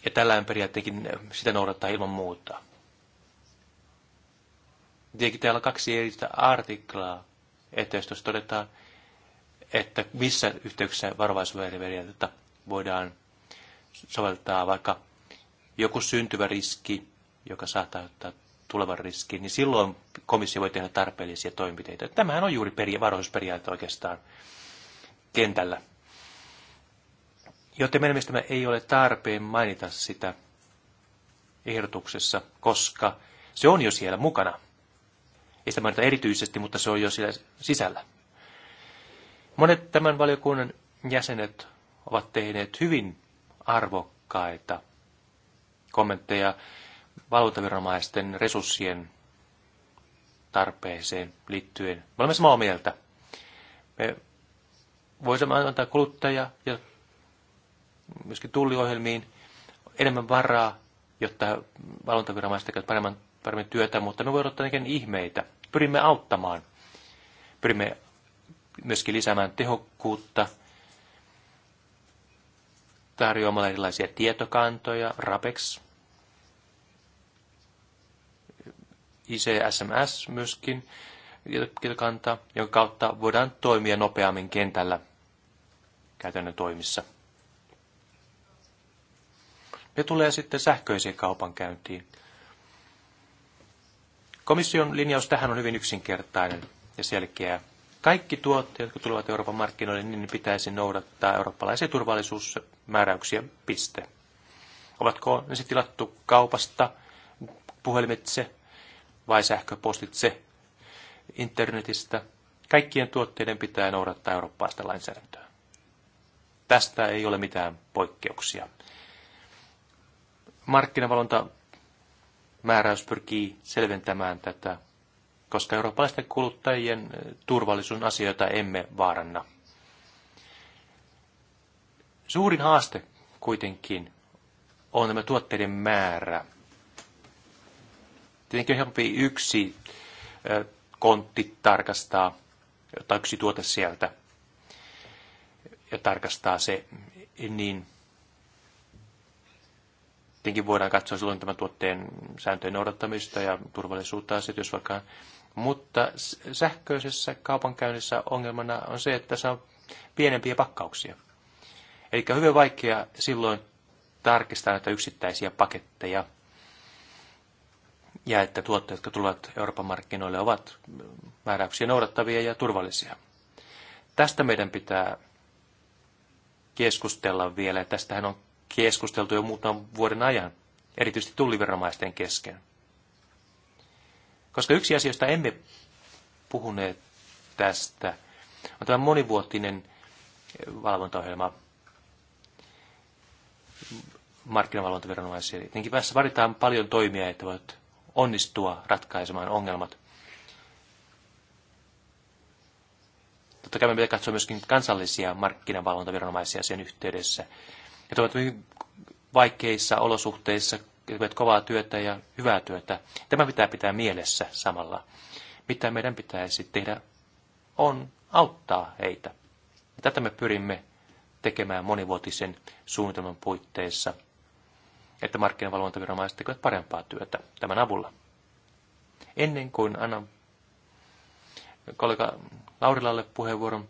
Ja tällään periaatteekin äh, sitä noudattaa ilman muuta. Tietenkin täällä on kaksi eri artiklaa, että jos todetaan, että missä yhteyksissä varovaisuusperiaatetta voidaan soveltaa vaikka joku syntyvä riski, joka saattaa ottaa tulevan riskin, niin silloin komissio voi tehdä tarpeellisia toimenpiteitä. Tämähän on juuri varoitusperiaate oikeastaan kentällä Joten meidän ei ole tarpeen mainita sitä ehdotuksessa, koska se on jo siellä mukana. Ei sitä mainita erityisesti, mutta se on jo siellä sisällä. Monet tämän valiokunnan jäsenet ovat tehneet hyvin arvokkaita kommentteja valvontaviranomaisten resurssien tarpeeseen liittyen. Me olemme samaa mieltä. Me voisimme antaa kuluttaja- ja myöskin tulliohjelmiin enemmän varaa, jotta valvontaviranomaiset tekevät paremmin, paremmin työtä, mutta me voimme ottaa ihmeitä. Pyrimme auttamaan. Pyrimme myöskin lisäämään tehokkuutta tarjoamalla erilaisia tietokantoja, RAPEX, ICSMS myöskin, tietokanta, jonka kautta voidaan toimia nopeammin kentällä käytännön toimissa. Ne tulee sitten sähköiseen kaupankäyntiin. Komission linjaus tähän on hyvin yksinkertainen ja selkeä. Kaikki tuotteet, jotka tulevat Euroopan markkinoille, niin pitäisi noudattaa eurooppalaisia turvallisuusmääräyksiä, piste. Ovatko ne sitten tilattu kaupasta, puhelimitse vai sähköpostitse, internetistä. Kaikkien tuotteiden pitää noudattaa eurooppalaista lainsäädäntöä. Tästä ei ole mitään poikkeuksia markkinavalontamääräys pyrkii selventämään tätä, koska eurooppalaisten kuluttajien eh, turvallisuuden asioita emme vaaranna. Suurin haaste kuitenkin on tämä tuotteiden määrä. Tietenkin on helpompi yksi eh, kontti tarkastaa, tai yksi tuote sieltä, ja tarkastaa se, niin Tietenkin voidaan katsoa silloin tämän tuotteen sääntöjen noudattamista ja turvallisuutta asioita, jos vaikka mutta sähköisessä kaupankäynnissä ongelmana on se, että se on pienempiä pakkauksia. Eli on hyvin vaikea silloin tarkistaa näitä yksittäisiä paketteja ja että tuotteet, jotka tulevat Euroopan markkinoille, ovat määräyksiä noudattavia ja turvallisia. Tästä meidän pitää keskustella vielä. Tästähän on keskusteltu jo muutaman vuoden ajan, erityisesti tulliviranomaisten kesken. Koska yksi asia, josta emme puhuneet tästä, on tämä monivuotinen eh, valvontaohjelma markkinavalvontaviranomaisille. Tietenkin tässä varitaan paljon toimia, että voit onnistua ratkaisemaan ongelmat. Totta kai me pitää katsoa myöskin kansallisia markkinavalvontaviranomaisia sen yhteydessä. Ja ovat hyvin vaikeissa olosuhteissa, tekevät kovaa työtä ja hyvää työtä. Tämä pitää pitää mielessä samalla. Mitä meidän pitäisi tehdä on auttaa heitä. Tätä me pyrimme tekemään monivuotisen suunnitelman puitteissa, että markkinavalvontaviranomaiset tekevät parempaa työtä tämän avulla. Ennen kuin annan kollega Laurilalle puheenvuoron,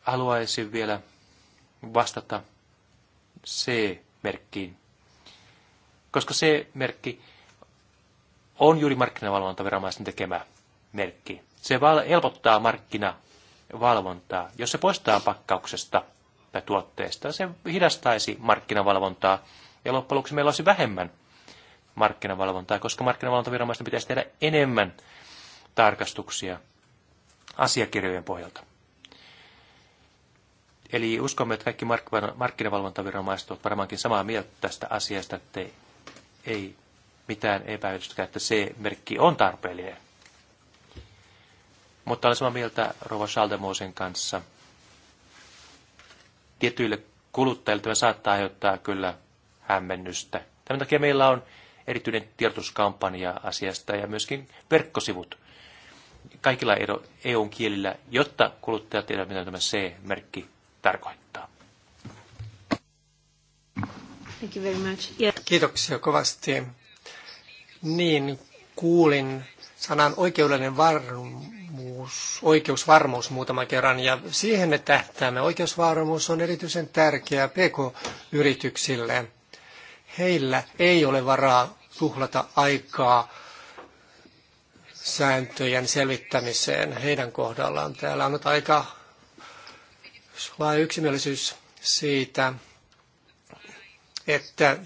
haluaisin vielä vastata C-merkkiin, koska C-merkki on juuri markkinavalvontaviranomaisten tekemä merkki. Se helpottaa markkinavalvontaa. Jos se poistaa pakkauksesta tai tuotteesta, se hidastaisi markkinavalvontaa ja loppujen lopuksi meillä olisi vähemmän markkinavalvontaa, koska markkinavalvontaviranomaisten pitäisi tehdä enemmän tarkastuksia asiakirjojen pohjalta. Eli uskomme, että kaikki markkinavalvontaviranomaiset ovat varmaankin samaa mieltä tästä asiasta, että ei, mitään epäilystäkään, että se merkki on tarpeellinen. Mutta olen samaa mieltä Rova Schaldemosen kanssa. Tietyille kuluttajille tämä saattaa aiheuttaa kyllä hämmennystä. Tämän takia meillä on erityinen tiedotuskampanja asiasta ja myöskin verkkosivut kaikilla eu e kielillä, jotta kuluttajat tietävät, mitä tämä C-merkki tarkoittaa. Thank you very much. Yeah. Kiitoksia kovasti. Niin, kuulin sanan oikeudellinen varmuus, oikeusvarmuus muutaman kerran, ja siihen me tähtäämme. Oikeusvarmuus on erityisen tärkeä PK-yrityksille. Heillä ei ole varaa tuhlata aikaa sääntöjen selvittämiseen heidän kohdallaan. Täällä on nyt aika laaja yksimielisyys siitä, että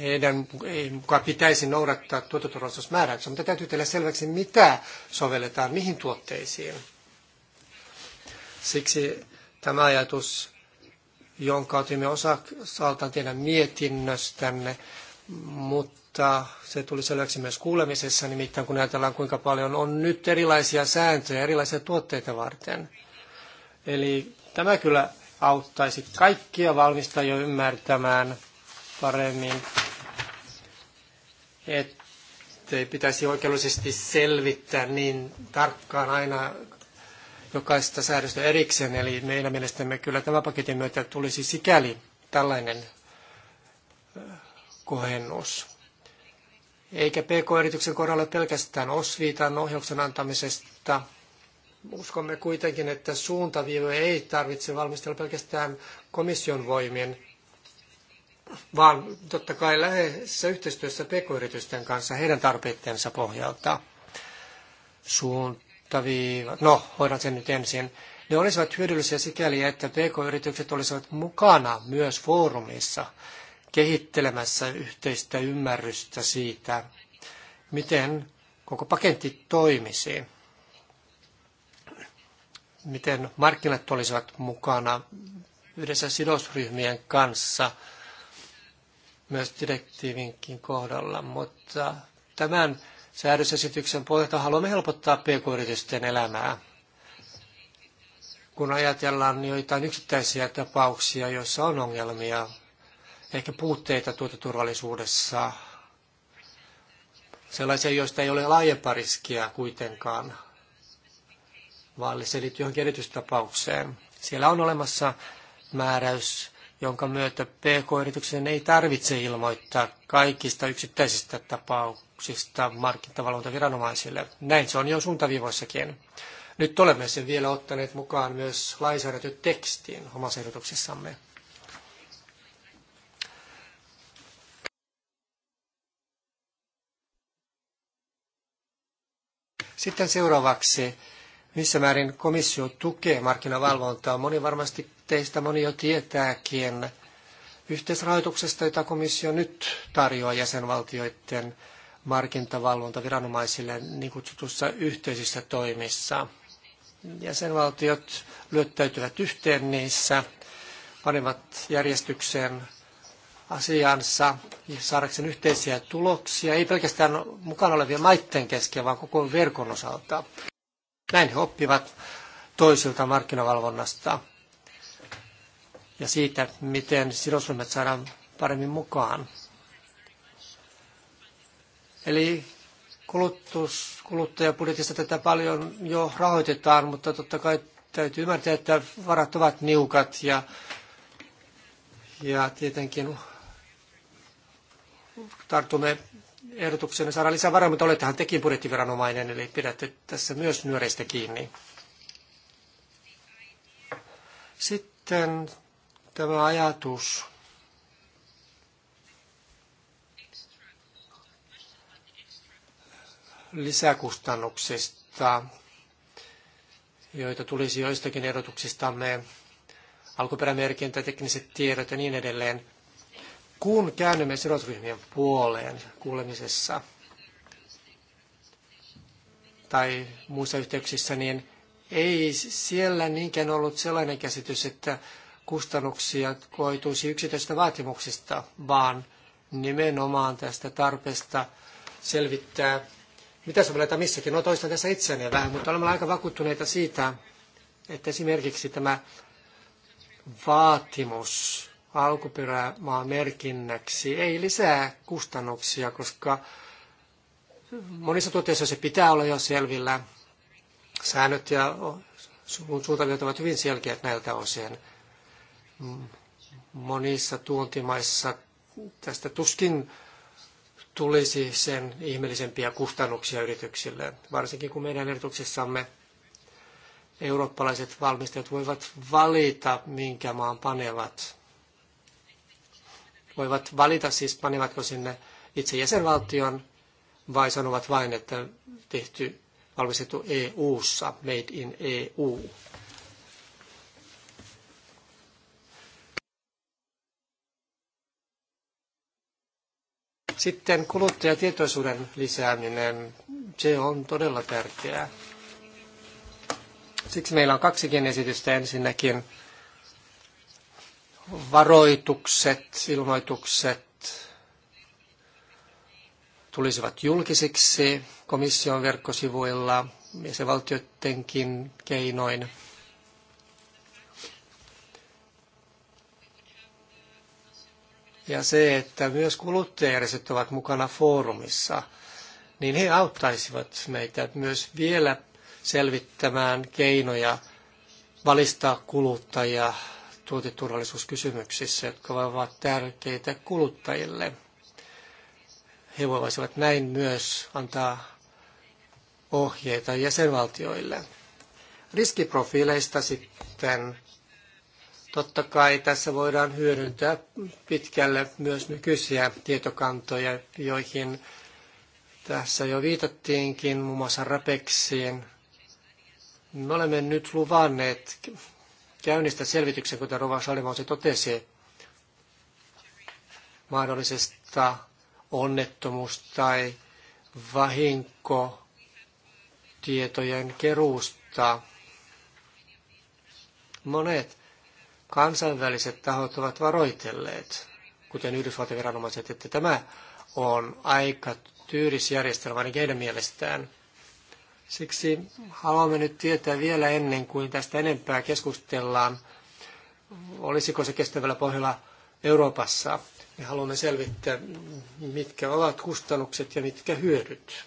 heidän ei mukaan pitäisi noudattaa tuoteturvallisuusmääräyksiä, mutta täytyy tehdä selväksi, mitä sovelletaan, mihin tuotteisiin. Siksi tämä ajatus, jonka otimme osaltaan teidän mietinnöstänne, mutta se tuli selväksi myös kuulemisessa, nimittäin kun ajatellaan, kuinka paljon on nyt erilaisia sääntöjä erilaisia tuotteita varten. Eli Tämä kyllä auttaisi kaikkia valmistajia ymmärtämään paremmin, ei pitäisi oikeudellisesti selvittää niin tarkkaan aina jokaista säädöstä erikseen. Eli meidän mielestämme kyllä tämä paketin myötä tulisi sikäli tällainen äh, kohennus. Eikä PK-yrityksen kohdalla pelkästään osviitan ohjauksen antamisesta uskomme kuitenkin, että suuntaviivoja ei tarvitse valmistella pelkästään komission voimien, vaan totta kai läheisessä yhteistyössä pk-yritysten kanssa heidän tarpeittensa pohjalta. Suuntaviiva, no hoidan sen nyt ensin. Ne olisivat hyödyllisiä sikäli, että pk-yritykset olisivat mukana myös foorumissa kehittelemässä yhteistä ymmärrystä siitä, miten koko paketti toimisi miten markkinat olisivat mukana yhdessä sidosryhmien kanssa myös direktiivinkin kohdalla, mutta tämän säädösesityksen pohjalta haluamme helpottaa pk-yritysten elämää. Kun ajatellaan joitain yksittäisiä tapauksia, joissa on ongelmia, ehkä puutteita tuoteturvallisuudessa, sellaisia, joista ei ole laajempaa riskiä kuitenkaan, vaan se liittyy johonkin erityistapaukseen. Siellä on olemassa määräys, jonka myötä PK-yrityksen ei tarvitse ilmoittaa kaikista yksittäisistä tapauksista markkintavalvontaviranomaisille. Näin se on jo suuntaviivoissakin. Nyt olemme sen vielä ottaneet mukaan myös lainsäädäntötekstiin omassa ehdotuksessamme. Sitten seuraavaksi missä määrin komissio tukee markkinavalvontaa. Moni varmasti teistä moni jo tietääkin yhteisrahoituksesta, jota komissio nyt tarjoaa jäsenvaltioiden markkinavalvontaviranomaisille niin kutsutussa yhteisissä toimissa. Jäsenvaltiot lyöttäytyvät yhteen niissä, panevat järjestykseen asiansa ja saadakseen yhteisiä tuloksia, ei pelkästään mukana olevien maiden kesken, vaan koko verkon osalta. Näin he oppivat toisilta markkinavalvonnasta ja siitä, miten sidosryhmät saadaan paremmin mukaan. Eli kulutus, kuluttajapudjetista tätä paljon jo rahoitetaan, mutta totta kai täytyy ymmärtää, että varat ovat niukat ja, ja tietenkin tartumme ehdotuksena saada lisää varoja, mutta olettehan tekin budjettiviranomainen, eli pidätte tässä myös nyöreistä kiinni. Sitten tämä ajatus lisäkustannuksista, joita tulisi joistakin ehdotuksistamme, alkuperämerkintä, tekniset tiedot ja niin edelleen kun käännymme sidosryhmien puoleen kuulemisessa tai muissa yhteyksissä, niin ei siellä niinkään ollut sellainen käsitys, että kustannuksia koituisi yksityistä vaatimuksista, vaan nimenomaan tästä tarpeesta selvittää, mitä sovelletaan missäkin. No toistan tässä itseäni vähän, mutta olemme aika vakuuttuneita siitä, että esimerkiksi tämä vaatimus alkuperämaa merkinnäksi ei lisää kustannuksia, koska monissa tuotteissa se pitää olla jo selvillä. Säännöt ja suuntaviot ovat hyvin selkeät näiltä osin. Monissa tuontimaissa tästä tuskin tulisi sen ihmeellisempiä kustannuksia yrityksille, varsinkin kun meidän erityksessämme eurooppalaiset valmistajat voivat valita, minkä maan panevat voivat valita siis panevatko sinne itse jäsenvaltion vai sanovat vain, että tehty valmistettu EU-ssa, made in EU. Sitten kuluttajatietoisuuden lisääminen, se on todella tärkeää. Siksi meillä on kaksikin esitystä ensinnäkin varoitukset, ilmoitukset tulisivat julkisiksi komission verkkosivuilla ja se valtioidenkin keinoin. Ja se, että myös kuluttajajärjestöt ovat mukana foorumissa, niin he auttaisivat meitä myös vielä selvittämään keinoja valistaa kuluttajia tuoteturvallisuuskysymyksissä, jotka ovat tärkeitä kuluttajille. He voisivat näin myös antaa ohjeita jäsenvaltioille. Riskiprofiileista sitten. Totta kai tässä voidaan hyödyntää pitkälle myös nykyisiä tietokantoja, joihin tässä jo viitattiinkin, muun muassa RAPEXiin. Me olemme nyt luvanneet Käynnistä selvityksen, kuten Rova Salimonsi totesi, mahdollisesta onnettomuus- tai vahinkotietojen keruusta. Monet kansainväliset tahot ovat varoitelleet, kuten Yhdysvaltain viranomaiset, että tämä on aika tyyris järjestelmä ainakin heidän mielestään – Siksi haluamme nyt tietää vielä ennen kuin tästä enempää keskustellaan, olisiko se kestävällä pohjalla Euroopassa. Me haluamme selvittää, mitkä ovat kustannukset ja mitkä hyödyt.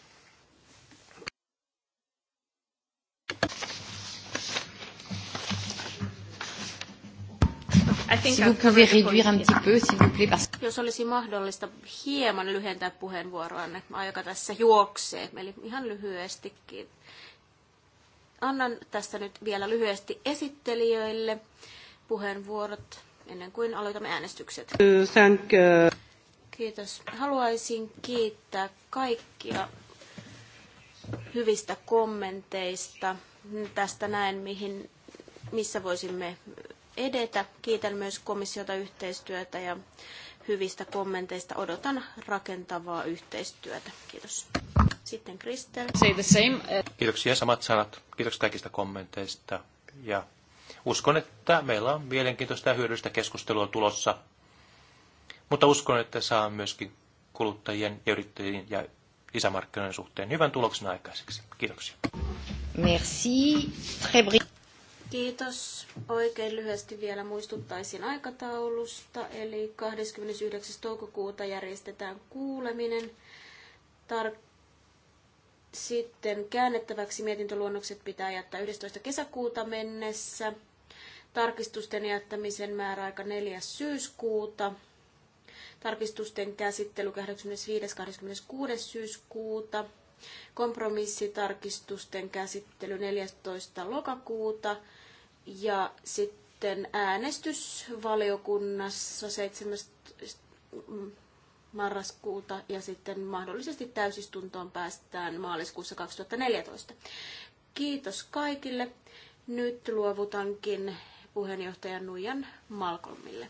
Jos olisi mahdollista hieman lyhentää puheenvuoroanne, aika tässä juoksee. Eli ihan lyhyestikin. Annan tässä nyt vielä lyhyesti esittelijöille puheenvuorot ennen kuin aloitamme äänestykset. Thank uh, Kiitos. Haluaisin kiittää kaikkia hyvistä kommenteista. Tästä näen, mihin, missä voisimme edetä. Kiitän myös komissiota yhteistyötä ja hyvistä kommenteista. Odotan rakentavaa yhteistyötä. Kiitos. Sitten Kristel. Say the same. Eh. Kiitoksia samat sanat. Kiitoksia kaikista kommenteista. Ja uskon, että meillä on mielenkiintoista ja hyödyllistä keskustelua tulossa. Mutta uskon, että saa myöskin kuluttajien ja yrittäjien ja isämarkkinoiden suhteen hyvän tuloksen aikaiseksi. Kiitoksia. Merci. Très Kiitos. Oikein lyhyesti vielä muistuttaisin aikataulusta, eli 29. toukokuuta järjestetään kuuleminen. Tar- sitten käännettäväksi mietintöluonnokset pitää jättää 11. kesäkuuta mennessä. Tarkistusten jättämisen määräaika 4. syyskuuta. Tarkistusten käsittely 85.–26. syyskuuta. Kompromissitarkistusten käsittely 14. lokakuuta. Ja sitten äänestysvaliokunnassa 17 marraskuuta ja sitten mahdollisesti täysistuntoon päästään maaliskuussa 2014. Kiitos kaikille. Nyt luovutankin puheenjohtajan Nuijan Malkolmille.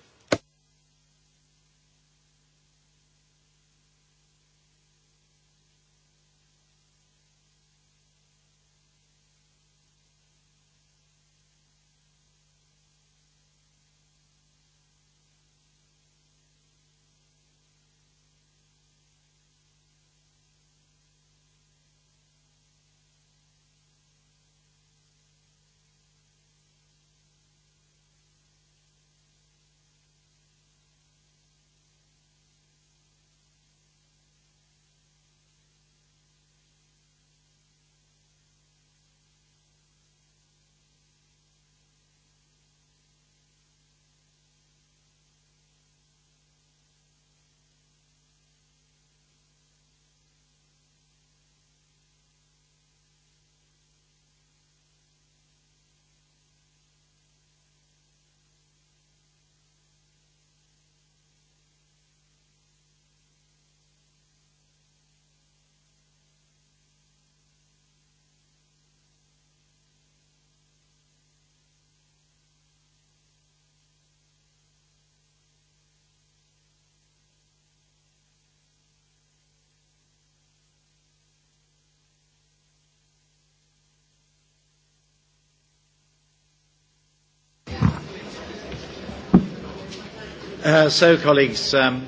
Uh, so colleagues, um...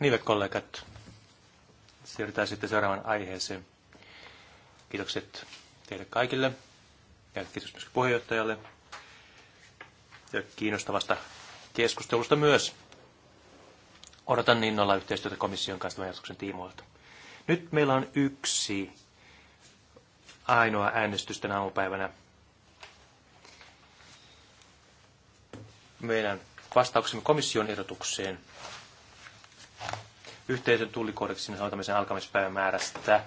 Niin, kollegat, siirrytään sitten seuraavaan aiheeseen. Kiitokset teille kaikille ja kiitos myös puheenjohtajalle ja kiinnostavasta keskustelusta myös. Odotan niin olla yhteistyötä komission kanssa tämän tiimoilta. Nyt meillä on yksi ainoa äänestys tänä aamupäivänä. Meidän vastauksemme komission ehdotukseen yhteisön tullikoodeksin hoitamisen alkamispäivämäärästä.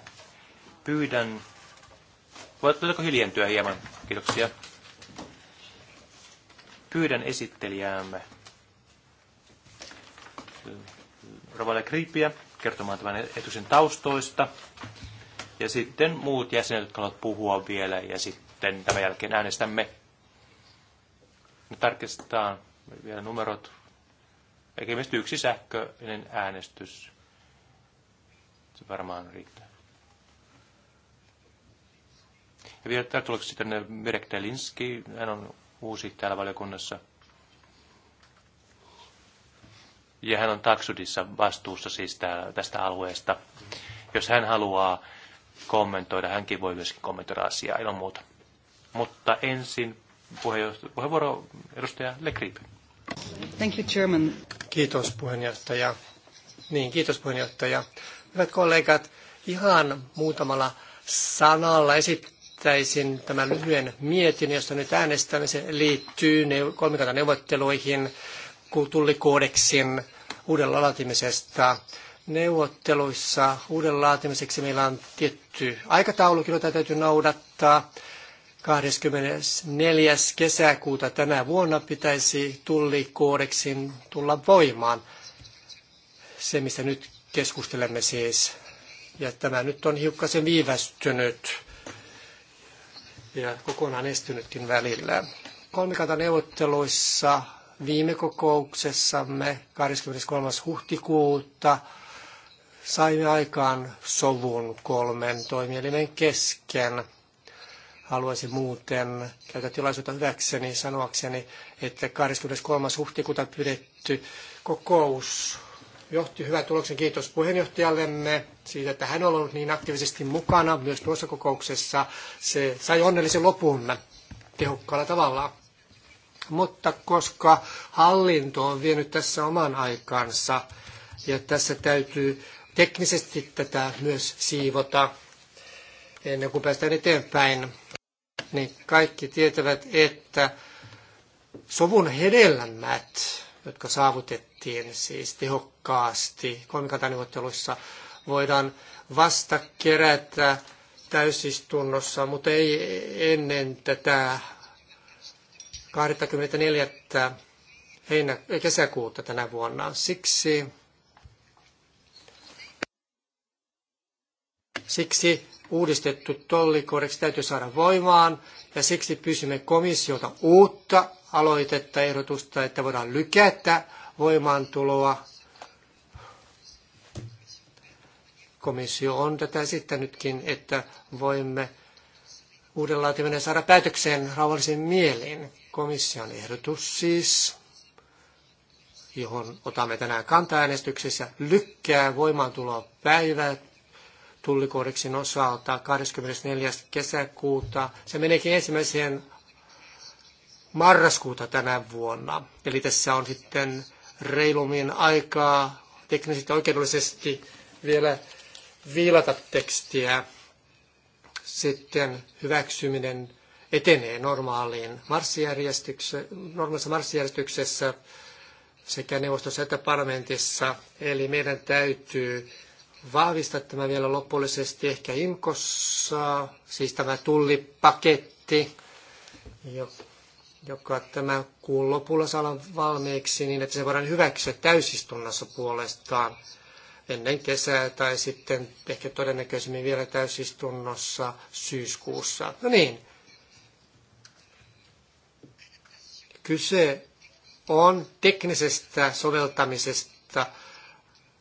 Pyydän, voitteko hiljentyä hieman? Kiitoksia. Pyydän esittelijäämme Rovalle Kriipiä kertomaan tämän etuisen taustoista. Ja sitten muut jäsenet, jotka haluavat puhua vielä, ja sitten tämän jälkeen äänestämme. Me tarkistetaan vielä numerot. Eikä yksi sähköinen äänestys. Se varmaan riittää. Ja vielä tervetulleeksi sitten Mirek Delinski. Hän on uusi täällä valiokunnassa. Ja hän on Taksudissa vastuussa siis täällä, tästä alueesta. Jos hän haluaa kommentoida, hänkin voi myöskin kommentoida asiaa ilman muuta. Mutta ensin puheenvuoro edustaja Legrip. Thank you, Chairman. Kiitos puheenjohtaja. Niin, kiitos puheenjohtaja. Hyvät kollegat, ihan muutamalla sanalla esittäisin tämän lyhyen mietin, josta nyt äänestämme. Se liittyy kolmikantaneuvotteluihin tullikoodeksin uuden laatimisesta. Neuvotteluissa uuden laatimiseksi meillä on tietty aikataulu, jota täytyy noudattaa. 24. kesäkuuta tänä vuonna pitäisi tullikoodeksin tulla voimaan. Se, mistä nyt keskustelemme siis. Ja tämä nyt on hiukkasen viivästynyt ja kokonaan estynytkin välillä. Kolmikantaneuvotteluissa viime kokouksessamme 23. huhtikuuta saimme aikaan sovun kolmen toimielimen kesken – Haluaisin muuten käyttää tilaisuutta hyväkseni sanoakseni, että 23. huhtikuuta pidetty kokous johti hyvän tuloksen. Kiitos puheenjohtajallemme siitä, että hän on ollut niin aktiivisesti mukana myös tuossa kokouksessa. Se sai onnellisen lopun tehokkaalla tavalla. Mutta koska hallinto on vienyt tässä oman aikansa ja tässä täytyy teknisesti tätä myös siivota ennen kuin päästään eteenpäin, niin kaikki tietävät, että sovun hedelmät, jotka saavutettiin siis tehokkaasti kolmikantaneuvotteluissa, voidaan vasta kerätä täysistunnossa, mutta ei ennen tätä 24. Heinä, kesäkuuta tänä vuonna. Siksi, siksi uudistettu tollikodeksi täytyy saada voimaan, ja siksi pysymme komissiolta uutta aloitetta, ehdotusta, että voidaan lykätä voimaantuloa. Komissio on tätä esittänytkin, että voimme uuden laatiminen saada päätökseen rauhallisen mielin. Komission ehdotus siis, johon otamme tänään kanta-äänestyksessä, lykkää voimaantuloa päivät tullikoodeksin osalta 24. kesäkuuta. Se meneekin ensimmäiseen marraskuuta tänä vuonna. Eli tässä on sitten reilummin aikaa teknisesti oikeudellisesti vielä viilata tekstiä. Sitten hyväksyminen etenee normaaliin marssijärjestyksessä, normaalissa marssijärjestyksessä sekä neuvostossa että parlamentissa. Eli meidän täytyy vahvistaa tämä vielä lopullisesti ehkä IMKOssa, siis tämä tullipaketti, joka tämä kuun lopulla saadaan valmiiksi niin, että se voidaan hyväksyä täysistunnossa puolestaan ennen kesää tai sitten ehkä todennäköisemmin vielä täysistunnossa syyskuussa. No niin. Kyse on teknisestä soveltamisesta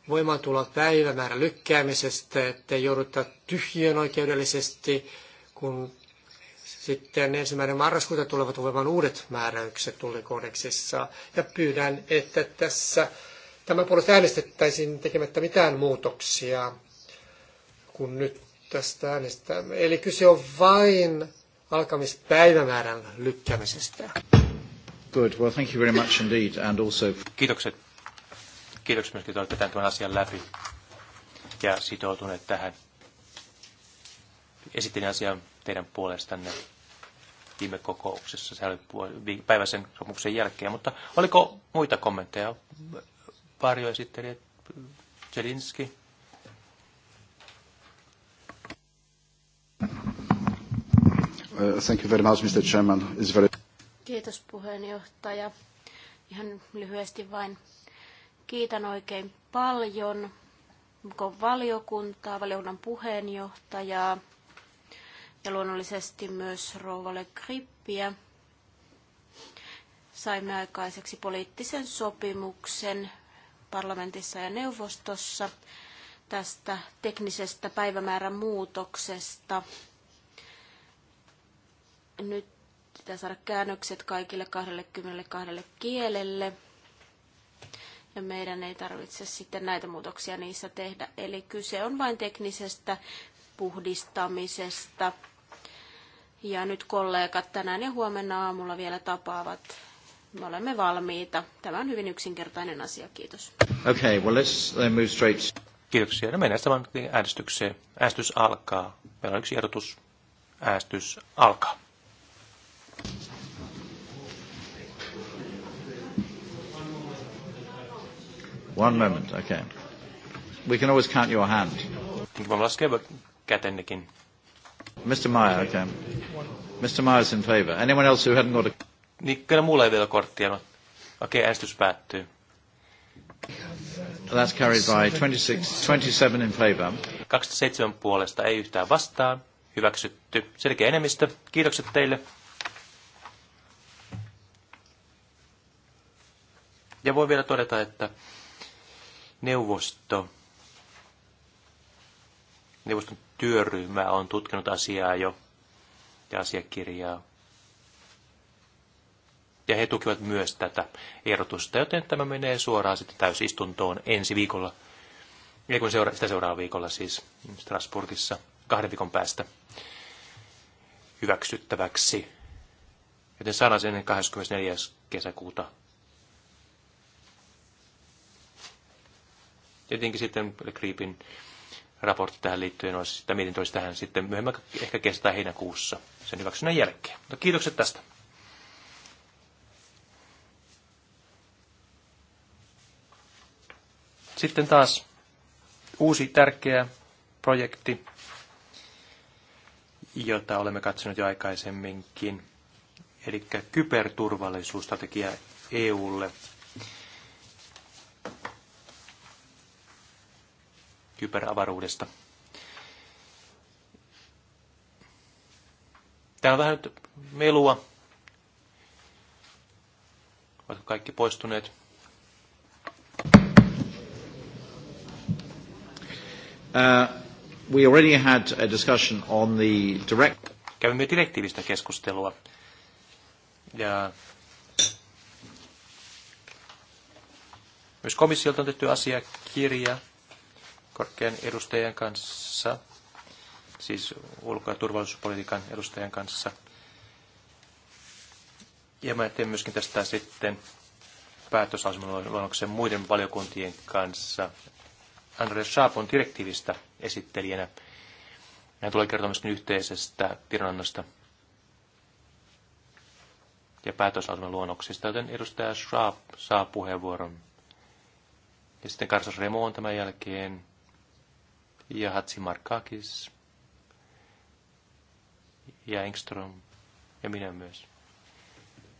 voimaantulopäivämäärän lykkäämisestä, ettei jouduta tyhjiön oikeudellisesti, kun sitten ensimmäinen marraskuuta tulevat voimaan uudet määräykset tullikodeksissa. Ja pyydän, että tässä tämän puolesta äänestettäisiin tekemättä mitään muutoksia, kun nyt tästä äänestämme. Eli kyse on vain alkamispäivämäärän lykkäämisestä. Good. Well, thank you very much indeed, and also... Kiitokset Kiitoksia myöskin, että olette tämän asian läpi ja sitoutuneet tähän. Esitin asian teidän puolestanne viime kokouksessa, se oli päiväisen sopimuksen jälkeen, mutta oliko muita kommentteja? esitteli, Zelinski, uh, Thank you very much, Mr. Chairman. It's very... Kiitos puheenjohtaja. Ihan lyhyesti vain Kiitän oikein paljon valiokuntaa, valiokunnan puheenjohtajaa ja luonnollisesti myös rouvalle krippiä. Saimme aikaiseksi poliittisen sopimuksen parlamentissa ja neuvostossa tästä teknisestä päivämäärän muutoksesta. Nyt pitää saada käännökset kaikille 22 kielelle ja meidän ei tarvitse sitten näitä muutoksia niissä tehdä. Eli kyse on vain teknisestä puhdistamisesta. Ja nyt kollegat tänään ja huomenna aamulla vielä tapaavat. Me olemme valmiita. Tämä on hyvin yksinkertainen asia. Kiitos. Okay, well let's then uh, move straight. Kiitoksia. No mennään sitten äänestykseen. Äänestys alkaa. Meillä on yksi ehdotus. Äänestys alkaa. One moment, okay. We can always count your hand. Mr. Meyer, okay. Mr. Meyer's in favour. Anyone else who hadn't got a... Niin, kyllä mulla ei vielä korttia. Okei, okay, äänestys päättyy. That's carried by 26, 27 in favor. 27 puolesta, ei yhtään vastaan. Hyväksytty. Selkeä enemmistö. Kiitokset teille. Ja voi vielä todeta, että neuvosto, neuvoston työryhmä on tutkinut asiaa jo ja asiakirjaa. Ja he tukivat myös tätä ehdotusta, joten tämä menee suoraan sitten täysistuntoon ensi viikolla. Ei kun seura- sitä seuraavaa viikolla siis Strasburgissa kahden viikon päästä hyväksyttäväksi. Joten saadaan sen 24. kesäkuuta Tietenkin sitten Kriipin raportti tähän liittyen olisi, sitä mietintö olisi tähän sitten myöhemmin ehkä kestää heinäkuussa sen hyväksynnän jälkeen. No, kiitokset tästä. Sitten taas uusi tärkeä projekti, jota olemme katsoneet jo aikaisemminkin, eli kyberturvallisuusstrategia EUlle kyberavaruudesta. Tämä on vähän nyt melua, Ovatko kaikki poistuneet. Uh, we already had a discussion on the direct... Kävimme direktiivistä keskustelua. Ja myös komissiolta on tehty asiakirja korkean edustajan kanssa, siis ulko- ja turvallisuuspolitiikan edustajan kanssa. Ja mä teen myöskin tästä sitten päätösasemaluonnoksen muiden valiokuntien kanssa. Andres Schaap on direktiivistä esittelijänä. Hän tulee kertomaan myöskin yhteisestä tiedonannosta ja päätösasemaluonnoksista, luonnoksista, joten edustaja Schaap saa puheenvuoron. Ja sitten Karsas Remo on tämän jälkeen ja Hatsimarkakis ja Engström ja minä myös.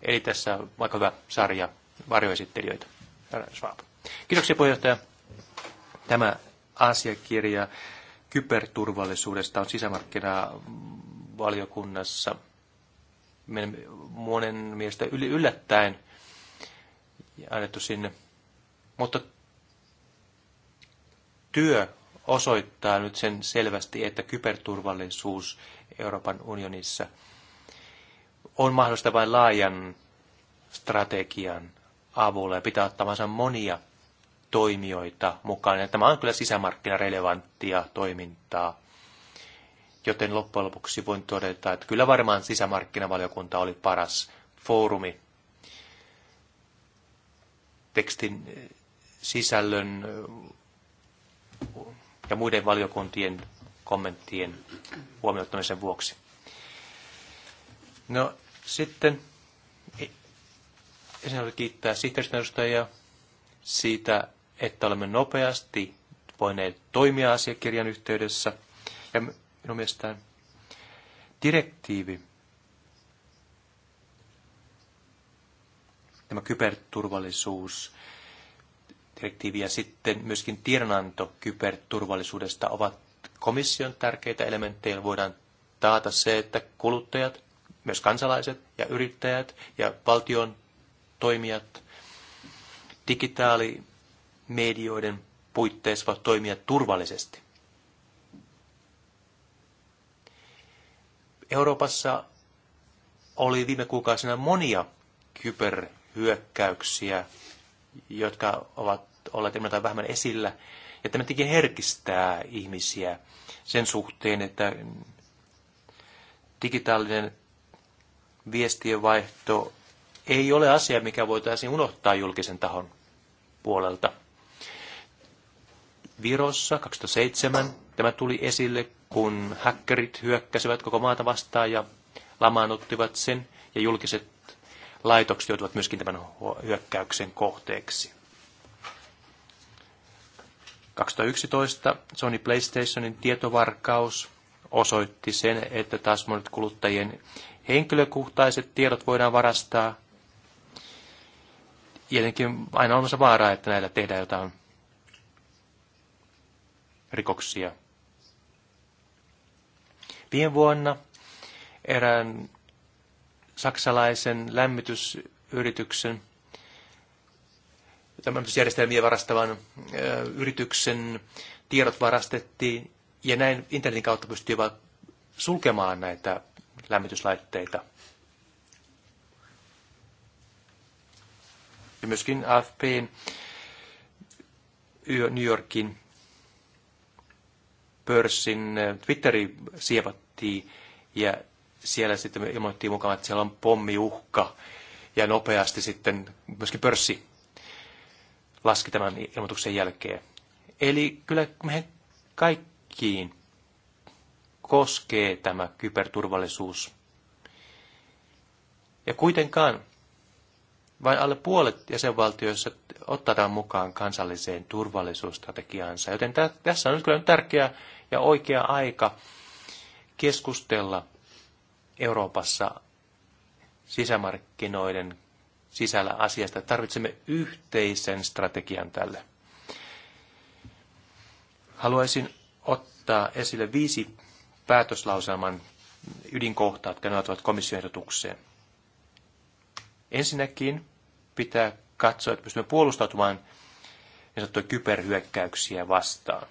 Eli tässä on aika hyvä sarja varjoesittelijöitä. Schwab. Kiitoksia puheenjohtaja. Tämä asiakirja kyberturvallisuudesta on sisämarkkinavaliokunnassa monen mielestä yllättäen annettu sinne. Mutta työ osoittaa nyt sen selvästi, että kyberturvallisuus Euroopan unionissa on mahdollista vain laajan strategian avulla ja pitää ottamansa monia toimijoita mukaan. Ja tämä on kyllä sisämarkkinarelevanttia toimintaa, joten loppujen lopuksi voin todeta, että kyllä varmaan sisämarkkinavaliokunta oli paras foorumi tekstin sisällön ja muiden valiokuntien kommenttien huomioittamisen vuoksi. No sitten e- ensin haluan kiittää sihteeristön edustajia siitä, että olemme nopeasti voineet toimia asiakirjan yhteydessä. Ja minun mielestäni direktiivi, tämä kyberturvallisuus direktiivi ja sitten myöskin tiedonanto kyberturvallisuudesta ovat komission tärkeitä elementtejä, voidaan taata se, että kuluttajat, myös kansalaiset ja yrittäjät ja valtion toimijat digitaalimedioiden puitteissa voivat toimia turvallisesti. Euroopassa oli viime kuukausina monia kyberhyökkäyksiä, jotka ovat olleet enemmän tai vähemmän esillä. Ja tämä tietenkin herkistää ihmisiä sen suhteen, että digitaalinen viestienvaihto ei ole asia, mikä voitaisiin unohtaa julkisen tahon puolelta. Virossa 2007 tämä tuli esille, kun hackerit hyökkäsivät koko maata vastaan ja lamaannuttivat sen, ja julkiset laitokset joutuvat myöskin tämän hyökkäyksen kohteeksi. 2011 Sony PlayStationin tietovarkaus osoitti sen, että taas monet kuluttajien henkilökohtaiset tiedot voidaan varastaa. Jotenkin aina on se vaaraa, että näillä tehdään jotain rikoksia. Viime vuonna erään saksalaisen lämmitysyrityksen järjestelmiä varastavan yrityksen tiedot varastettiin ja näin internetin kautta pystyy vain sulkemaan näitä lämmityslaitteita. Ja myöskin AFPn New Yorkin pörssin Twitteri sievattiin ja siellä sitten ilmoitti mukaan, että siellä on pommiuhka ja nopeasti sitten myöskin pörssi laski tämän ilmoituksen jälkeen. Eli kyllä meidän kaikkiin koskee tämä kyberturvallisuus. Ja kuitenkaan vain alle puolet jäsenvaltioissa ottaa mukaan kansalliseen turvallisuusstrategiaansa. Joten tässä on nyt kyllä tärkeä ja oikea aika keskustella Euroopassa sisämarkkinoiden sisällä asiasta. Tarvitsemme yhteisen strategian tälle. Haluaisin ottaa esille viisi päätöslauselman ydinkohtaa, jotka nojautuvat komission ehdotukseen. Ensinnäkin pitää katsoa, että pystymme puolustautumaan niin sanottuja kyberhyökkäyksiä vastaan.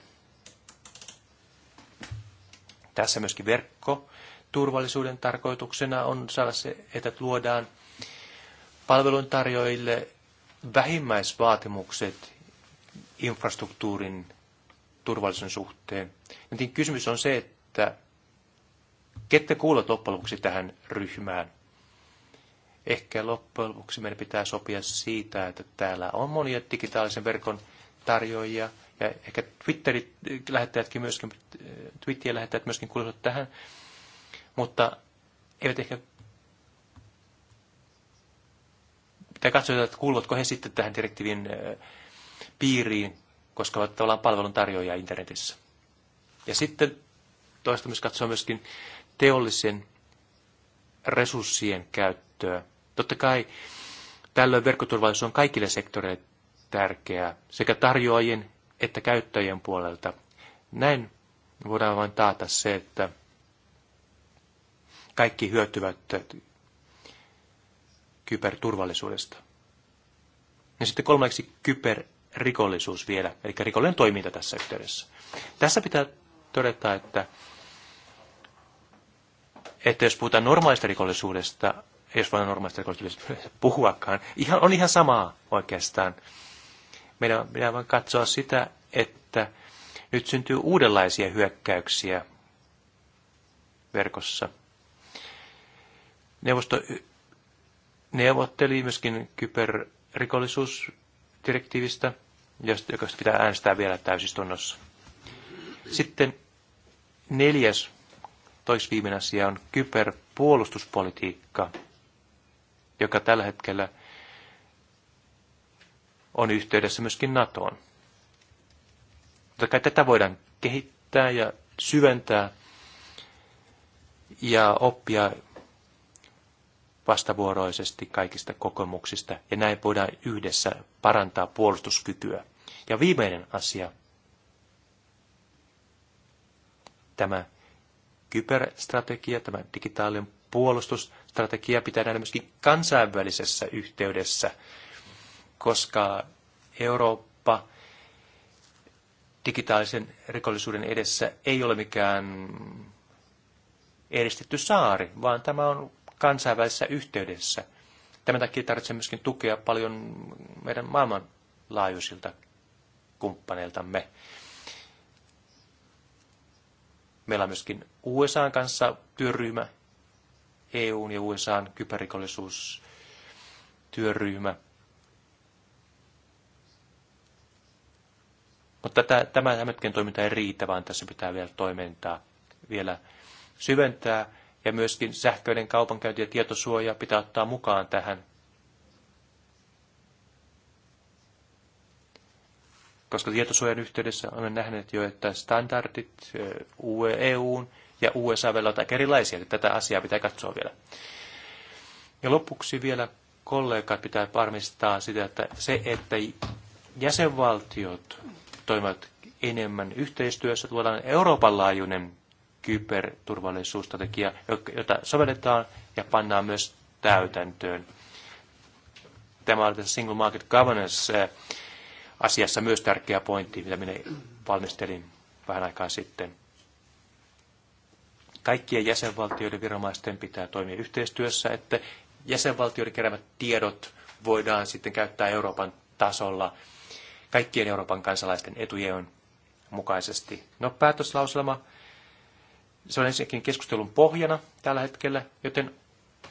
Tässä myöskin verkkoturvallisuuden tarkoituksena on saada se, että luodaan palveluntarjoajille vähimmäisvaatimukset infrastruktuurin turvallisuuden suhteen. Niin kysymys on se, että ketkä kuulut loppujen lopuksi tähän ryhmään. Ehkä loppujen lopuksi meidän pitää sopia siitä, että täällä on monia digitaalisen verkon tarjoajia, ja ehkä Twitterit äh, lähettäjätkin myöskin, äh, Twitterin lähettäjät myöskin kuuluvat tähän, mutta eivät ehkä tai katsoa, että kuuluvatko he sitten tähän direktiivin piiriin, koska ovat tavallaan palvelun tarjoajia internetissä. Ja sitten toista myös katsoa myöskin teollisen resurssien käyttöä. Totta kai tällöin verkkoturvallisuus on kaikille sektoreille tärkeää, sekä tarjoajien että käyttäjien puolelta. Näin voidaan vain taata se, että kaikki hyötyvät kyberturvallisuudesta. Ja sitten kolmanneksi kyberrikollisuus vielä, eli rikollinen toiminta tässä yhteydessä. Tässä pitää todeta, että, että jos puhutaan normaalista rikollisuudesta, jos voidaan normaalista rikollisuudesta puhuakaan, ihan, on ihan samaa oikeastaan. Meidän pitää vain katsoa sitä, että nyt syntyy uudenlaisia hyökkäyksiä verkossa. Neuvosto neuvotteli myöskin kyberrikollisuusdirektiivistä, joka pitää äänestää vielä täysistunnossa. Sitten neljäs, toisviimeinen asia on kyberpuolustuspolitiikka, joka tällä hetkellä on yhteydessä myöskin NATOon. Totta kai tätä voidaan kehittää ja syventää ja oppia vastavuoroisesti kaikista kokemuksista, ja näin voidaan yhdessä parantaa puolustuskykyä. Ja viimeinen asia, tämä kyberstrategia, tämä digitaalinen puolustusstrategia pitää nähdä myöskin kansainvälisessä yhteydessä, koska Eurooppa digitaalisen rikollisuuden edessä ei ole mikään eristetty saari, vaan tämä on kansainvälisessä yhteydessä. Tämän takia tarvitsee myöskin tukea paljon meidän maailmanlaajuisilta kumppaneiltamme. Meillä on myöskin USA kanssa työryhmä, EUn ja USAn kyberrikollisuustyöryhmä. Mutta tämä hetken toiminta ei riitä, vaan tässä pitää vielä toimintaa vielä syventää ja myöskin sähköinen kaupankäynti ja tietosuoja pitää ottaa mukaan tähän. Koska tietosuojan yhteydessä olemme nähneet jo, että standardit EUn eh, e, e ja USA e ovat aika erilaisia, että tätä asiaa pitää katsoa vielä. Ja lopuksi vielä kollegat pitää varmistaa sitä, että se, että jäsenvaltiot toimivat enemmän yhteistyössä, tuodaan Euroopan laajuinen kyberturvallisuusstrategia, jota sovelletaan ja pannaan myös täytäntöön. Tämä oli tässä Single Market Governance-asiassa eh, myös tärkeä pointti, mitä minä valmistelin vähän aikaa sitten. Kaikkien jäsenvaltioiden viranomaisten pitää toimia yhteistyössä, että jäsenvaltioiden keräämät tiedot voidaan sitten käyttää Euroopan tasolla kaikkien Euroopan kansalaisten etujen mukaisesti. No päätöslauselma se on ensinnäkin keskustelun pohjana tällä hetkellä, joten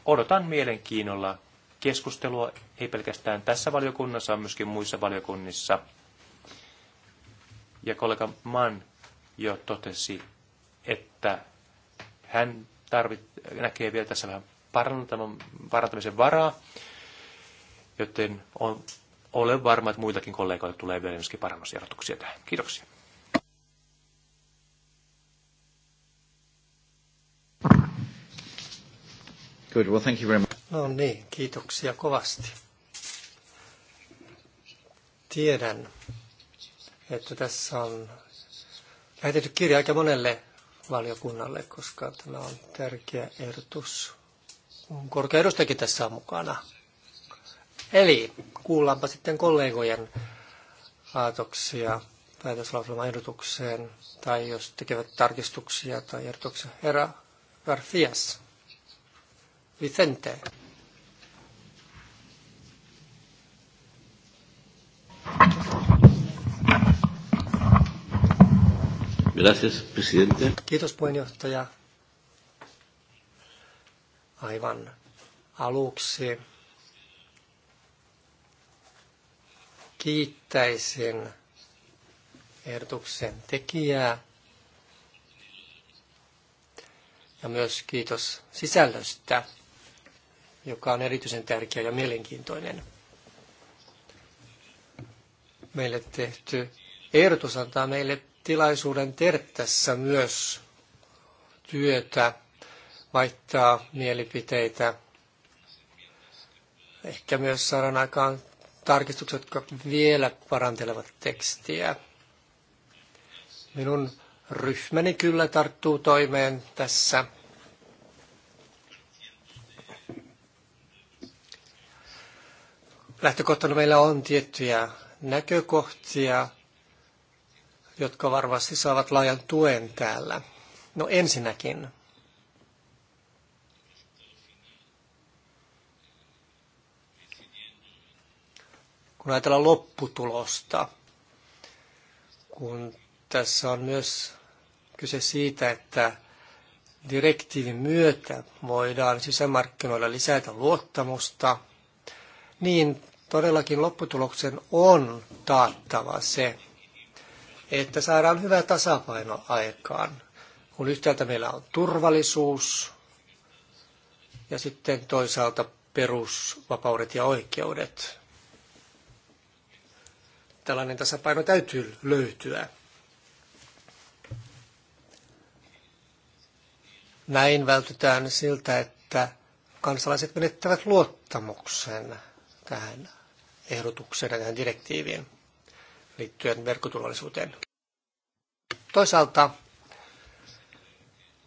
odotan mielenkiinnolla keskustelua, ei pelkästään tässä valiokunnassa, vaan myöskin muissa valiokunnissa. Ja kollega Mann jo totesi, että hän tarvit, näkee vielä tässä vähän parantamisen varaa, joten on, olen varma, että muitakin kollegoilta tulee vielä myöskin parannusehdotuksia tähän. Kiitoksia. Good. Well, thank you very much. No niin, kiitoksia kovasti. Tiedän, että tässä on lähetetty kirja aika monelle valiokunnalle, koska tämä on tärkeä ehdotus. Korkea edustajakin tässä on mukana. Eli kuullaanpa sitten kollegojen aatoksia päätöslauselman ehdotukseen, tai jos tekevät tarkistuksia tai ehdotuksia. Herra Garfias. Vicente. Gracias, presidente. Kiitos puheenjohtaja. Aivan aluksi kiittäisin ehdotuksen tekijää ja myös kiitos sisällöstä joka on erityisen tärkeä ja mielenkiintoinen. Meille tehty ehdotus antaa meille tilaisuuden tehdä tässä myös työtä, vaihtaa mielipiteitä, ehkä myös saadaan aikaan tarkistukset, jotka vielä parantelevat tekstiä. Minun ryhmäni kyllä tarttuu toimeen tässä lähtökohtana meillä on tiettyjä näkökohtia, jotka varmasti saavat laajan tuen täällä. No ensinnäkin. Kun ajatellaan lopputulosta, kun tässä on myös kyse siitä, että direktiivin myötä voidaan sisämarkkinoilla lisätä luottamusta, niin todellakin lopputuloksen on taattava se, että saadaan hyvä tasapaino aikaan, kun yhtäältä meillä on turvallisuus ja sitten toisaalta perusvapaudet ja oikeudet. Tällainen tasapaino täytyy löytyä. Näin vältytään siltä, että kansalaiset menettävät luottamuksen tähän ehdotuksena tähän direktiiviin liittyen verkkoturvallisuuteen. Toisaalta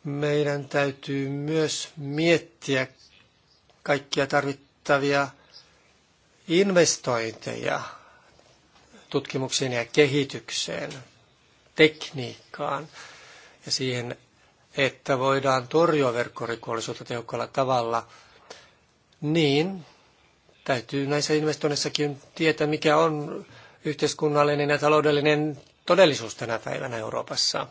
meidän täytyy myös miettiä kaikkia tarvittavia investointeja tutkimukseen ja kehitykseen, tekniikkaan ja siihen, että voidaan torjua verkkorikollisuutta tehokkaalla tavalla niin, Täytyy näissä investoinnissakin tietää, mikä on yhteiskunnallinen ja taloudellinen todellisuus tänä päivänä Euroopassa.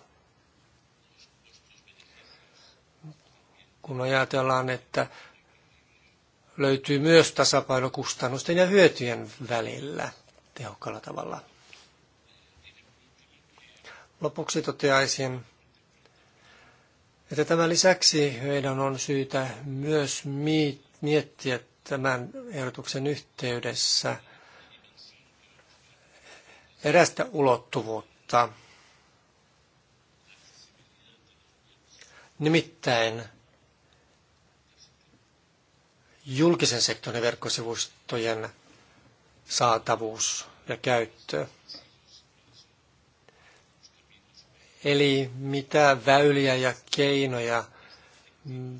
Kun ajatellaan, että löytyy myös tasapaino kustannusten ja hyötyjen välillä tehokkaalla tavalla. Lopuksi toteaisin, että tämän lisäksi meidän on syytä myös miettiä tämän ehdotuksen yhteydessä erästä ulottuvuutta. Nimittäin julkisen sektorin verkkosivustojen saatavuus ja käyttö. Eli mitä väyliä ja keinoja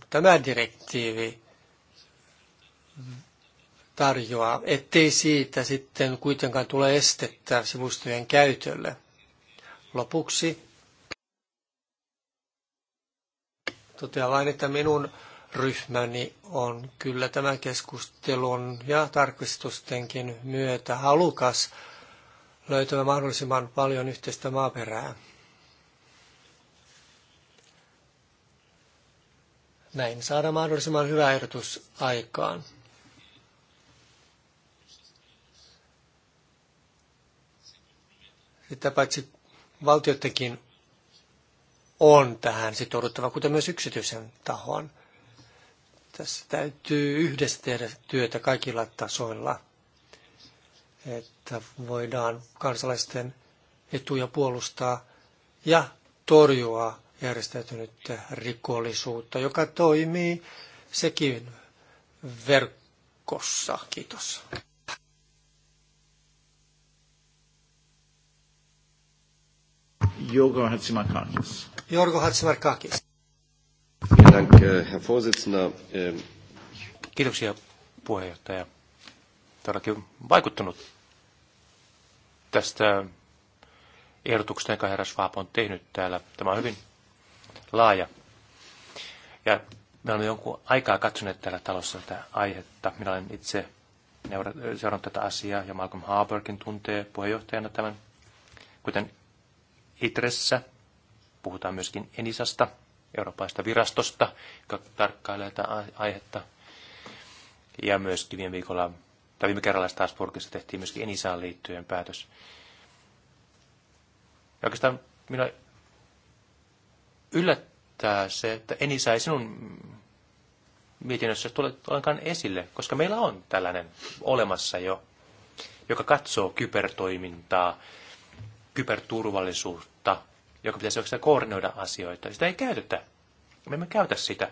tämä direktiivi tarjoaa, ettei siitä sitten kuitenkaan tule estettä sivustojen käytölle. Lopuksi totean vain, että minun ryhmäni on kyllä tämän keskustelun ja tarkistustenkin myötä halukas löytämään mahdollisimman paljon yhteistä maaperää. Näin saada mahdollisimman hyvä ehdotus aikaan. sitä paitsi valtioidenkin on tähän sitouduttava, kuten myös yksityisen tahon. Tässä täytyy yhdessä tehdä työtä kaikilla tasoilla, että voidaan kansalaisten etuja puolustaa ja torjua järjestäytynyttä rikollisuutta, joka toimii sekin verkossa. Kiitos. Jorgo Hatzimarkakis. Jorgo Hatzimarkakis. Äh, ähm, Kiitoksia puheenjohtaja. Todellakin vaikuttunut tästä ehdotuksesta, jonka herra Schwab on tehnyt täällä. Tämä on hyvin laaja. Ja me olemme jonkun aikaa katsoneet täällä talossa tätä aihetta. Minä olen itse seurannut tätä asiaa ja Malcolm Harberkin tuntee puheenjohtajana tämän, kuten ITRessä puhutaan myöskin Enisasta, eurooppalaista virastosta, joka tarkkailee tätä aihetta. Ja myöskin viime viikolla, tai viime kerralla Strasbourgissa tehtiin myöskin Enisaan liittyen päätös. Ja oikeastaan minä yllättää se, että Enisa ei sinun mietinnössä tule ollenkaan esille, koska meillä on tällainen olemassa jo, joka katsoo kybertoimintaa, kyberturvallisuutta kautta, joka pitäisi oikeastaan koordinoida asioita. Sitä ei käytetä. Me emme käytä sitä.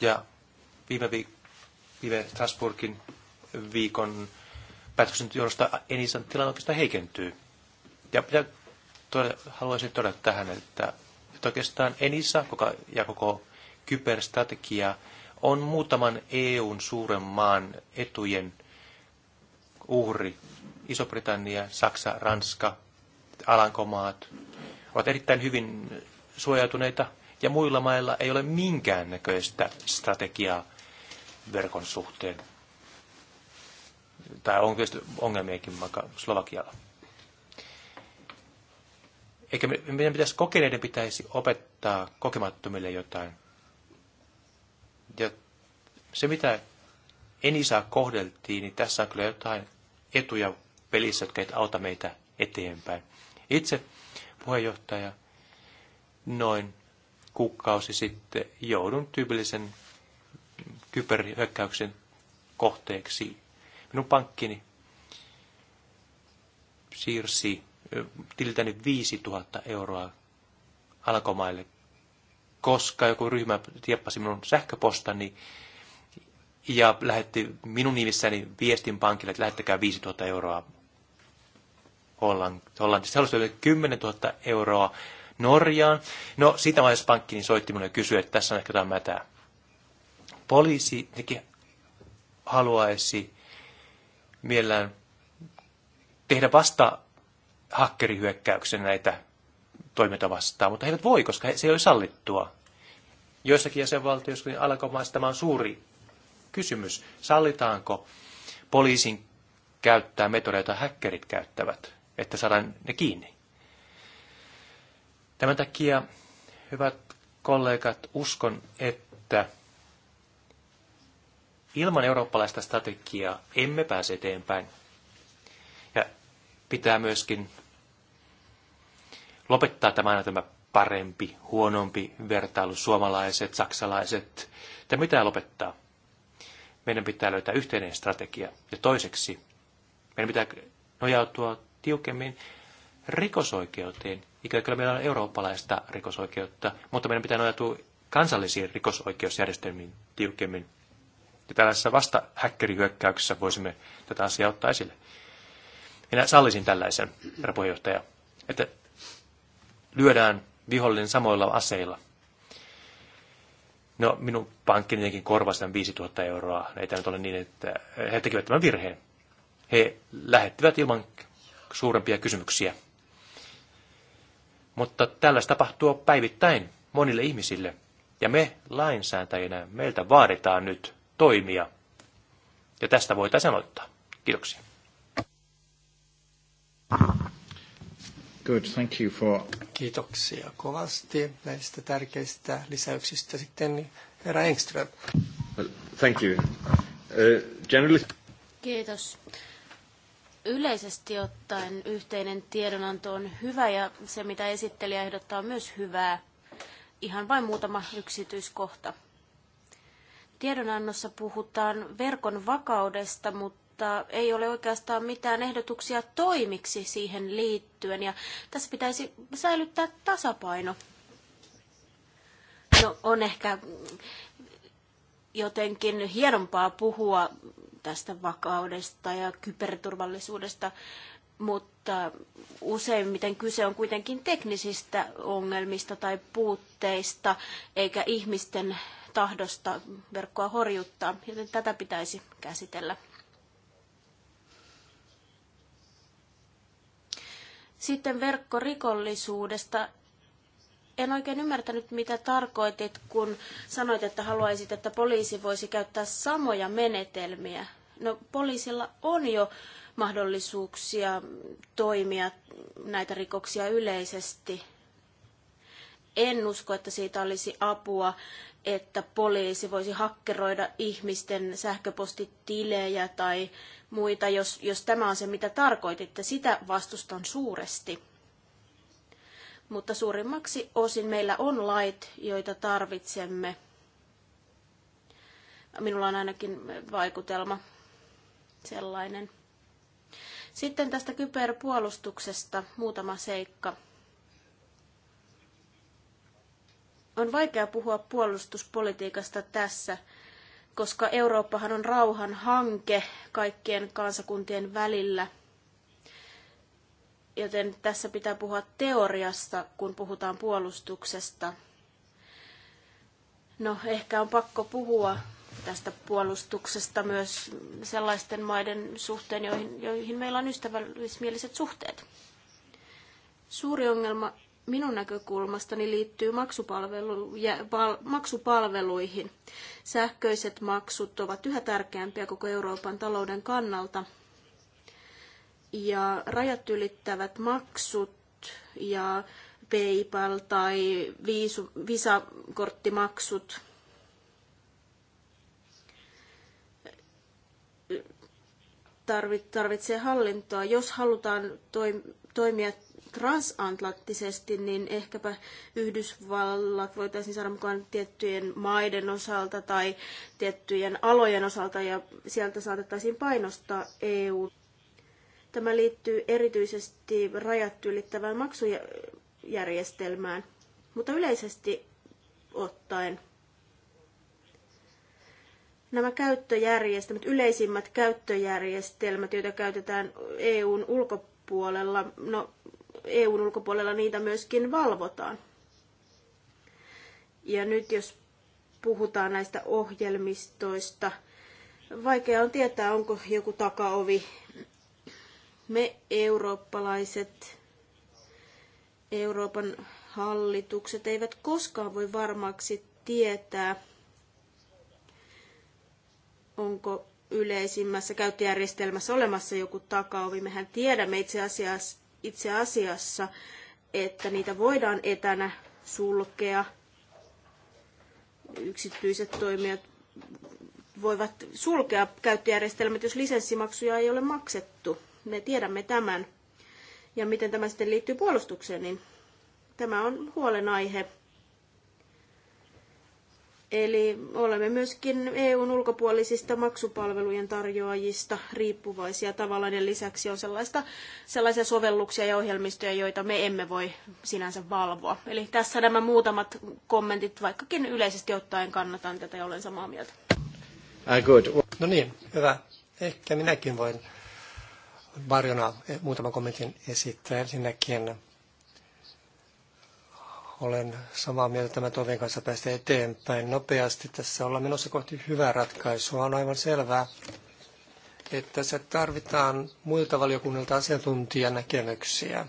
Ja viime, viik- viime Strasbourgin viikon päätöksen johdosta Enisan tilanne oikeastaan heikentyy. Ja pitää todella, haluaisin todeta tähän, että, että oikeastaan Enisa koko, ja koko kyberstrategia on muutaman EUn suuren maan etujen uhri. Iso-Britannia, Saksa, Ranska, Alankomaat ovat erittäin hyvin suojautuneita ja muilla mailla ei ole minkäännäköistä strategiaa verkon suhteen. Tai on tietysti ongelmiakin vaikka Slovakialla. Eikä meidän pitäisi, kokeneiden pitäisi opettaa kokemattomille jotain. Ja se, mitä Enisaa kohdeltiin, niin tässä on kyllä jotain etuja pelissä, jotka eivät auta meitä eteenpäin. Itse puheenjohtaja noin kuukausi sitten joudun tyypillisen kyberhyökkäyksen kohteeksi. Minun pankkini siirsi tiltäni 5000 euroa alkomaille koska joku ryhmä tieppasi minun sähköpostani ja lähetti minun nimissäni viestin pankille, että lähettäkää 5000 euroa Hollantista. olla 10 000 euroa Norjaan. No, siitä vaiheessa pankki niin soitti minulle ja kysyi, että tässä on ehkä jotain mätää. Poliisi teki haluaisi mielellään tehdä vasta hakkerihyökkäyksen näitä toiminta vastaan, mutta he eivät voi, koska se ei ole sallittua. Joissakin jäsenvaltioissa, niin alkomaissa tämä on suuri kysymys. Sallitaanko poliisin käyttää metodeja, joita häkkerit käyttävät, että saadaan ne kiinni? Tämän takia, hyvät kollegat, uskon, että ilman eurooppalaista strategiaa emme pääse eteenpäin. Ja pitää myöskin lopettaa tämä aina tämä parempi, huonompi vertailu, suomalaiset, saksalaiset, tai mitä lopettaa. Meidän pitää löytää yhteinen strategia. Ja toiseksi, meidän pitää nojautua tiukemmin rikosoikeuteen. Ikään kyllä meillä on eurooppalaista rikosoikeutta, mutta meidän pitää nojautua kansallisiin rikosoikeusjärjestelmiin tiukemmin. Ja tällaisessa vasta häkkärihyökkäyksessä voisimme tätä asiaa ottaa esille. Minä sallisin tällaisen, herra puheenjohtaja, että lyödään vihollinen samoilla aseilla. No, minun pankkini jotenkin korvasi tämän 5000 euroa. No, ei tämä nyt ole niin, että he tekivät tämän virheen. He lähettivät ilman suurempia kysymyksiä. Mutta tällaista tapahtuu päivittäin monille ihmisille. Ja me lainsääntäjinä, meiltä vaaditaan nyt toimia. Ja tästä voitaisiin aloittaa. Kiitoksia. Good, thank you for... Kiitoksia kovasti näistä tärkeistä lisäyksistä. Sitten herra Engström. thank you. Uh, generally... Kiitos. Yleisesti ottaen yhteinen tiedonanto on hyvä ja se, mitä esittelijä ehdottaa, on myös hyvää. Ihan vain muutama yksityiskohta. Tiedonannossa puhutaan verkon vakaudesta, mutta mutta ei ole oikeastaan mitään ehdotuksia toimiksi siihen liittyen. Ja tässä pitäisi säilyttää tasapaino. No on ehkä jotenkin hienompaa puhua tästä vakaudesta ja kyberturvallisuudesta, mutta useimmiten kyse on kuitenkin teknisistä ongelmista tai puutteista, eikä ihmisten tahdosta verkkoa horjuttaa, joten tätä pitäisi käsitellä. Sitten verkkorikollisuudesta. En oikein ymmärtänyt, mitä tarkoitit, kun sanoit, että haluaisit, että poliisi voisi käyttää samoja menetelmiä. No, poliisilla on jo mahdollisuuksia toimia näitä rikoksia yleisesti. En usko, että siitä olisi apua että poliisi voisi hakkeroida ihmisten sähköpostitilejä tai muita, jos, jos tämä on se, mitä tarkoititte. Sitä vastustan suuresti. Mutta suurimmaksi osin meillä on lait, joita tarvitsemme. Minulla on ainakin vaikutelma sellainen. Sitten tästä kyberpuolustuksesta muutama seikka. On vaikea puhua puolustuspolitiikasta tässä, koska Eurooppahan on rauhan hanke kaikkien kansakuntien välillä. Joten tässä pitää puhua teoriasta, kun puhutaan puolustuksesta. No, ehkä on pakko puhua tästä puolustuksesta myös sellaisten maiden suhteen, joihin, joihin meillä on ystävällismieliset suhteet. Suuri ongelma minun näkökulmastani liittyy maksupalvelu, ja, val, maksupalveluihin. Sähköiset maksut ovat yhä tärkeämpiä koko Euroopan talouden kannalta. Ja rajat ylittävät maksut ja PayPal tai viisu, visakorttimaksut tarvitsee hallintoa, jos halutaan toimia transatlanttisesti, niin ehkäpä Yhdysvallat voitaisiin saada mukaan tiettyjen maiden osalta tai tiettyjen alojen osalta ja sieltä saatettaisiin painostaa EU. Tämä liittyy erityisesti rajat ylittävään maksujärjestelmään, mutta yleisesti ottaen nämä käyttöjärjestelmät, yleisimmät käyttöjärjestelmät, joita käytetään EUn ulkopuolella, no EUn ulkopuolella niitä myöskin valvotaan. Ja nyt jos puhutaan näistä ohjelmistoista, vaikea on tietää, onko joku takaovi. Me eurooppalaiset, Euroopan hallitukset eivät koskaan voi varmaksi tietää, onko yleisimmässä käyttöjärjestelmässä olemassa joku takaovi. Mehän tiedämme itse asiassa itse asiassa, että niitä voidaan etänä sulkea. Yksityiset toimijat voivat sulkea käyttöjärjestelmät, jos lisenssimaksuja ei ole maksettu. Me tiedämme tämän. Ja miten tämä sitten liittyy puolustukseen, niin tämä on huolenaihe. Eli olemme myöskin EUn ulkopuolisista maksupalvelujen tarjoajista riippuvaisia. Tavallaan lisäksi on sellaista, sellaisia sovelluksia ja ohjelmistoja, joita me emme voi sinänsä valvoa. Eli tässä nämä muutamat kommentit, vaikkakin yleisesti ottaen kannatan tätä ja olen samaa mieltä. Ah, good. No niin, hyvä. Ehkä minäkin voin varjona muutaman kommentin esittää. Ensinnäkin olen samaa mieltä tämän toiveen kanssa päästä eteenpäin nopeasti. Tässä ollaan menossa kohti hyvää ratkaisua. On aivan selvää, että tässä tarvitaan muilta valiokunnilta asiantuntijanäkemyksiä.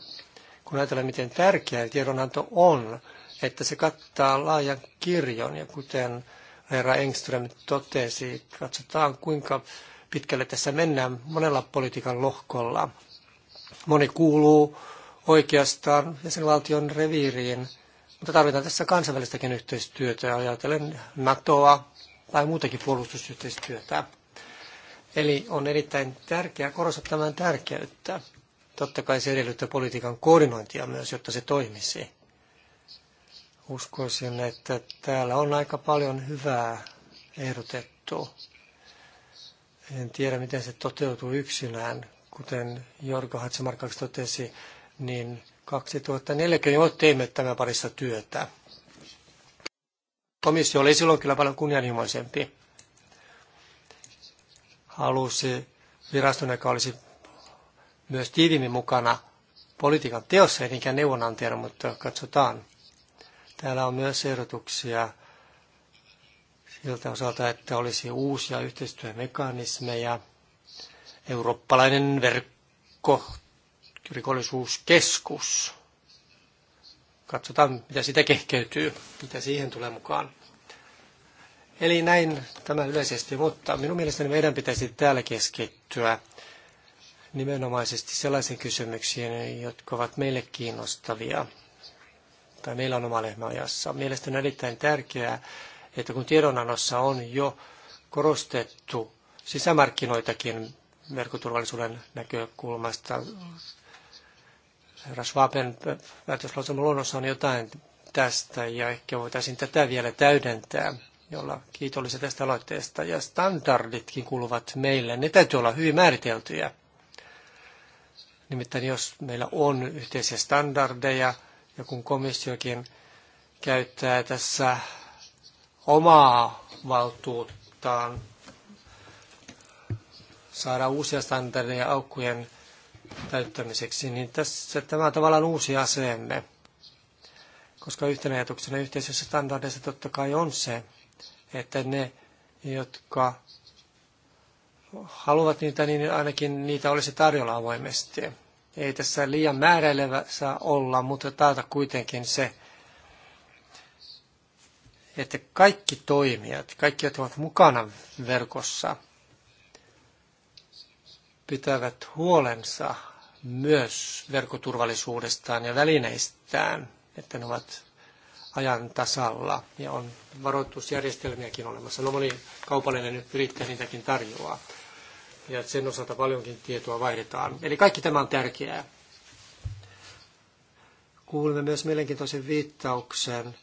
Kun ajatellaan, miten tärkeä tiedonanto on, että se kattaa laajan kirjon ja kuten herra Engström totesi, katsotaan kuinka pitkälle tässä mennään monella politiikan lohkolla. Moni kuuluu oikeastaan jäsenvaltion reviiriin mutta tarvitaan tässä kansainvälistäkin yhteistyötä ja ajatellen NATOa tai muutakin puolustusyhteistyötä. Eli on erittäin tärkeää korostaa tämän tärkeyttä. Totta kai se edellyttää politiikan koordinointia myös, jotta se toimisi. Uskoisin, että täällä on aika paljon hyvää ehdotettu. En tiedä, miten se toteutuu yksinään. Kuten Jorgo Hatzimarkaksi totesi, niin 2040 teimme tämän parissa työtä. Komissio oli silloin kyllä paljon kunnianhimoisempi. Halusi viraston, joka olisi myös tiivimmin mukana politiikan teossa, etenkään niinkään neuvonantajana, mutta katsotaan. Täällä on myös ehdotuksia siltä osalta, että olisi uusia yhteistyömekanismeja, eurooppalainen verkko rikollisuuskeskus. Katsotaan, mitä sitä kehkeytyy, mitä siihen tulee mukaan. Eli näin tämä yleisesti, mutta minun mielestäni meidän pitäisi täällä keskittyä nimenomaisesti sellaisiin kysymyksiin, jotka ovat meille kiinnostavia. Tai meillä on oma ajassa. Mielestäni on erittäin tärkeää, että kun tiedonannossa on jo korostettu sisämarkkinoitakin verkkoturvallisuuden näkökulmasta, herra Schwaben päätöslauselman luonnossa on jotain tästä ja ehkä voitaisiin tätä vielä täydentää, jolla kiitollisia tästä aloitteesta. Ja standarditkin kuuluvat meille, ne täytyy olla hyvin määriteltyjä. Nimittäin jos meillä on yhteisiä standardeja ja kun komissiokin käyttää tässä omaa valtuuttaan saada uusia standardeja aukkujen täyttämiseksi, niin tässä tämä on tavallaan uusi asenne. Koska yhtenä ajatuksena yhteisössä standardeissa totta kai on se, että ne, jotka haluavat niitä, niin ainakin niitä olisi tarjolla avoimesti. Ei tässä liian määräilevä saa olla, mutta taata kuitenkin se, että kaikki toimijat, kaikki, jotka ovat mukana verkossa – pitävät huolensa myös verkkoturvallisuudestaan ja välineistään, että ne ovat ajan tasalla ja on varoitusjärjestelmiäkin olemassa. No moni kaupallinen yrittäjä niitäkin tarjoaa ja sen osalta paljonkin tietoa vaihdetaan. Eli kaikki tämä on tärkeää. Kuulimme myös mielenkiintoisen viittauksen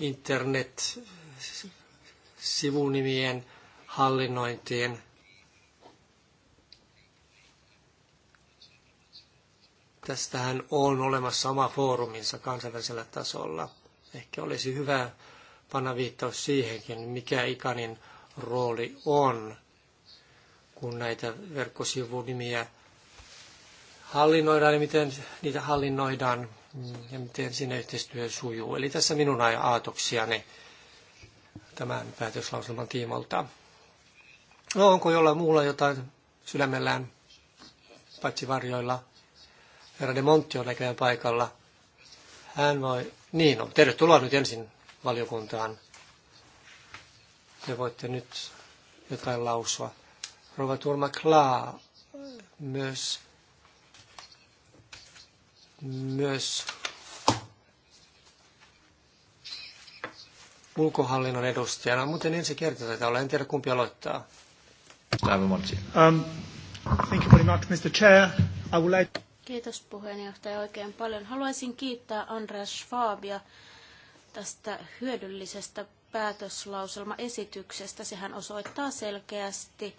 internet-sivunimien hallinnointiin Tästähän on olemassa oma fooruminsa kansainvälisellä tasolla. Ehkä olisi hyvä panna viittaus siihenkin, mikä ikanin rooli on, kun näitä verkkosivunimiä hallinnoidaan ja miten niitä hallinnoidaan ja miten siinä yhteistyö sujuu. Eli tässä minun ajatuksiani tämän päätöslauselman tiimolta. No onko jollain muulla jotain sydämellään, paitsi varjoilla? Herra de Montti on näköjään paikalla. Hän voi... Niin, no, tervetuloa nyt ensin valiokuntaan. Te voitte nyt jotain lausua. Rova Turma Klaa myös, myös ulkohallinnon edustajana. Muuten ensi kertaa tätä olla. En tiedä kumpi aloittaa. Um, thank you very much, Mr. Chair. I would like... Kiitos puheenjohtaja oikein paljon. Haluaisin kiittää Andreas Schwabia tästä hyödyllisestä päätöslauselmaesityksestä. Sehän osoittaa selkeästi,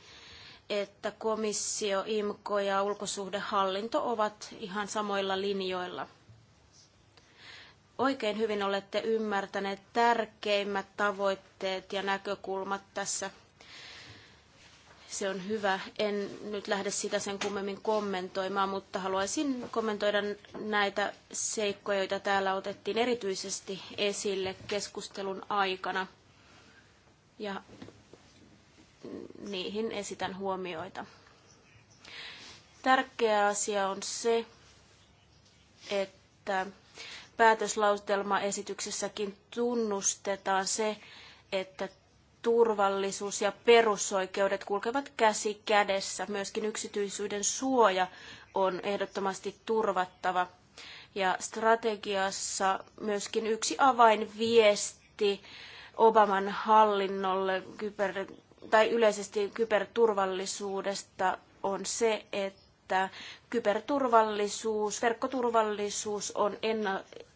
että komissio, IMKO ja ulkosuhdehallinto ovat ihan samoilla linjoilla. Oikein hyvin olette ymmärtäneet tärkeimmät tavoitteet ja näkökulmat tässä se on hyvä. En nyt lähde sitä sen kummemmin kommentoimaan, mutta haluaisin kommentoida näitä seikkoja, joita täällä otettiin erityisesti esille keskustelun aikana. Ja niihin esitän huomioita. Tärkeä asia on se, että päätöslauselmaesityksessäkin tunnustetaan se, että turvallisuus ja perusoikeudet kulkevat käsi kädessä. Myöskin yksityisyyden suoja on ehdottomasti turvattava. Ja strategiassa myöskin yksi avainviesti Obaman hallinnolle kyber, tai yleisesti kyberturvallisuudesta on se, että kyberturvallisuus, verkkoturvallisuus on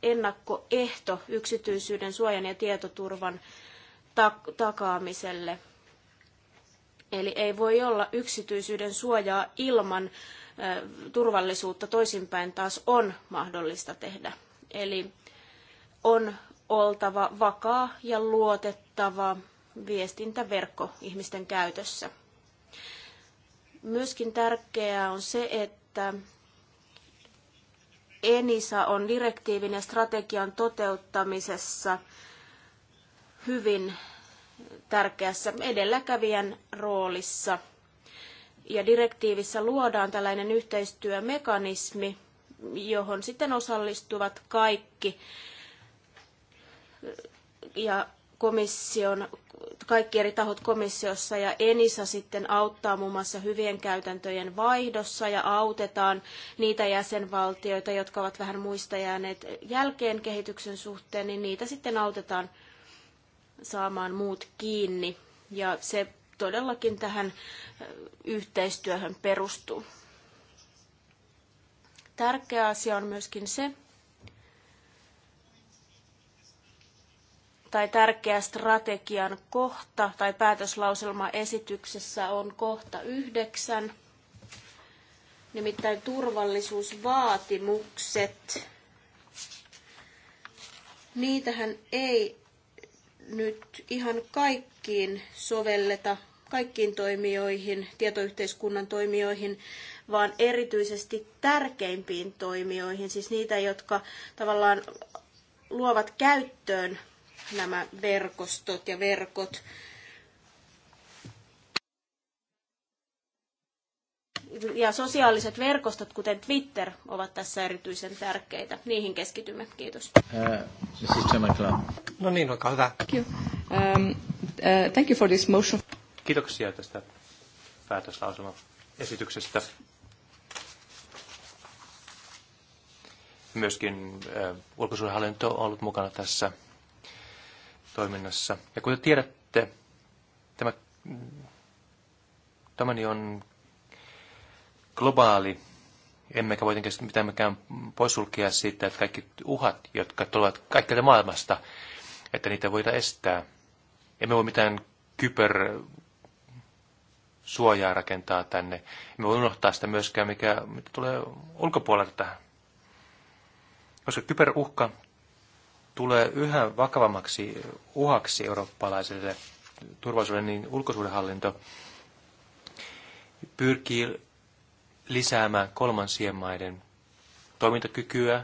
ennakkoehto yksityisyyden suojan ja tietoturvan tak- takaamiselle. Eli ei voi olla yksityisyyden suojaa ilman turvallisuutta, toisinpäin taas on mahdollista tehdä. Eli on oltava vakaa ja luotettava viestintäverkko ihmisten käytössä. Myöskin tärkeää on se, että ENISA on direktiivin ja strategian toteuttamisessa hyvin tärkeässä edelläkävijän roolissa. Ja direktiivissä luodaan tällainen yhteistyömekanismi, johon sitten osallistuvat kaikki ja komission, kaikki eri tahot komissiossa ja Enisa sitten auttaa muun muassa hyvien käytäntöjen vaihdossa ja autetaan niitä jäsenvaltioita, jotka ovat vähän muista jääneet jälkeen kehityksen suhteen, niin niitä sitten autetaan saamaan muut kiinni. Ja se todellakin tähän yhteistyöhön perustuu. Tärkeä asia on myöskin se, tai tärkeä strategian kohta tai päätöslauselma esityksessä on kohta yhdeksän, nimittäin turvallisuusvaatimukset. Niitähän ei nyt ihan kaikkiin sovelleta, kaikkiin toimijoihin, tietoyhteiskunnan toimijoihin, vaan erityisesti tärkeimpiin toimijoihin, siis niitä, jotka tavallaan luovat käyttöön nämä verkostot ja verkot ja sosiaaliset verkostot, kuten Twitter, ovat tässä erityisen tärkeitä. Niihin keskitymme. Kiitos. Uh, no niin, olkaa hyvä. Um, uh, thank you. for this motion. Kiitoksia tästä päätöslauselman esityksestä. Myöskin äh, on ollut mukana tässä toiminnassa. Ja kuten tiedätte, tämä mm, Tamani niin on globaali, emmekä voi mitään mikään poissulkea siitä, että kaikki uhat, jotka tulevat kaikkialta maailmasta, että niitä voidaan estää. Emme voi mitään kyber suojaa rakentaa tänne. Emme voi unohtaa sitä myöskään, mikä, mitä tulee ulkopuolelta tähän. Koska kyberuhka tulee yhä vakavammaksi uhaksi eurooppalaiselle turvallisuudelle, niin ulkosuudenhallinto pyrkii lisäämään kolmansien maiden toimintakykyä,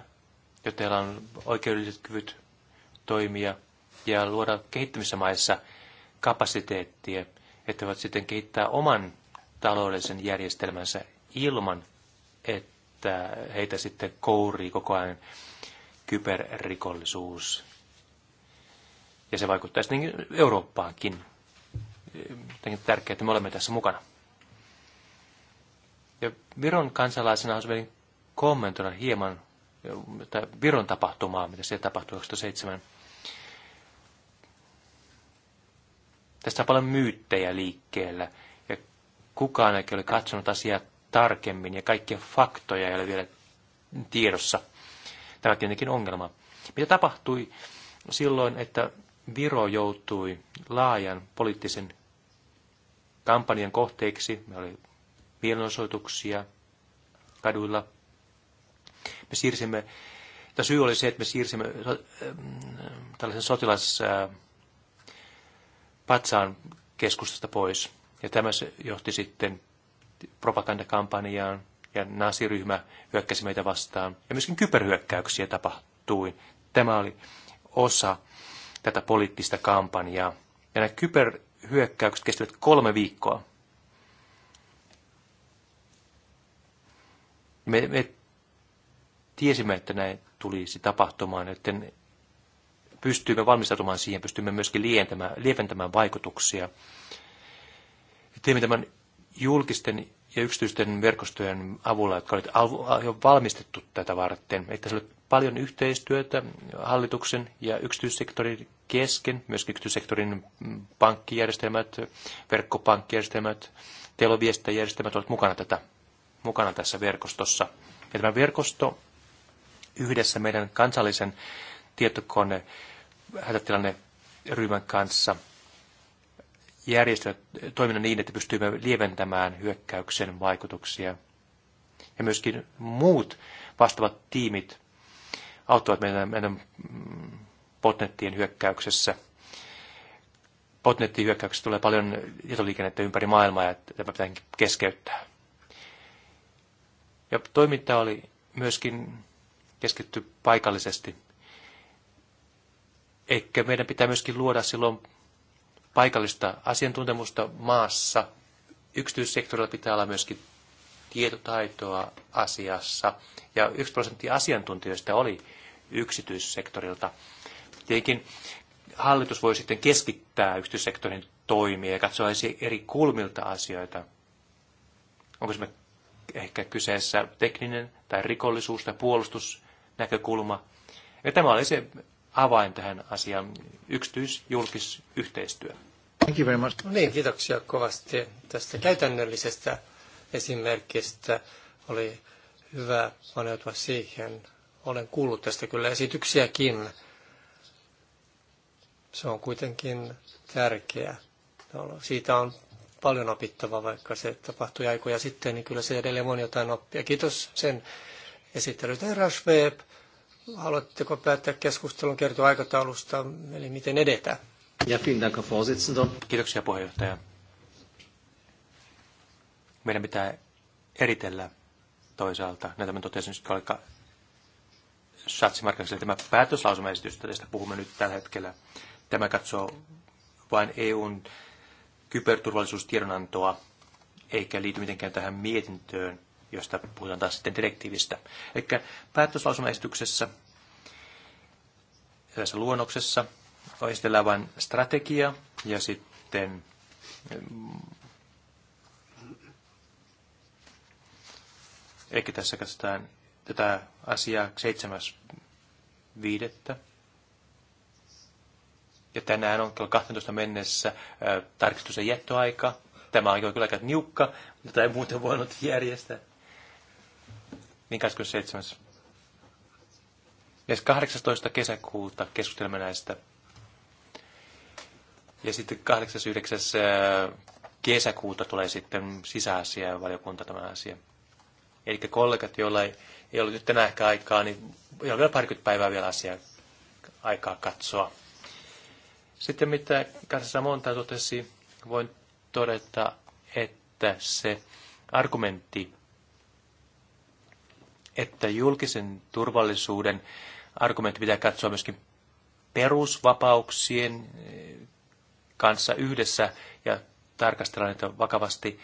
jotta heillä on oikeudelliset kyvyt toimia ja luoda kehittymissä maissa kapasiteettia, että he voivat sitten kehittää oman taloudellisen järjestelmänsä ilman, että heitä sitten kourii koko ajan kyberrikollisuus. Ja se vaikuttaa niin Eurooppaankin. Tärkeää, että me olemme tässä mukana. Ja Viron kansalaisena olisi kommentoida hieman että Viron tapahtumaa, mitä siellä tapahtui 2007. Tästä on paljon myyttejä liikkeellä ja kukaan ei ole katsonut asiaa tarkemmin ja kaikkia faktoja ei ole vielä tiedossa. Tämä on tietenkin ongelma. Mitä tapahtui silloin, että Viro joutui laajan poliittisen kampanjan kohteeksi? Me oli mielenosoituksia kaduilla. Me siirsimme, tai syy oli se, että me siirsimme ähm, tällaisen sotilaspatsaan keskustasta pois. Ja tämä se johti sitten propagandakampanjaan ja nasiryhmä hyökkäsi meitä vastaan. Ja myöskin kyberhyökkäyksiä tapahtui. Tämä oli osa tätä poliittista kampanjaa. Ja nämä kyberhyökkäykset kestivät kolme viikkoa. Me, me tiesimme, että näin tulisi tapahtumaan, että pystyimme valmistautumaan siihen, pystymme myöskin lieventämään, lieventämään vaikutuksia. teimme tämän julkisten ja yksityisten verkostojen avulla, jotka olivat jo valmistettu tätä varten. Että se oli paljon yhteistyötä hallituksen ja yksityissektorin kesken, myöskin yksityissektorin pankkijärjestelmät, verkkopankkijärjestelmät, teloviestintäjärjestelmät ovat mukana tätä mukana tässä verkostossa. Ja tämä verkosto yhdessä meidän kansallisen tietokone hätätilanne ryhmän kanssa järjestää toiminnan niin, että pystymme lieventämään hyökkäyksen vaikutuksia. Ja myöskin muut vastaavat tiimit auttavat meidän, meidän mm, botnettien hyökkäyksessä. Botnettien hyökkäyksessä tulee paljon tietoliikennettä ympäri maailmaa ja tämä pitää keskeyttää. Ja toiminta oli myöskin keskitty paikallisesti. Ehkä meidän pitää myöskin luoda silloin paikallista asiantuntemusta maassa. Yksityissektorilla pitää olla myöskin tietotaitoa asiassa. Ja yksi prosentti asiantuntijoista oli yksityissektorilta. Tietenkin hallitus voi sitten keskittää yksityissektorin toimia ja katsoa eri kulmilta asioita. Onko se ehkä kyseessä tekninen tai rikollisuus tai puolustusnäkökulma. Ja tämä oli se avain tähän asiaan, yksityisjulkisyhteistyö. Thank you very much. No niin, kiitoksia kovasti tästä käytännöllisestä esimerkistä. Oli hyvä paneutua siihen. Olen kuullut tästä kyllä esityksiäkin. Se on kuitenkin tärkeää. No, siitä on paljon opittavaa, vaikka se tapahtui aikoja sitten, niin kyllä se edelleen on jotain oppia. Kiitos sen esittelystä. Herra Web, haluatteko päättää keskustelun kertoa aikataulusta, eli miten edetään? Ja Dank, Kiitoksia puheenjohtaja. Meidän pitää eritellä toisaalta, näitä mä totesin nyt vaikka satsimarkkinoille tämä päätöslausumaesitys, tästä puhumme nyt tällä hetkellä. Tämä katsoo vain EUn kyberturvallisuustiedonantoa, eikä liity mitenkään tähän mietintöön, josta puhutaan taas sitten direktiivistä. Eli päätöslausumaesityksessä, tässä luonnoksessa, esitellään vain strategia ja sitten Ehkä tässä katsotaan tätä asiaa 7.5 ja tänään on kello 12 mennessä tarkistus- ja jättöaika. Tämä aika on kyllä aika niukka, mutta ei muuten voinut järjestää. Niin 27. Ja 18. kesäkuuta keskustelemme näistä. Ja sitten 8.9. kesäkuuta tulee sitten sisäasia valiokunta tämä asia. Eli kollegat, joilla ei, ei ollut nyt tänään ehkä aikaa, niin ei ole vielä parikymmentä päivää vielä asiaa aikaa katsoa. Sitten mitä kanssa monta totesi, voin todeta, että se argumentti, että julkisen turvallisuuden argumentti pitää katsoa myöskin perusvapauksien eh, kanssa yhdessä ja tarkastella niitä vakavasti.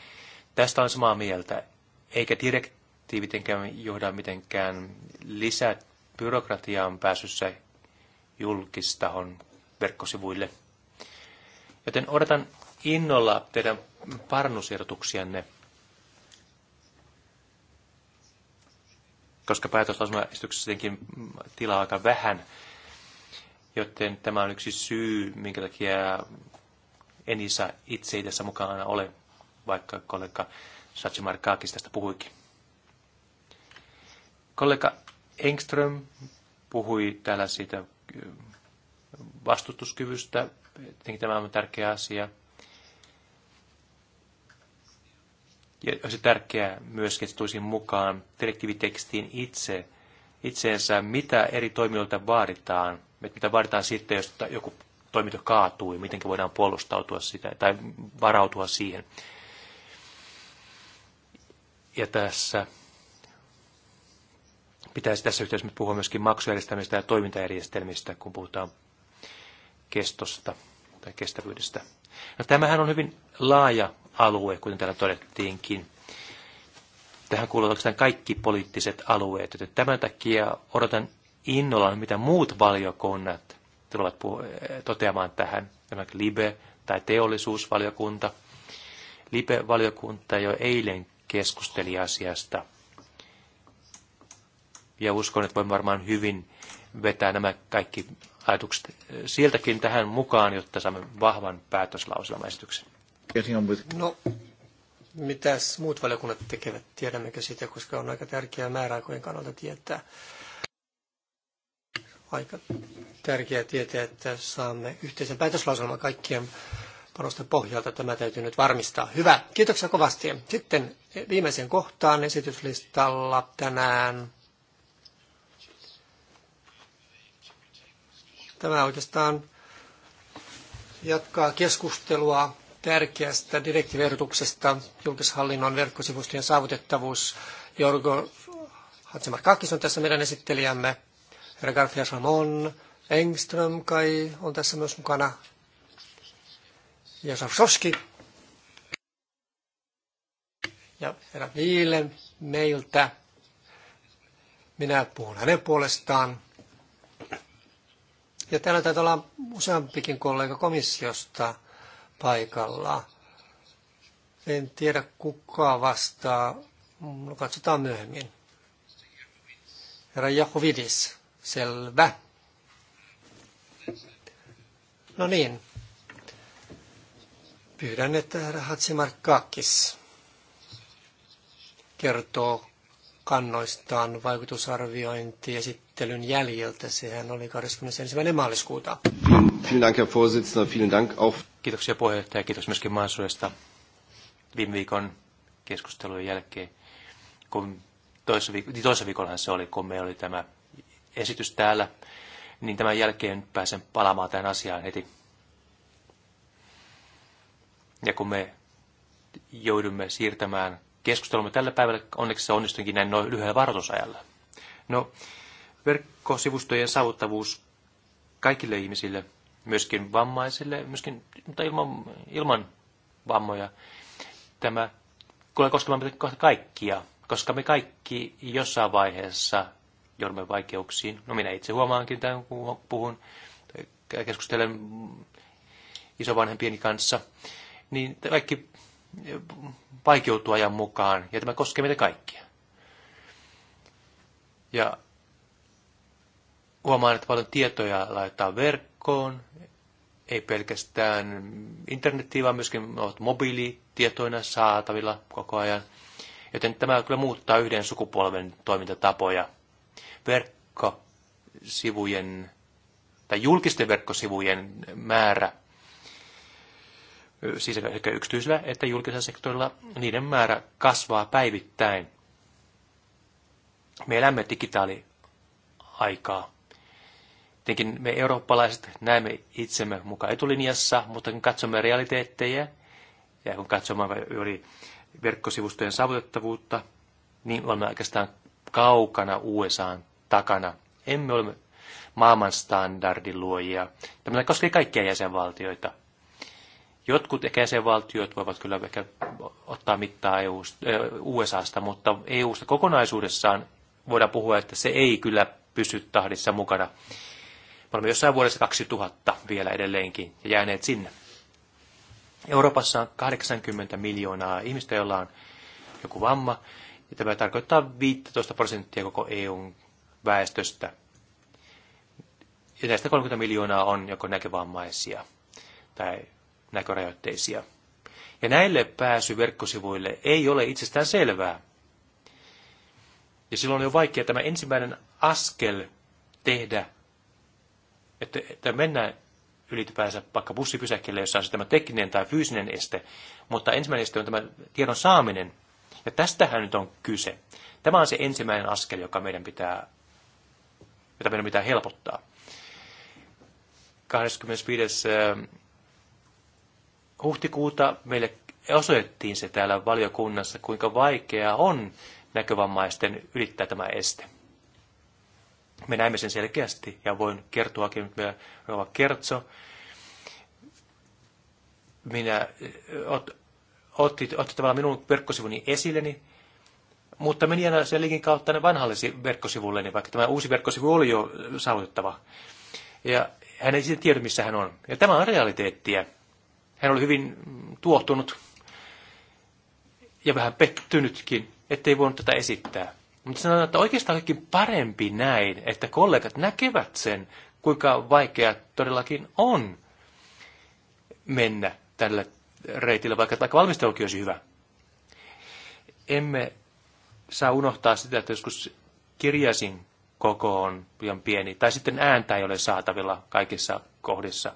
Tästä on samaa mieltä, eikä direktiivi johda mitenkään lisää byrokratiaan pääsyssä julkistahon verkkosivuille. Joten odotan innolla teidän parannusehdotuksianne, koska päätöslausumaesityksessä tietenkin tilaa aika vähän, joten tämä on yksi syy, minkä takia en isä itse ei tässä mukana ole, vaikka kollega Satsimar Kaakis tästä puhuikin. Kollega Engström puhui täällä siitä vastustuskyvystä. Tietenkin tämä on tärkeä asia. Ja olisi tärkeää myös että tulisi mukaan direktiivitekstiin itse, itseensä, mitä eri toimijoilta vaaditaan, mitä vaaditaan sitten, jos joku toiminto kaatuu ja miten voidaan puolustautua sitä tai varautua siihen. Ja tässä pitäisi tässä yhteydessä puhua myöskin maksujärjestelmistä ja toimintajärjestelmistä, kun puhutaan kestosta tai kestävyydestä. No, tämähän on hyvin laaja alue, kuten täällä todettiinkin. Tähän kuuluvat oikeastaan kaikki poliittiset alueet, joten tämän takia odotan innolla, mitä muut valiokunnat tulevat toteamaan tähän, tämä LIBE tai teollisuusvaliokunta. LIBE-valiokunta jo eilen keskusteli asiasta. Ja uskon, että voimme varmaan hyvin vetää nämä kaikki ajatukset eh, sieltäkin tähän mukaan, jotta saamme vahvan päätöslauselmaesityksen. No, mitäs muut valiokunnat tekevät? Tiedämmekö sitä, koska on aika tärkeää määräaikojen kannalta tietää. Aika tärkeää tietää, että saamme yhteisen päätöslauselman kaikkien panosten pohjalta. Tämä täytyy nyt varmistaa. Hyvä, kiitoksia kovasti. Sitten viimeiseen kohtaan esityslistalla tänään Tämä oikeastaan jatkaa keskustelua tärkeästä direktiiviehdotuksesta julkishallinnon verkkosivustojen saavutettavuus. Jorgo Hatsimarkakis on tässä meidän esittelijämme. Herra Garfias Ramon, Engström kai on tässä myös mukana. Ja Sarsoski. Ja herra Viile meiltä. Minä puhun hänen puolestaan. Ja täällä taitaa olla useampikin kollega komissiosta paikalla. En tiedä kuka vastaa. No, katsotaan myöhemmin. Herra Jakovidis, selvä. No niin. Pyydän, että herra Hatsimarkkakis kertoo kannoistaan vaikutusarviointiesittelyn jäljiltä. Sehän oli 21. maaliskuuta. Kiitoksia puheenjohtaja. Kiitos myöskin mahdollisuudesta viime viikon keskustelujen jälkeen, kun toisessa, viik- niin toisessa viikollahan se oli, kun meillä oli tämä esitys täällä, niin tämän jälkeen pääsen palaamaan tähän asiaan heti. Ja kun me joudumme siirtämään keskustelumme tällä päivällä. Onneksi se onnistuikin näin noin lyhyellä varoitusajalla. No, verkkosivustojen saavuttavuus kaikille ihmisille, myöskin vammaisille, myöskin mutta ilman, ilman vammoja. Tämä tulee koskemaan kohta kaikkia, koska me kaikki jossain vaiheessa joudumme vaikeuksiin. No minä itse huomaankin tämän, kun puhun, keskustelen isovanhempieni kanssa. Niin kaikki vaikeutuu ajan mukaan, ja tämä koskee meitä kaikkia. Ja huomaan, että paljon tietoja laitetaan verkkoon, ei pelkästään internettiin, vaan myöskin mobiilitietoina saatavilla koko ajan. Joten tämä kyllä muuttaa yhden sukupolven toimintatapoja. Verkkosivujen tai julkisten verkkosivujen määrä siis sekä yksityisellä että julkisella sektorilla, niiden määrä kasvaa päivittäin. Me elämme digitaaliaikaa. Tietenkin me eurooppalaiset näemme itsemme mukaan etulinjassa, mutta kun katsomme realiteetteja ja kun katsomme yli verkkosivustojen saavutettavuutta, niin olemme oikeastaan kaukana USAn takana. Emme ole maailmanstandardin luojia. Tämä koskee kaikkia jäsenvaltioita – Jotkut ehkä jäsenvaltiot voivat kyllä ehkä ottaa mittaa EU, e USAsta, mutta EUsta kokonaisuudessaan voidaan puhua, että se ei kyllä pysy tahdissa mukana. Me olemme jossain vuodessa 2000 vielä edelleenkin ja jääneet sinne. Euroopassa on 80 miljoonaa ihmistä, joilla on joku vamma, ja tämä tarkoittaa 15 prosenttia koko EUn väestöstä. Ja näistä 30 miljoonaa on joko näkövammaisia tai näkörajoitteisia. Ja näille pääsy verkkosivuille ei ole itsestään selvää. Ja silloin on jo vaikea tämä ensimmäinen askel tehdä, että, että mennään ylipäänsä vaikka bussipysäkille, jossa on se tämä tekninen tai fyysinen este, mutta ensimmäinen este on tämä tiedon saaminen. Ja tästähän nyt on kyse. Tämä on se ensimmäinen askel, joka meidän pitää, jota meidän pitää helpottaa. 25 huhtikuuta meille osoitettiin se täällä valiokunnassa, kuinka vaikeaa on näkövammaisten ylittää tämä este. Me näemme sen selkeästi ja voin kertoakin että meillä on Kertso. Minä eh, ot, otti, otti tavallaan minun verkkosivuni esilleni, mutta meni aina sen linkin kautta vanhalle verkkosivulleni, niin vaikka tämä uusi verkkosivu oli jo saavutettava. Ja hän ei sitten tiedä, missä hän on. Ja tämä on realiteettiä. Hän oli hyvin mm, tuohtunut ja vähän pettynytkin, ettei voinut tätä esittää. Mutta sanotaan, että oikeastaan kaikki parempi näin, että kollegat näkevät sen, kuinka vaikea todellakin on mennä tällä reitillä, vaikka vaikka valmistelukin olisi hyvä. Emme saa unohtaa sitä, että joskus kirjasin koko on liian pieni, tai sitten ääntä ei ole saatavilla kaikissa kohdissa.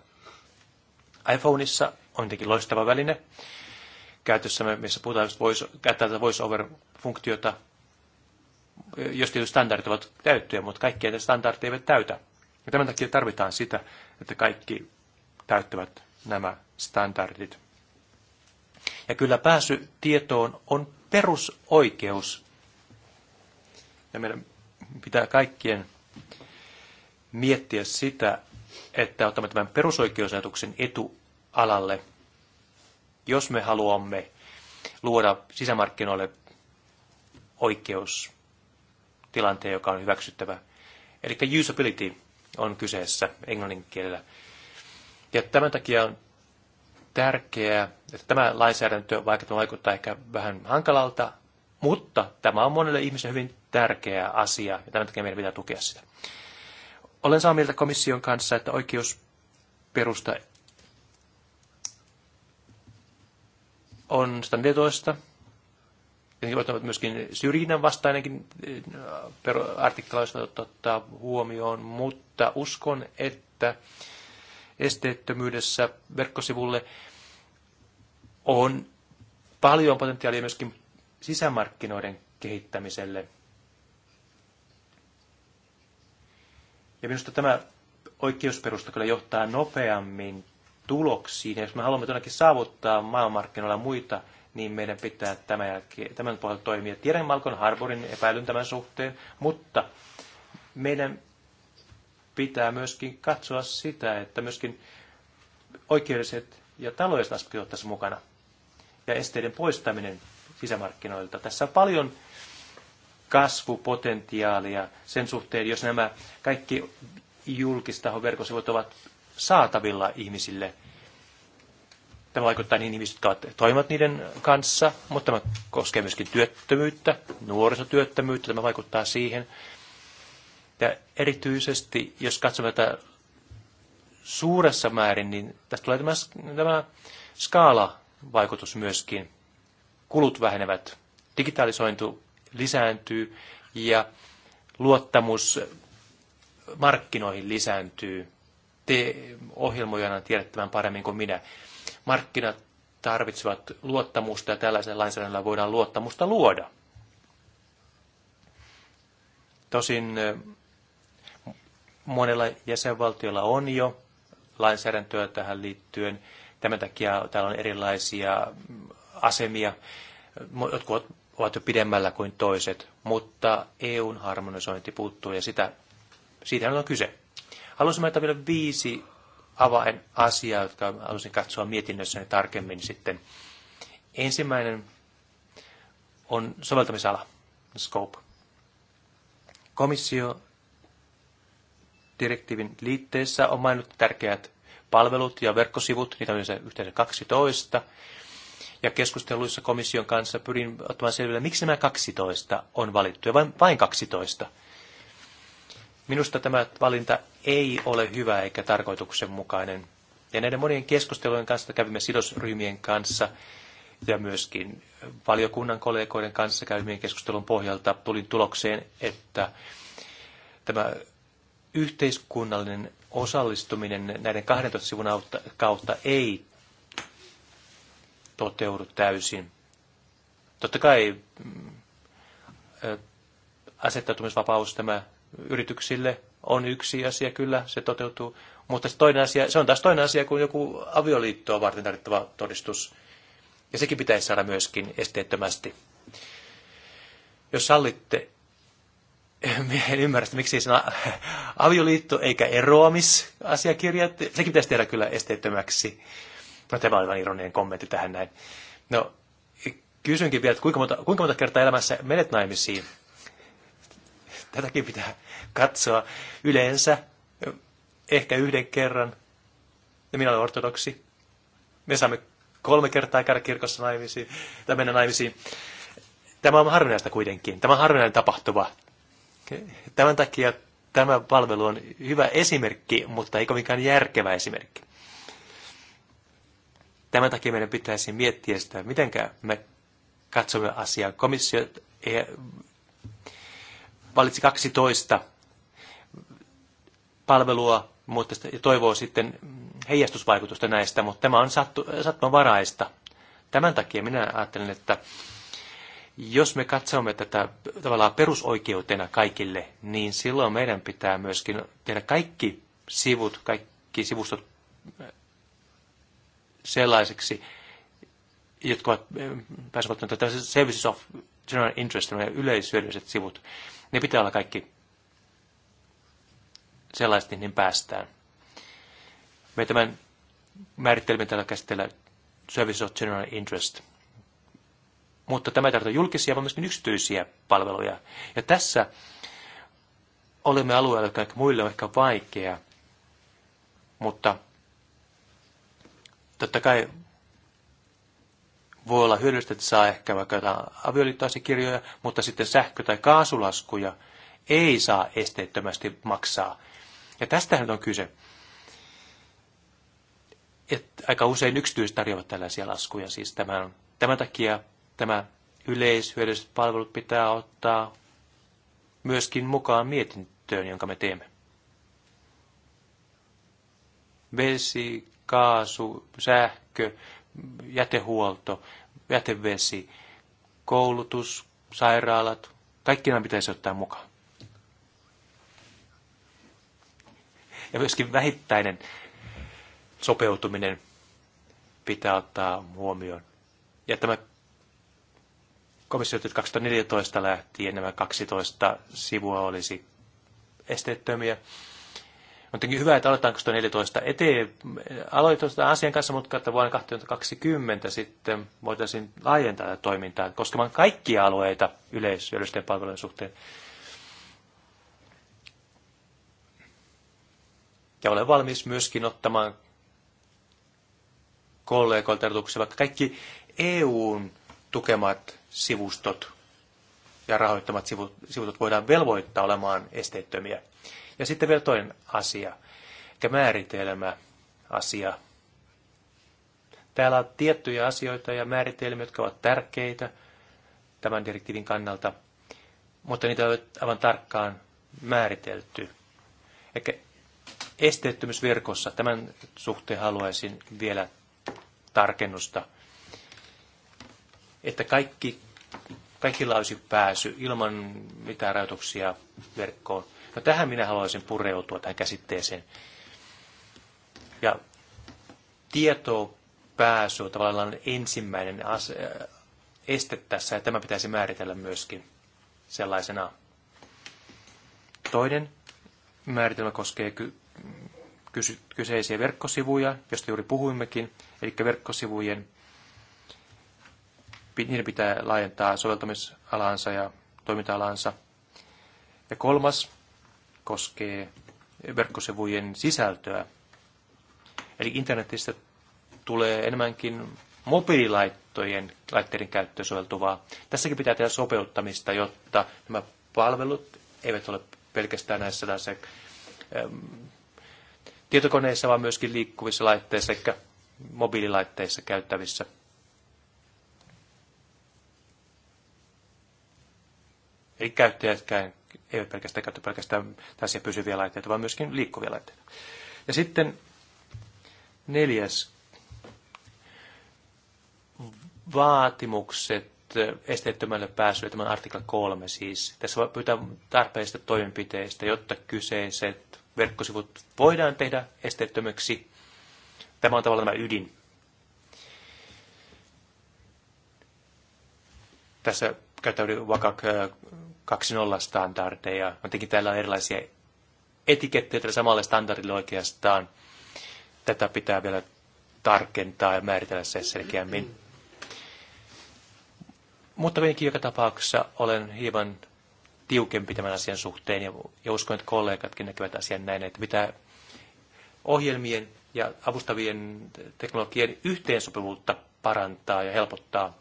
iPhoneissa on tietenkin loistava väline käytössämme, missä puhutaan voice, käyttää tätä voice-over-funktiota, jos tietyt standardit ovat täyttyjä, mutta kaikki näitä standardit eivät täytä. Ja tämän takia tarvitaan sitä, että kaikki täyttävät nämä standardit. Ja kyllä pääsy tietoon on perusoikeus. Ja meidän pitää kaikkien miettiä sitä, että otamme tämän perusoikeusajatuksen etu alalle. Jos me haluamme luoda sisämarkkinoille oikeustilanteen, joka on hyväksyttävä. Eli usability on kyseessä englannin kielellä. Ja tämän takia on tärkeää, että tämä lainsäädäntö, vaikka tämä vaikuttaa ehkä vähän hankalalta, mutta tämä on monelle ihmiselle hyvin tärkeä asia, ja tämän takia meidän pitää tukea sitä. Olen samaa mieltä komission kanssa, että oikeusperusta on 114. Tietenkin ovat myöskin syrjinnän vastainenkin eh, artikkela, jos ottaa huomioon, mutta uskon, että esteettömyydessä verkkosivulle on paljon potentiaalia myöskin sisämarkkinoiden kehittämiselle. Ja minusta tämä oikeusperusta kyllä johtaa nopeammin tuloksiin. Ja jos me haluamme todellakin saavuttaa maailmanmarkkinoilla muita, niin meidän pitää tämän, jälkeen, tämän pohjalta toimia. Tiedän Malkon Harborin epäilyn tämän suhteen, mutta meidän pitää myöskin katsoa sitä, että myöskin oikeudelliset ja taloudelliset aspektit ottaisi mukana. Ja esteiden poistaminen sisämarkkinoilta. Tässä on paljon kasvupotentiaalia sen suhteen, jos nämä kaikki julkista verkkosivut ovat saatavilla ihmisille. Tämä vaikuttaa niin ihmiset, jotka toimivat niiden kanssa, mutta tämä koskee myöskin työttömyyttä, nuorisotyöttömyyttä, tämä vaikuttaa siihen. Ja erityisesti, jos katsomme tätä suuressa määrin, niin tästä tulee tämä, tämä skaalavaikutus myöskin. Kulut vähenevät, digitalisointu lisääntyy ja luottamus markkinoihin lisääntyy te ohjelmojana tiedät tämän paremmin kuin minä. Markkinat tarvitsevat luottamusta ja tällaisella lainsäädännöllä voidaan luottamusta luoda. Tosin monella jäsenvaltiolla on jo lainsäädäntöä tähän liittyen. Tämän takia täällä on erilaisia asemia. Jotkut ovat jo pidemmällä kuin toiset, mutta EUn harmonisointi puuttuu ja sitä, siitä on kyse. Haluaisin mainita vielä viisi avainasiaa, jotka halusin katsoa mietinnössäni tarkemmin sitten. Ensimmäinen on soveltamisala, scope. Komissio direktiivin liitteessä on mainittu tärkeät palvelut ja verkkosivut, niitä on yhteensä 12. Ja keskusteluissa komission kanssa pyrin ottamaan selville, miksi nämä 12 on valittu ja vain, vain 12. Minusta tämä valinta ei ole hyvä eikä tarkoituksenmukainen. Ja näiden monien keskustelujen kanssa kävimme sidosryhmien kanssa ja myöskin valiokunnan kollegoiden kanssa käymien keskustelun pohjalta tulin tulokseen, että tämä yhteiskunnallinen osallistuminen näiden 12 sivun kautta ei toteudu täysin. Totta kai mm, asettautumisvapaus, tämä yrityksille on yksi asia, kyllä se toteutuu, mutta se, toinen asia, se on taas toinen asia kuin joku avioliittoa varten tarvittava todistus. Ja sekin pitäisi saada myöskin esteettömästi. Jos sallitte, en ymmärrä sitä, miksi se avioliitto eikä eroamisasiakirja, sekin pitäisi tehdä kyllä esteettömäksi. No tämä oli vain ironinen kommentti tähän näin. No, kysynkin vielä, että kuinka monta, kuinka monta kertaa elämässä menet naimisiin tätäkin pitää katsoa yleensä, ehkä yhden kerran. Ja minä olen ortodoksi. Me saamme kolme kertaa käydä kirkossa naimisiin, tai mennä naimisiin. Tämä on harvinaista kuitenkin. Tämä on harvinainen tapahtuma. Tämän takia tämä palvelu on hyvä esimerkki, mutta ei kovinkaan järkevä esimerkki. Tämän takia meidän pitäisi miettiä sitä, miten me katsomme asiaa. Komissio valitsi 12 palvelua mutta ja toivoo sitten heijastusvaikutusta näistä, mutta tämä on sattu, sattumanvaraista. Tämän takia minä ajattelen, että jos me katsomme tätä tavallaan perusoikeutena kaikille, niin silloin meidän pitää myöskin tehdä kaikki sivut, kaikki sivustot äh, sellaisiksi, jotka ovat äh, pääsevät services of general interest, yleishyödylliset sivut. Ne niin pitää olla kaikki sellaiset, niin päästään. Me tämän määrittelemme tällä käsitellä Service of General Interest. Mutta tämä tarkoittaa julkisia, vaan myöskin yksityisiä palveluja. Ja tässä olemme alueella, joka muille on ehkä vaikea, mutta totta kai voi olla hyödyllistä, että saa ehkä vaikka jotain avioliittoasikirjoja, mutta sitten sähkö- tai kaasulaskuja ei saa esteettömästi maksaa. Ja tästähän on kyse. Et aika usein yksityiset tarjoavat tällaisia laskuja. Siis tämän, tämän takia tämä yleishyödylliset palvelut pitää ottaa myöskin mukaan mietintöön, jonka me teemme. Vesi, kaasu, sähkö, jätehuolto, jätevesi, koulutus, sairaalat, kaikki nämä pitäisi ottaa mukaan. Ja myöskin vähittäinen sopeutuminen pitää ottaa huomioon. Ja tämä komissio 2014 lähtien nämä 12 sivua olisi esteettömiä. On tietenkin hyvä, että aloitetaan 2014 eteen, aloitetaan asian kanssa, mutta että vuonna 2020 sitten voitaisiin laajentaa tätä toimintaa koskemaan kaikkia alueita yleishyödyllisten palvelujen suhteen. Ja olen valmis myöskin ottamaan kollegoilta erotuksia vaikka kaikki EUn tukemat sivustot ja rahoittamat sivut, sivut voidaan velvoittaa olemaan esteettömiä. Ja sitten vielä toinen asia, eli määritelmä asia. Täällä on tiettyjä asioita ja määritelmiä, jotka ovat tärkeitä tämän direktiivin kannalta, mutta niitä ei ole aivan tarkkaan määritelty. Eli esteettömyysverkossa tämän suhteen haluaisin vielä tarkennusta, että kaikki, kaikilla olisi pääsy ilman mitään rajoituksia verkkoon. No tähän minä haluaisin pureutua, tähän käsitteeseen. Ja tietoa pääsy on tavallaan ensimmäinen este tässä, ja tämä pitäisi määritellä myöskin sellaisena. Toinen määritelmä koskee ky- kysy- kyseisiä verkkosivuja, josta juuri puhuimmekin, eli verkkosivujen niiden pitää laajentaa soveltamisalansa ja toiminta-alansa. Ja kolmas koskee verkkosivujen sisältöä. Eli internetistä tulee enemmänkin mobiililaittojen laitteiden käyttöön soveltuvaa. Tässäkin pitää tehdä sopeuttamista, jotta nämä palvelut eivät ole pelkästään näissä tässä, äm, tietokoneissa, vaan myöskin liikkuvissa laitteissa sekä mobiililaitteissa käyttävissä. Eli käyttäjätkään ei ole pelkästään käytetty pelkästään tässä pysyviä laitteita, vaan myöskin liikkuvia laitteita. Ja sitten neljäs vaatimukset esteettömälle pääsylle, tämän artikla 3 siis. Tässä pyytää tarpeista toimenpiteistä, jotta kyseiset verkkosivut voidaan tehdä esteettömäksi. Tämä on tavallaan tämä ydin. Tässä käyttäydy Wakak 2.0 äh, standardeja. tekin täällä on erilaisia etikettejä tällä samalla standardilla oikeastaan. Tätä pitää vielä tarkentaa ja määritellä se selkeämmin. Mutta minäkin joka tapauksessa olen hieman tiukempi tämän asian suhteen ja, ja uskon, että kollegatkin näkevät asian näin, että mitä ohjelmien ja avustavien teknologian yhteensopivuutta parantaa ja helpottaa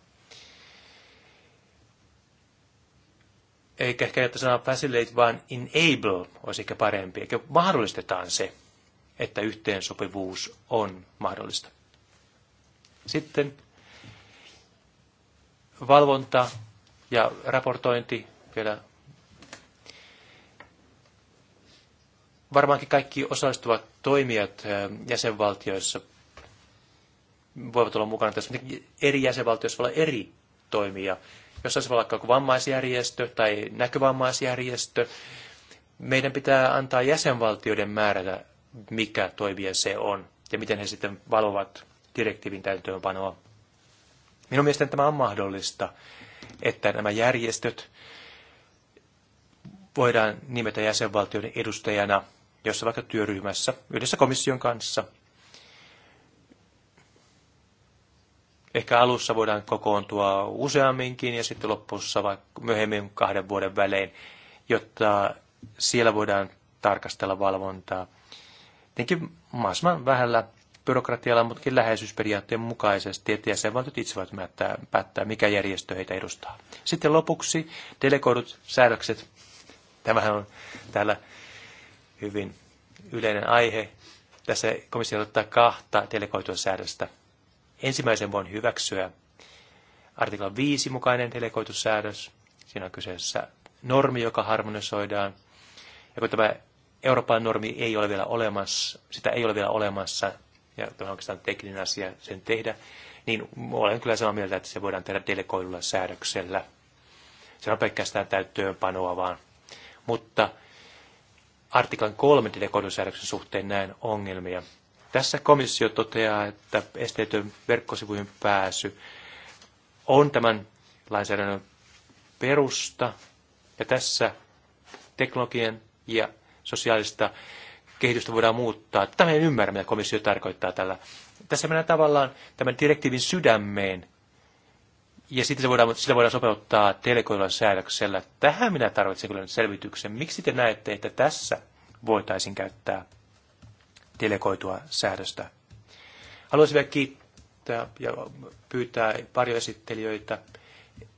eikä ehkä käytä sanaa facilitate, vaan enable olisi ehkä parempi, Eli mahdollistetaan se, että yhteensopivuus on mahdollista. Sitten valvonta ja raportointi vielä. Varmaankin kaikki osallistuvat toimijat jäsenvaltioissa voivat olla mukana tässä. Eri jäsenvaltioissa voi olla eri toimia jos olisi vaikka vammaisjärjestö tai näkövammaisjärjestö, meidän pitää antaa jäsenvaltioiden määrätä, mikä toimija se on ja miten he sitten valvovat direktiivin täytäntöönpanoa. Minun mielestäni tämä on mahdollista, että nämä järjestöt voidaan nimetä jäsenvaltioiden edustajana jossa vaikka työryhmässä yhdessä komission kanssa Ehkä alussa voidaan kokoontua useamminkin ja sitten lopussa vaikka myöhemmin kahden vuoden välein, jotta siellä voidaan tarkastella valvontaa. Tietenkin mahdollisimman vähällä byrokratialla, mutta läheisyysperiaatteen mukaisesti, että jäsenvaltiot itse voivat päättää, päättää, mikä järjestö heitä edustaa. Sitten lopuksi delegoidut säädökset. Tämähän on täällä hyvin yleinen aihe. Tässä komissio ottaa kahta delegoitua säädöstä Ensimmäisen voin hyväksyä artiklan 5 mukainen delegoitussäädös. Siinä on kyseessä normi, joka harmonisoidaan. Ja kun tämä Euroopan normi ei ole vielä olemassa, sitä ei ole vielä olemassa, ja tämä on oikeastaan tekninen asia sen tehdä, niin olen kyllä samaa mieltä, että se voidaan tehdä delegoidulla säädöksellä. Se on pelkästään täyttöönpanoa vaan. Mutta artiklan kolme delegoidun säädöksen suhteen näen ongelmia. Tässä komissio toteaa, että esteetön verkkosivujen pääsy on tämän lainsäädännön perusta, ja tässä teknologian ja sosiaalista kehitystä voidaan muuttaa. Tämä ei ymmärrä, mitä komissio tarkoittaa tällä. Tässä mennään tavallaan tämän direktiivin sydämeen, ja sitten se voidaan, sitä voidaan sopeuttaa telekoilan säädöksellä. Tähän minä tarvitsen kyllä selvityksen. Miksi te näette, että tässä voitaisiin käyttää delegoitua säädöstä. Haluaisin vielä kiittää ja pyytää esittelijöitä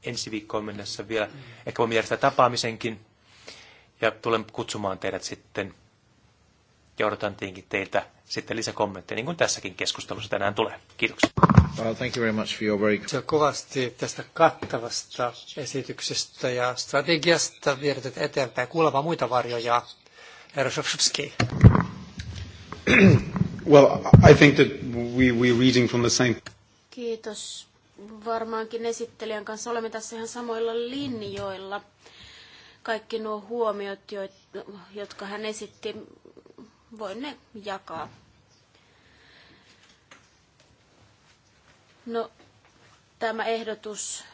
ensi viikkoon mennessä vielä. Ehkä voimme järjestää tapaamisenkin ja tulen kutsumaan teidät sitten ja odotan tietenkin teiltä sitten lisäkommentteja, niin kuin tässäkin keskustelussa tänään tulee. Kiitoksia. Well, thank you very much for your very... Kiitoksia kovasti tästä kattavasta esityksestä ja strategiasta viedät eteenpäin. Kuulemaan muita varjoja. Herra Shopsky. well, I think that we, we're reading from the same... Kiitos. Varmaankin esittelijän kanssa olemme tässä ihan samoilla linjoilla. Kaikki nuo huomiot, jotka hän esitti, voin ne jakaa. No, tämä ehdotus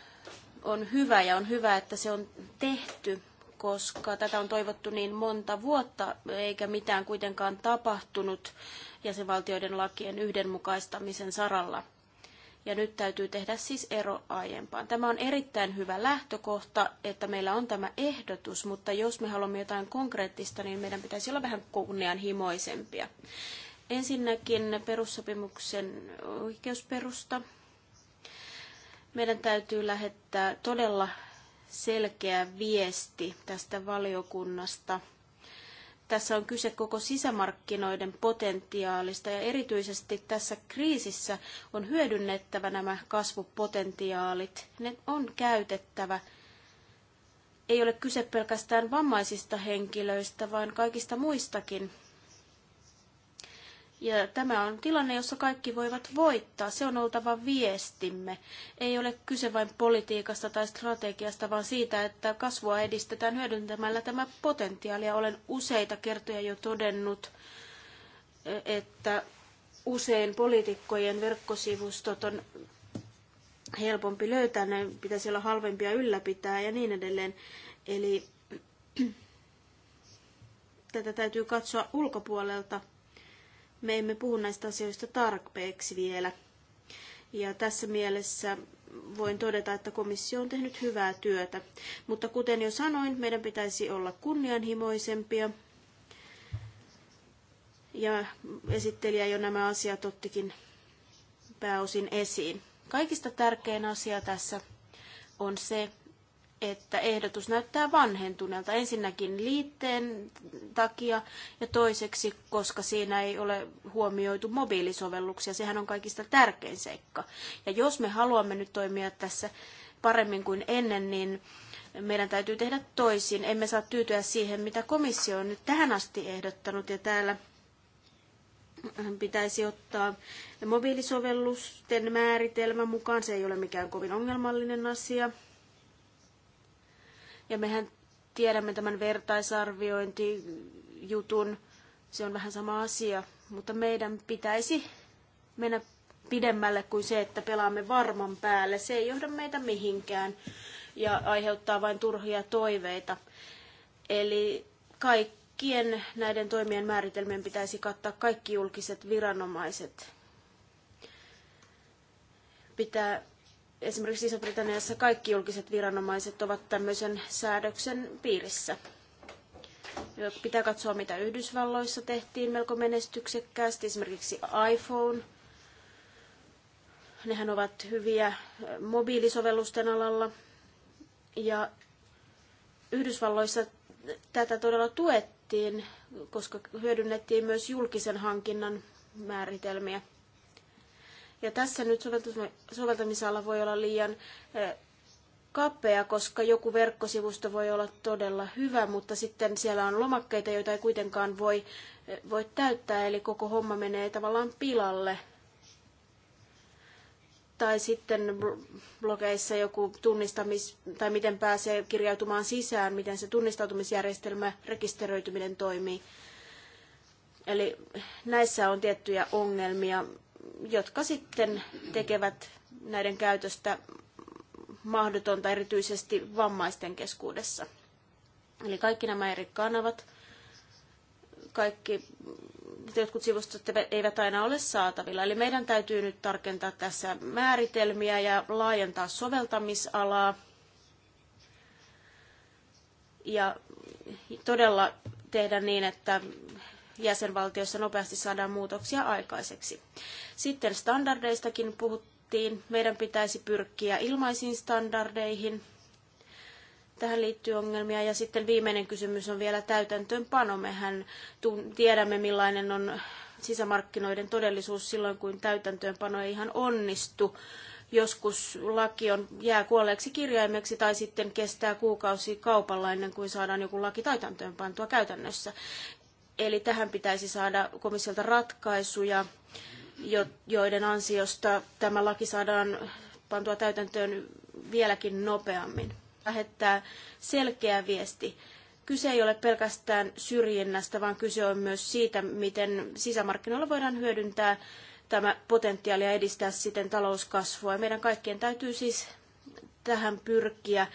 on hyvä ja on hyvä, että se on tehty koska tätä on toivottu niin monta vuotta, eikä mitään kuitenkaan tapahtunut jäsenvaltioiden lakien yhdenmukaistamisen saralla. Ja nyt täytyy tehdä siis ero aiempaan. Tämä on erittäin hyvä lähtökohta, että meillä on tämä ehdotus, mutta jos me haluamme jotain konkreettista, niin meidän pitäisi olla vähän kunnianhimoisempia. Ensinnäkin perussopimuksen oikeusperusta. Meidän täytyy lähettää todella selkeä viesti tästä valiokunnasta. Tässä on kyse koko sisämarkkinoiden potentiaalista ja erityisesti tässä kriisissä on hyödynnettävä nämä kasvupotentiaalit. Ne on käytettävä. Ei ole kyse pelkästään vammaisista henkilöistä, vaan kaikista muistakin ja tämä on tilanne, jossa kaikki voivat voittaa. Se on oltava viestimme. Ei ole kyse vain politiikasta tai strategiasta, vaan siitä, että kasvua edistetään hyödyntämällä tämä potentiaali. Ja olen useita kertoja jo todennut, että usein poliitikkojen verkkosivustot on helpompi löytää, ne pitäisi olla halvempia ylläpitää ja niin edelleen. Eli tätä täytyy katsoa ulkopuolelta me emme puhu näistä asioista tarpeeksi vielä. Ja tässä mielessä voin todeta, että komissio on tehnyt hyvää työtä. Mutta kuten jo sanoin, meidän pitäisi olla kunnianhimoisempia. Ja esittelijä jo nämä asiat ottikin pääosin esiin. Kaikista tärkein asia tässä on se, että ehdotus näyttää vanhentuneelta. Ensinnäkin liitteen takia ja toiseksi, koska siinä ei ole huomioitu mobiilisovelluksia. Sehän on kaikista tärkein seikka. Ja jos me haluamme nyt toimia tässä paremmin kuin ennen, niin meidän täytyy tehdä toisin. Emme saa tyytyä siihen, mitä komissio on nyt tähän asti ehdottanut. Ja täällä pitäisi ottaa mobiilisovellusten määritelmä mukaan. Se ei ole mikään kovin ongelmallinen asia. Ja mehän tiedämme tämän vertaisarviointijutun, se on vähän sama asia, mutta meidän pitäisi mennä pidemmälle kuin se, että pelaamme varman päälle. Se ei johda meitä mihinkään ja aiheuttaa vain turhia toiveita. Eli kaikkien näiden toimien määritelmien pitäisi kattaa kaikki julkiset viranomaiset. Pitää Esimerkiksi Iso-Britanniassa kaikki julkiset viranomaiset ovat tämmöisen säädöksen piirissä. Pitää katsoa, mitä Yhdysvalloissa tehtiin melko menestyksekkäästi, esimerkiksi iPhone. Nehän ovat hyviä mobiilisovellusten alalla. Ja Yhdysvalloissa tätä todella tuettiin, koska hyödynnettiin myös julkisen hankinnan määritelmiä – ja tässä nyt soveltamisala voi olla liian eh, kapea, koska joku verkkosivusto voi olla todella hyvä, mutta sitten siellä on lomakkeita, joita ei kuitenkaan voi, eh, voi täyttää, eli koko homma menee tavallaan pilalle. Tai sitten blogeissa joku tunnistamis, tai miten pääsee kirjautumaan sisään, miten se tunnistautumisjärjestelmä, rekisteröityminen toimii. Eli näissä on tiettyjä ongelmia, jotka sitten tekevät näiden käytöstä mahdotonta erityisesti vammaisten keskuudessa. Eli kaikki nämä eri kanavat, kaikki jotkut sivustot eivät aina ole saatavilla. Eli meidän täytyy nyt tarkentaa tässä määritelmiä ja laajentaa soveltamisalaa. Ja todella tehdä niin, että jäsenvaltioissa nopeasti saadaan muutoksia aikaiseksi. Sitten standardeistakin puhuttiin. Meidän pitäisi pyrkiä ilmaisiin standardeihin. Tähän liittyy ongelmia. Ja sitten viimeinen kysymys on vielä täytäntöönpano. Mehän tiedämme, millainen on sisämarkkinoiden todellisuus silloin, kun täytäntöönpano ei ihan onnistu joskus laki on, jää kuolleeksi kirjaimeksi tai sitten kestää kuukausi kaupalla ennen kuin saadaan joku laki täytäntöönpantua käytännössä. Eli tähän pitäisi saada komissiolta ratkaisuja, joiden ansiosta tämä laki saadaan pantua täytäntöön vieläkin nopeammin. Lähettää selkeä viesti. Kyse ei ole pelkästään syrjinnästä, vaan kyse on myös siitä, miten sisämarkkinoilla voidaan hyödyntää tämä potentiaali ja edistää siten talouskasvua. Ja meidän kaikkien täytyy siis tähän pyrkiä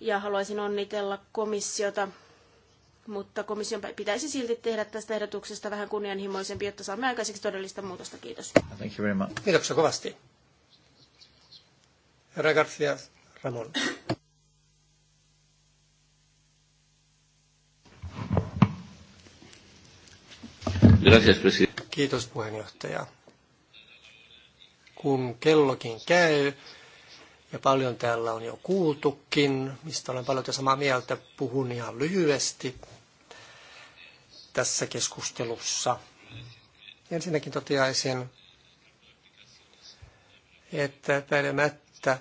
ja haluaisin onnitella komissiota mutta komission pitäisi silti tehdä tästä ehdotuksesta vähän kunnianhimoisempi, jotta saamme aikaiseksi todellista muutosta. Kiitos. Thank you very much. Kiitoksia kovasti. Herra Garcia Ramon. Gracias, Kiitos puheenjohtaja. Kun kellokin käy, ja paljon täällä on jo kuultukin, mistä olen paljon samaa mieltä, puhun ihan lyhyesti tässä keskustelussa. Ensinnäkin toteaisin, että päivämättä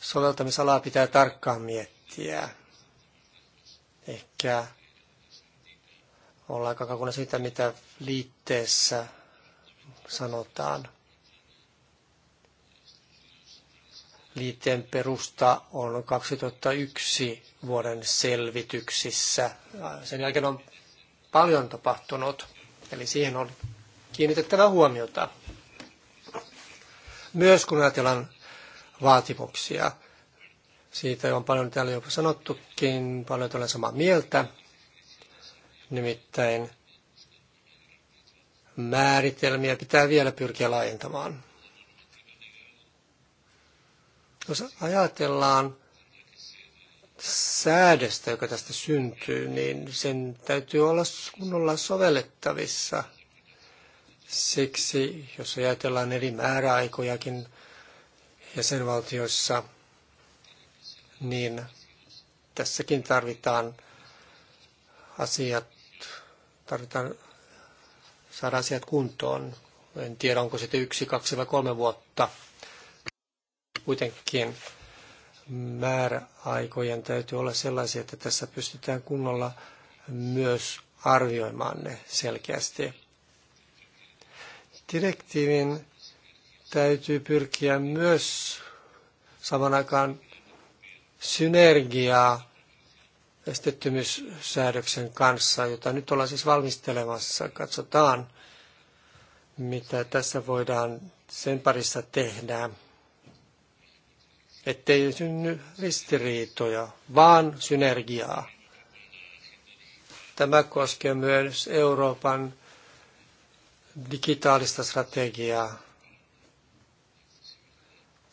soveltamisalaa pitää tarkkaan miettiä. Ehkä ollaan kaukana siitä, mitä liitteessä sanotaan. Liitteen perusta on 2001 vuoden selvityksissä. Sen jälkeen on paljon tapahtunut, eli siihen on kiinnitettävä huomiota. Myös kun ajatellaan vaatimuksia, siitä on paljon täällä jo sanottukin, paljon olen samaa mieltä, nimittäin määritelmiä pitää vielä pyrkiä laajentamaan. Jos ajatellaan säädöstä, joka tästä syntyy, niin sen täytyy olla kunnolla sovellettavissa. Siksi, jos ajatellaan eri määräaikojakin jäsenvaltioissa, niin tässäkin tarvitaan asiat, tarvitaan saada asiat kuntoon. En tiedä, onko se yksi, kaksi vai kolme vuotta. Kuitenkin määräaikojen täytyy olla sellaisia, että tässä pystytään kunnolla myös arvioimaan ne selkeästi. Direktiivin täytyy pyrkiä myös saman aikaan synergiaa estettömyyssäädöksen kanssa, jota nyt ollaan siis valmistelemassa. Katsotaan, mitä tässä voidaan sen parissa tehdä ettei synny ristiriitoja, vaan synergiaa. Tämä koskee myös Euroopan digitaalista strategiaa.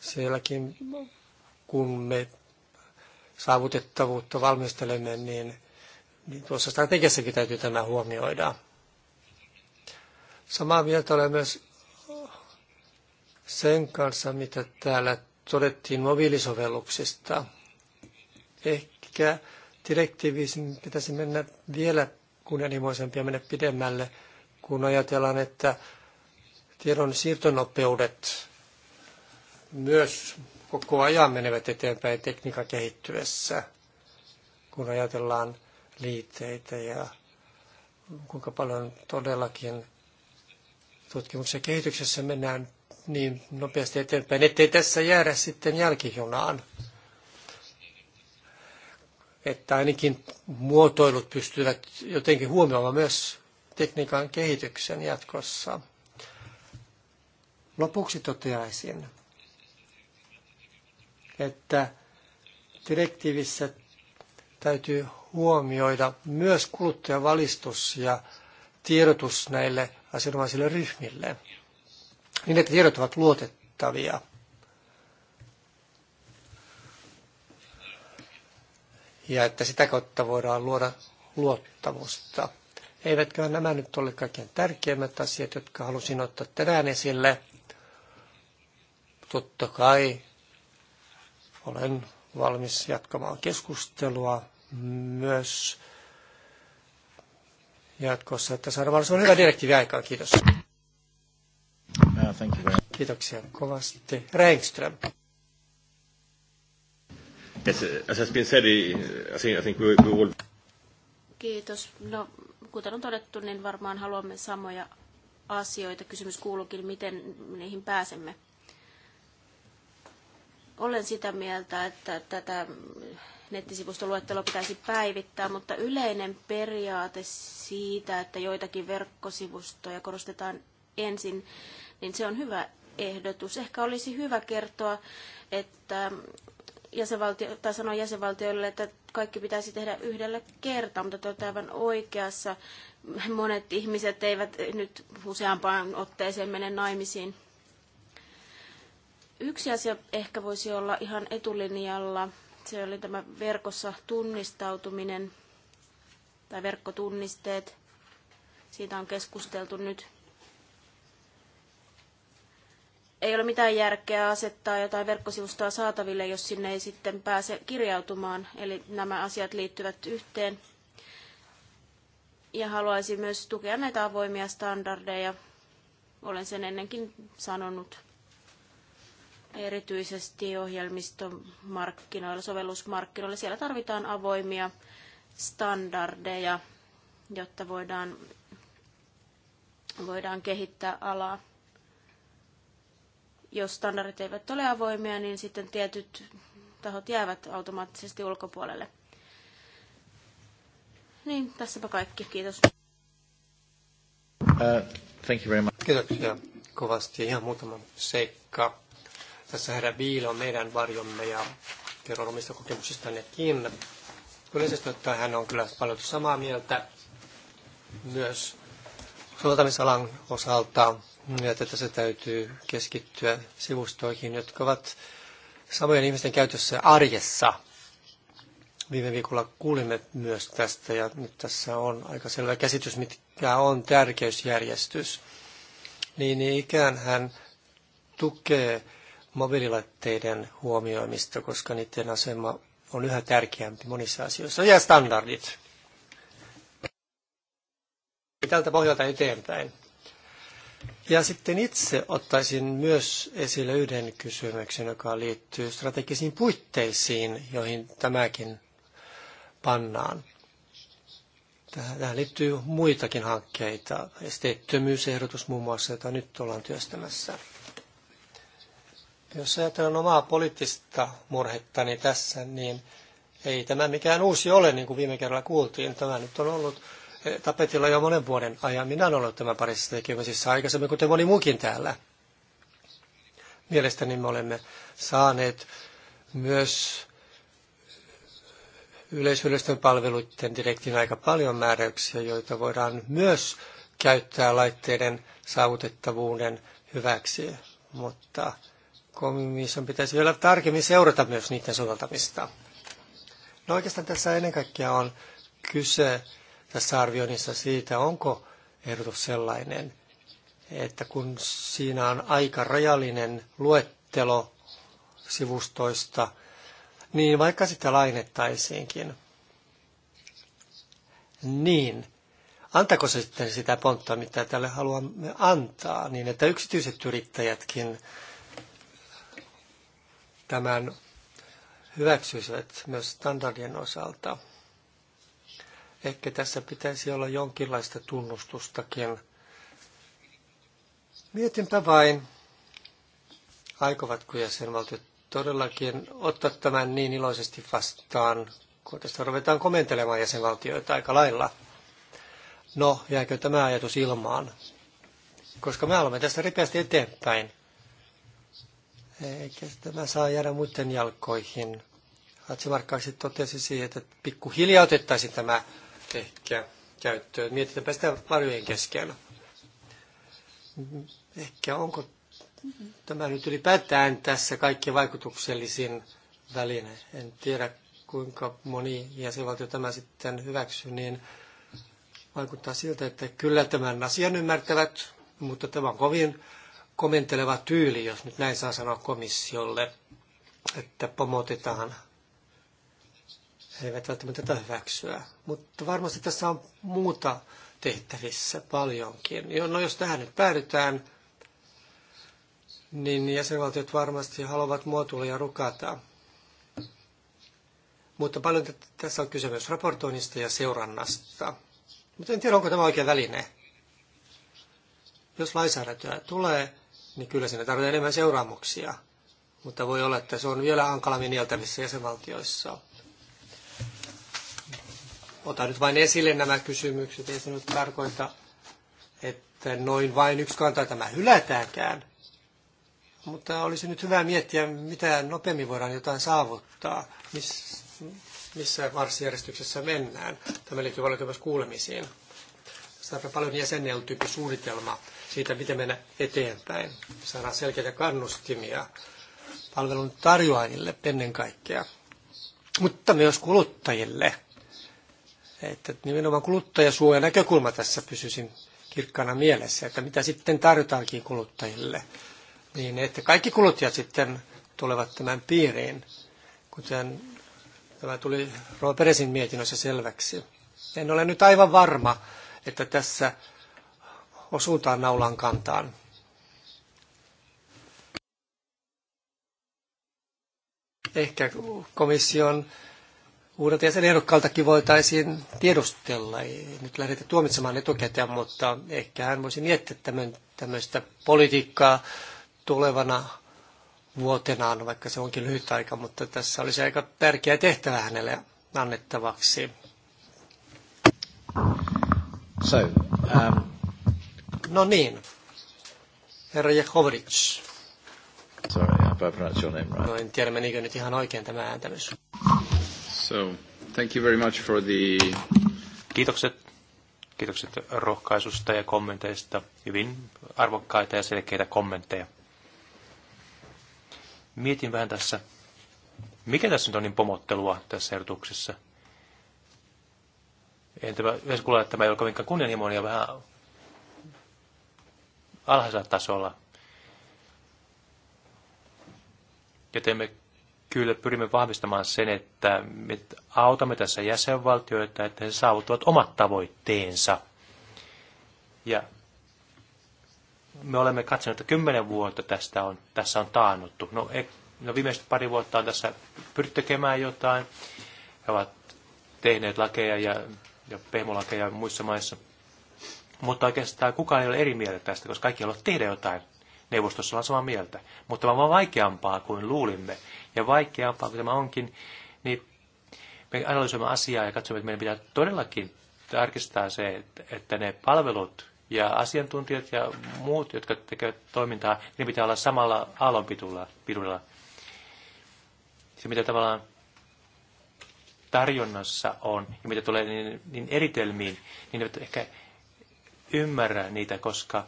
Sielläkin, kun me saavutettavuutta valmistelemme, niin, niin tuossa strategiassakin täytyy tämä huomioida. Samaa mieltä olen myös sen kanssa, mitä täällä todettiin mobiilisovelluksista. Ehkä direktiivisin pitäisi mennä vielä kunnianhimoisempia mennä pidemmälle, kun ajatellaan, että tiedon siirtonopeudet myös koko ajan menevät eteenpäin tekniikan kehittyessä, kun ajatellaan liitteitä ja kuinka paljon todellakin tutkimuksen kehityksessä mennään niin nopeasti eteenpäin, ettei tässä jäädä sitten jälkijunaan. Että ainakin muotoilut pystyvät jotenkin huomioimaan myös tekniikan kehityksen jatkossa. Lopuksi toteaisin, että direktiivissä täytyy huomioida myös kuluttajavalistus ja tiedotus näille asianomaisille ryhmille niin ne tiedot ovat luotettavia. Ja että sitä kautta voidaan luoda luottamusta. Eivätkö nämä nyt ole kaikkein tärkeimmät asiat, jotka halusin ottaa tänään esille. Totta kai olen valmis jatkamaan keskustelua myös jatkossa, että saadaan mahdollisimman hyvä direktiivi aikaan. Kiitos. Thank you very much. Kiitoksia kovasti. Reikström. Yes, uh, as has been said, uh, I think, we, we all... Kiitos. No, kuten on todettu, niin varmaan haluamme samoja asioita. Kysymys kuuluukin, miten niihin pääsemme. Olen sitä mieltä, että tätä nettisivustoluetteloa pitäisi päivittää, mutta yleinen periaate siitä, että joitakin verkkosivustoja korostetaan ensin, niin se on hyvä ehdotus. Ehkä olisi hyvä kertoa, että jäsenvaltio, tai sanoa jäsenvaltioille, että kaikki pitäisi tehdä yhdellä kertaa, mutta te aivan oikeassa. Monet ihmiset eivät nyt useampaan otteeseen mene naimisiin. Yksi asia ehkä voisi olla ihan etulinjalla. Se oli tämä verkossa tunnistautuminen tai verkkotunnisteet. Siitä on keskusteltu nyt. ei ole mitään järkeä asettaa jotain verkkosivustoa saataville, jos sinne ei sitten pääse kirjautumaan. Eli nämä asiat liittyvät yhteen. Ja haluaisin myös tukea näitä avoimia standardeja. Olen sen ennenkin sanonut erityisesti ohjelmistomarkkinoilla, sovellusmarkkinoilla. Siellä tarvitaan avoimia standardeja, jotta voidaan, voidaan kehittää alaa. Jos standardit eivät ole avoimia, niin sitten tietyt tahot jäävät automaattisesti ulkopuolelle. Niin, tässäpä kaikki. Kiitos. Uh, thank you very much. Kiitoksia kovasti. Ihan muutama seikka. Tässä herra Viilo on meidän varjomme ja kerron omista kokemuksistannekin. Yleisesti ottaen hän on kyllä paljon samaa mieltä myös soveltamisalan osalta ja että tässä täytyy keskittyä sivustoihin, jotka ovat samojen ihmisten käytössä arjessa. Viime viikolla kuulimme myös tästä ja nyt tässä on aika selvä käsitys, mitkä on tärkeysjärjestys. Niin ikään hän tukee mobiililaitteiden huomioimista, koska niiden asema on yhä tärkeämpi monissa asioissa. Ja standardit. Tältä pohjalta eteenpäin. Ja sitten itse ottaisin myös esille yhden kysymyksen, joka liittyy strategisiin puitteisiin, joihin tämäkin pannaan. Tähän liittyy muitakin hankkeita, esteettömyysehdotus muun muassa, jota nyt ollaan työstämässä. Jos ajatellaan omaa poliittista murhettani niin tässä, niin ei tämä mikään uusi ole, niin kuin viime kerralla kuultiin. Tämä nyt on ollut tapetilla jo monen vuoden ajan. Minä olen ollut tämän parissa tekemisissä aikaisemmin, kuten moni muukin täällä. Mielestäni me olemme saaneet myös yleishyödyllisten palveluiden direktiin aika paljon määräyksiä, joita voidaan myös käyttää laitteiden saavutettavuuden hyväksi, mutta komission pitäisi vielä tarkemmin seurata myös niiden soveltamista. No oikeastaan tässä ennen kaikkea on kyse tässä arvioinnissa siitä, onko ehdotus sellainen, että kun siinä on aika rajallinen luettelo sivustoista, niin vaikka sitä lainettaisiinkin, niin antako se sitten sitä pontta, mitä tälle haluamme antaa, niin että yksityiset yrittäjätkin tämän hyväksyisivät myös standardien osalta. Ehkä tässä pitäisi olla jonkinlaista tunnustustakin. Mietinpä vain, aikovatko jäsenvaltiot todellakin ottaa tämän niin iloisesti vastaan, kun tästä ruvetaan komentelemaan jäsenvaltioita aika lailla. No, jääkö tämä ajatus ilmaan? Koska me olemme tästä ripeästi eteenpäin. Eikä tämä saa jäädä muiden jalkoihin. Hatsimarkkaaksi totesi siihen, että pikkuhiljaa otettaisiin tämä ehkä käyttöön. Mietitäänpä sitä varjojen keskellä. Ehkä onko tämä nyt ylipäätään tässä kaikki vaikutuksellisin väline. En tiedä kuinka moni jäsenvaltio tämä sitten hyväksyy, niin vaikuttaa siltä, että kyllä tämän asian ymmärtävät, mutta tämä on kovin komenteleva tyyli, jos nyt näin saa sanoa komissiolle, että pomotetaan he eivät välttämättä tätä hyväksyä. Mutta varmasti tässä on muuta tehtävissä paljonkin. No jos tähän nyt päädytään, niin jäsenvaltiot varmasti haluavat ja rukata. Mutta paljon tässä on kyse myös raportoinnista ja seurannasta. Mutta en tiedä, onko tämä oikea väline. Jos lainsäädäntöä tulee, niin kyllä sinne tarvitaan enemmän seuraamuksia. Mutta voi olla, että se on vielä hankalammin nieltävissä jäsenvaltioissa. Otan nyt vain esille nämä kysymykset. Ei se nyt tarkoita, että noin vain yksi kanta tämä hylätäänkään. Mutta olisi nyt hyvä miettiä, mitä nopeammin voidaan jotain saavuttaa, miss, missä varsijärjestyksessä mennään. Tämä liittyy paljon myös kuulemisiin. Tässä on paljon jäsennelty suunnitelma siitä, miten mennä eteenpäin. Saadaan selkeitä kannustimia palvelun tarjoajille ennen kaikkea, mutta myös kuluttajille. Että nimenomaan kuluttajasuojan näkökulma tässä pysyisin kirkkana mielessä, että mitä sitten tarjotaankin kuluttajille. Niin, että kaikki kuluttajat sitten tulevat tämän piiriin, kuten tämä tuli Rova Peresin mietinnössä selväksi. En ole nyt aivan varma, että tässä osuutaan naulan kantaan. Ehkä komission uudelta jäsenehdokkaaltakin voitaisiin tiedustella. Ei nyt lähdetä tuomitsemaan etukäteen, mutta ehkä hän voisi miettiä tämän, tämmöistä politiikkaa tulevana vuotenaan, vaikka se onkin lyhyt aika, mutta tässä olisi aika tärkeä tehtävä hänelle annettavaksi. So, um... No niin, herra Jehovic. Sorry, I pronounced your name right. No en tiedä, menikö nyt ihan oikein tämä ääntämys thank you very much for the... Kiitokset. Kiitokset rohkaisusta ja kommenteista. Hyvin arvokkaita ja selkeitä kommentteja. Mietin vähän tässä, mikä tässä nyt on niin pomottelua tässä ehdotuksessa. Entä mä yleensä kuule, että tämä ei ole kovinkaan kunnianhimoinen ja vähän alhaisella tasolla. Ja teemme kyllä pyrimme vahvistamaan sen, että me autamme tässä jäsenvaltioita, että he saavuttavat omat tavoitteensa. Ja me olemme katsoneet, että kymmenen vuotta tästä on, tässä on taannuttu. No, e- no viimeiset pari vuotta on tässä pyritty tekemään jotain. He ovat tehneet lakeja ja, ja pehmolakeja muissa maissa. Mutta oikeastaan kukaan ei ole eri mieltä tästä, koska kaikki haluavat tehdä jotain neuvostossa ollaan samaa mieltä. Mutta tämä on vaikeampaa kuin luulimme. Ja vaikeampaa kuin tämä onkin, niin me analysoimme asiaa ja katsomme, että meidän pitää todellakin tarkistaa se, että ne palvelut ja asiantuntijat ja muut, jotka tekevät toimintaa, niin pitää olla samalla aallonpituudella. Se, mitä tavallaan tarjonnassa on ja mitä tulee niin, niin eritelmiin, niin ne ehkä ymmärrä niitä, koska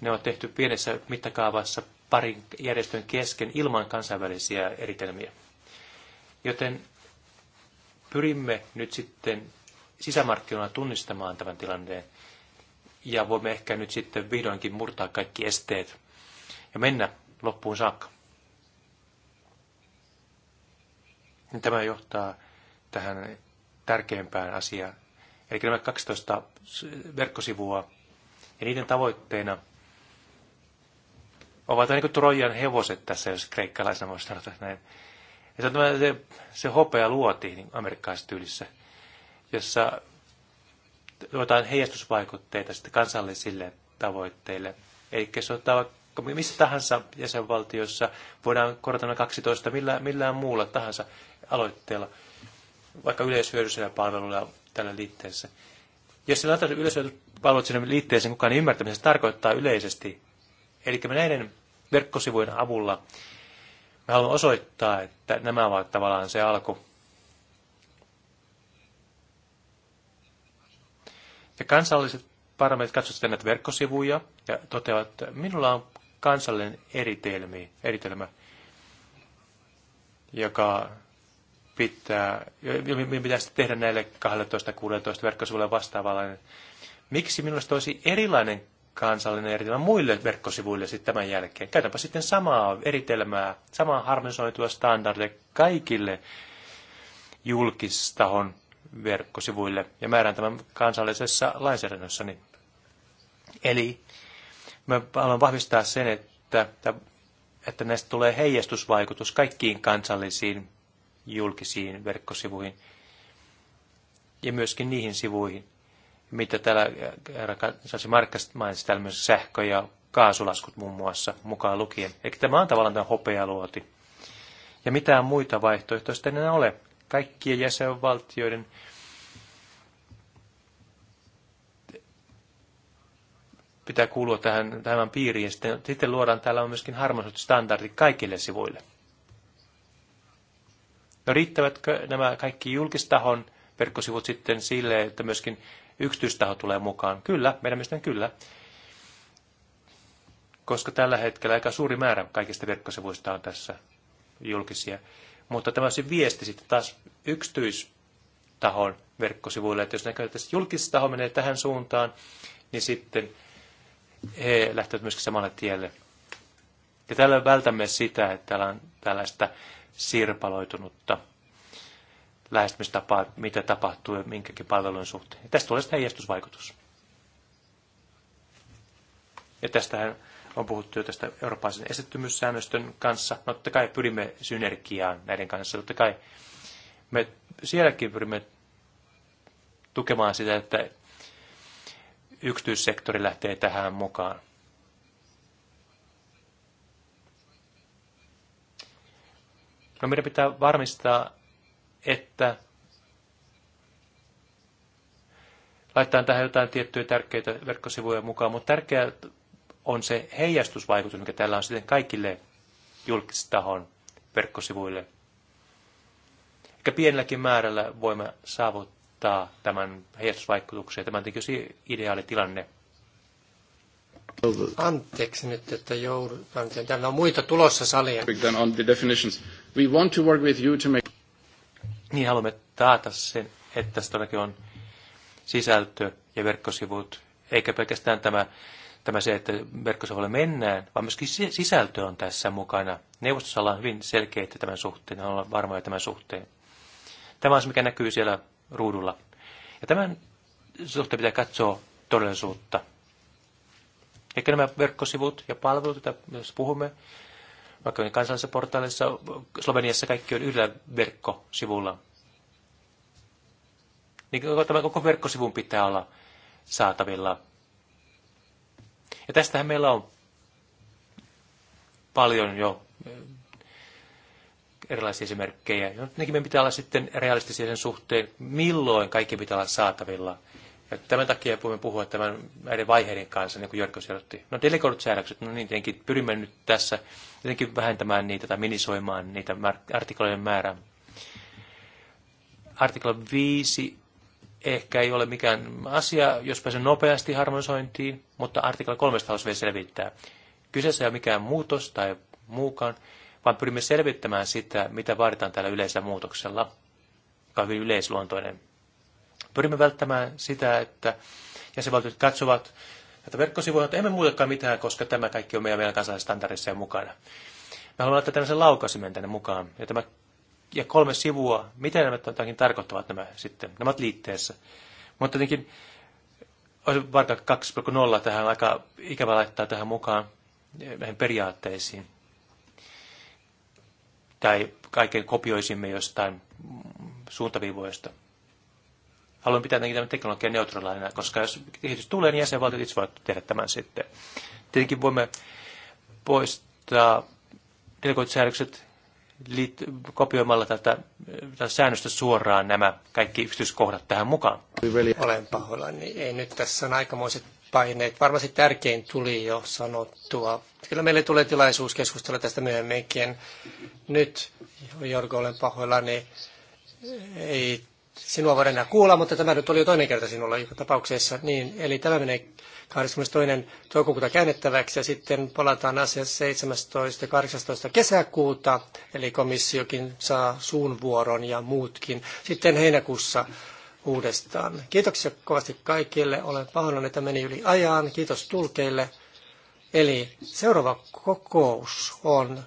ne on tehty pienessä mittakaavassa parin järjestön kesken ilman kansainvälisiä eritelmiä. Joten pyrimme nyt sitten sisämarkkinoilla tunnistamaan tämän tilanteen ja voimme ehkä nyt sitten vihdoinkin murtaa kaikki esteet ja mennä loppuun saakka. Niin tämä johtaa tähän tärkeimpään asiaan. Eli nämä 12 verkkosivua ja niiden tavoitteena – ovat niin kuin Trojan hevoset tässä, jos kreikkalaisena voisi sanoa näin. Ja se, on se, se hopea luotiin niin amerikkalaisessa tyylissä, jossa luotaan heijastusvaikutteita sitten kansallisille tavoitteille. Eli se ottaa vaikka missä tahansa jäsenvaltiossa, voidaan korottaa 12 millään, millään muulla tahansa aloitteella, vaikka yleishyödyllisellä palvelulla tällä liitteessä. Jos se on yleishyödyllisellä palvelulla sinne liitteeseen, kukaan ei ymmärtää, mitä se tarkoittaa yleisesti Eli me näiden verkkosivujen avulla me haluamme osoittaa, että nämä ovat tavallaan se alku. Ja kansalliset parametrit katsovat sitten näitä verkkosivuja ja toteavat, että minulla on kansallinen eritelmi, eritelmä, joka pitää, minun pitäisi tehdä näille 12-16 verkkosivuille vastaavanlainen. Miksi minulla olisi erilainen kansallinen eritelmä muille verkkosivuille sitten tämän jälkeen. Käytäpä sitten samaa eritelmää, samaa harmonisoitua standardia kaikille julkistahon verkkosivuille ja määrään tämän kansallisessa lainsäädännössä. Eli mä haluan vahvistaa sen, että, että näistä tulee heijastusvaikutus kaikkiin kansallisiin julkisiin verkkosivuihin ja myöskin niihin sivuihin, mitä täällä äh, Sasi Markkas mainitsi, täällä myös sähkö- ja kaasulaskut muun muassa mukaan lukien. Eli tämä on tavallaan tämä hopealuoti. Ja mitään muita vaihtoehtoja sitten enää ole. Kaikkien jäsenvaltioiden pitää kuulua tähän, tämän piiriin. Sitten, sitten luodaan täällä on myöskin harmonisoitu standardit kaikille sivuille. No riittävätkö nämä kaikki julkistahon verkkosivut sitten sille, että myöskin yksityistaho tulee mukaan. Kyllä, meidän mielestämme kyllä. Koska tällä hetkellä aika suuri määrä kaikista verkkosivuista on tässä julkisia. Mutta tämä se viesti sitten taas yksityistahon verkkosivuille, että jos näkyy, että taho menee tähän suuntaan, niin sitten he lähtevät myöskin samalle tielle. Ja tällöin vältämme sitä, että täällä on tällaista sirpaloitunutta lähestymistapaa, mitä tapahtuu minkäkin palvelun suhteen. Ja tästä tulee sitten heijastusvaikutus. Ja tästähän on puhuttu jo tästä Euroopan esittymyssäännöstön kanssa. No, totta kai pyrimme synergiaan näiden kanssa. Totta kai me sielläkin pyrimme tukemaan sitä, että yksityissektori lähtee tähän mukaan. No, meidän pitää varmistaa, että laittaa tähän jotain tiettyjä tärkeitä verkkosivuja mukaan, mutta tärkeää on se heijastusvaikutus, mikä tällä on sitten kaikille julkistahon verkkosivuille. Ehkä pienelläkin määrällä voimme saavuttaa tämän heijastusvaikutuksen. Tämä on tietysti ideaali tilanne. Anteeksi nyt, että joudutaan. Täällä on muita tulossa salia. We want to work with you to make niin haluamme taata sen, että tässä todellakin on sisältö ja verkkosivut, eikä pelkästään tämä, tämä se, että verkkosivuille mennään, vaan myöskin sisältö on tässä mukana. Neuvostossa ollaan hyvin selkeitä tämän suhteen, ollaan varmoja tämän suhteen. Tämä on se, mikä näkyy siellä ruudulla. Ja tämän suhteen pitää katsoa todellisuutta. Ehkä nämä verkkosivut ja palvelut, joita puhumme, vaikka kansallisessa portaalissa Sloveniassa kaikki on yhdellä verkkosivulla. Niin tämä koko verkkosivun pitää olla saatavilla. Ja tästähän meillä on paljon jo eh, erilaisia esimerkkejä. No, nekin meidän pitää olla sitten realistisia sen suhteen, milloin kaikki pitää olla saatavilla. Ja tämän takia voimme puhua tämän näiden vaiheiden kanssa, niin kuin Jörkö selotti. No delegoidut säädökset, no niin tietenkin pyrimme nyt tässä jotenkin vähentämään niitä tai minisoimaan niitä artiklojen määrää. Artikla 5 ehkä ei ole mikään asia, jos pääsen nopeasti harmonisointiin, mutta artikla 3 haluaisin vielä selvittää. Kyseessä ei ole mikään muutos tai muukaan, vaan pyrimme selvittämään sitä, mitä vaaditaan tällä yleisellä muutoksella, joka on hyvin yleisluontoinen Pyrimme välttämään sitä, että jäsenvaltiot katsovat että verkkosivuja, että emme muutakaan mitään, koska tämä kaikki on meidän vielä kansalaisstandardissa mukana. Me haluamme laittaa tällaisen laukaisimen tänne mukaan. Ja, tämä, ja kolme sivua, mitä nämä jotakin tarkoittavat nämä sitten. Nämä ovat liitteessä. Mutta tietenkin olisi vaikka 2.0 tähän aika ikävä laittaa tähän mukaan eh, näihin periaatteisiin. Tai kaiken kopioisimme jostain suuntaviivoista haluan pitää tietenkin tämän teknologian neutraalina, koska jos kehitys tulee, niin jäsenvaltiot itse voivat tehdä tämän sitten. Tietenkin voimme poistaa delegoitusäädökset kopioimalla tätä, tätä säännöstä suoraan nämä kaikki yksityiskohdat tähän mukaan. Olen niin Ei nyt tässä on aikamoiset paineet. Varmasti tärkein tuli jo sanottua. Kyllä meille tulee tilaisuus keskustella tästä myöhemminkin. Nyt, Jorgo, olen niin Ei sinua voida enää kuulla, mutta tämä nyt oli jo toinen kerta sinulla joka tapauksessa. Niin, eli tämä menee 22. toukokuuta käännettäväksi ja sitten palataan asiassa 17. 18. kesäkuuta, eli komissiokin saa suun vuoron ja muutkin. Sitten heinäkuussa uudestaan. Kiitoksia kovasti kaikille. Olen pahoillani, että meni yli ajan. Kiitos tulkeille. Eli seuraava kokous on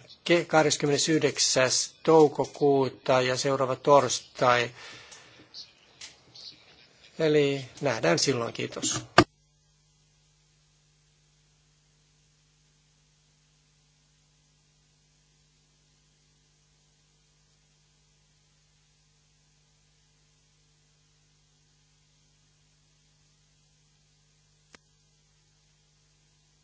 29. toukokuuta ja seuraava torstai Eli nähdään silloin. Kiitos.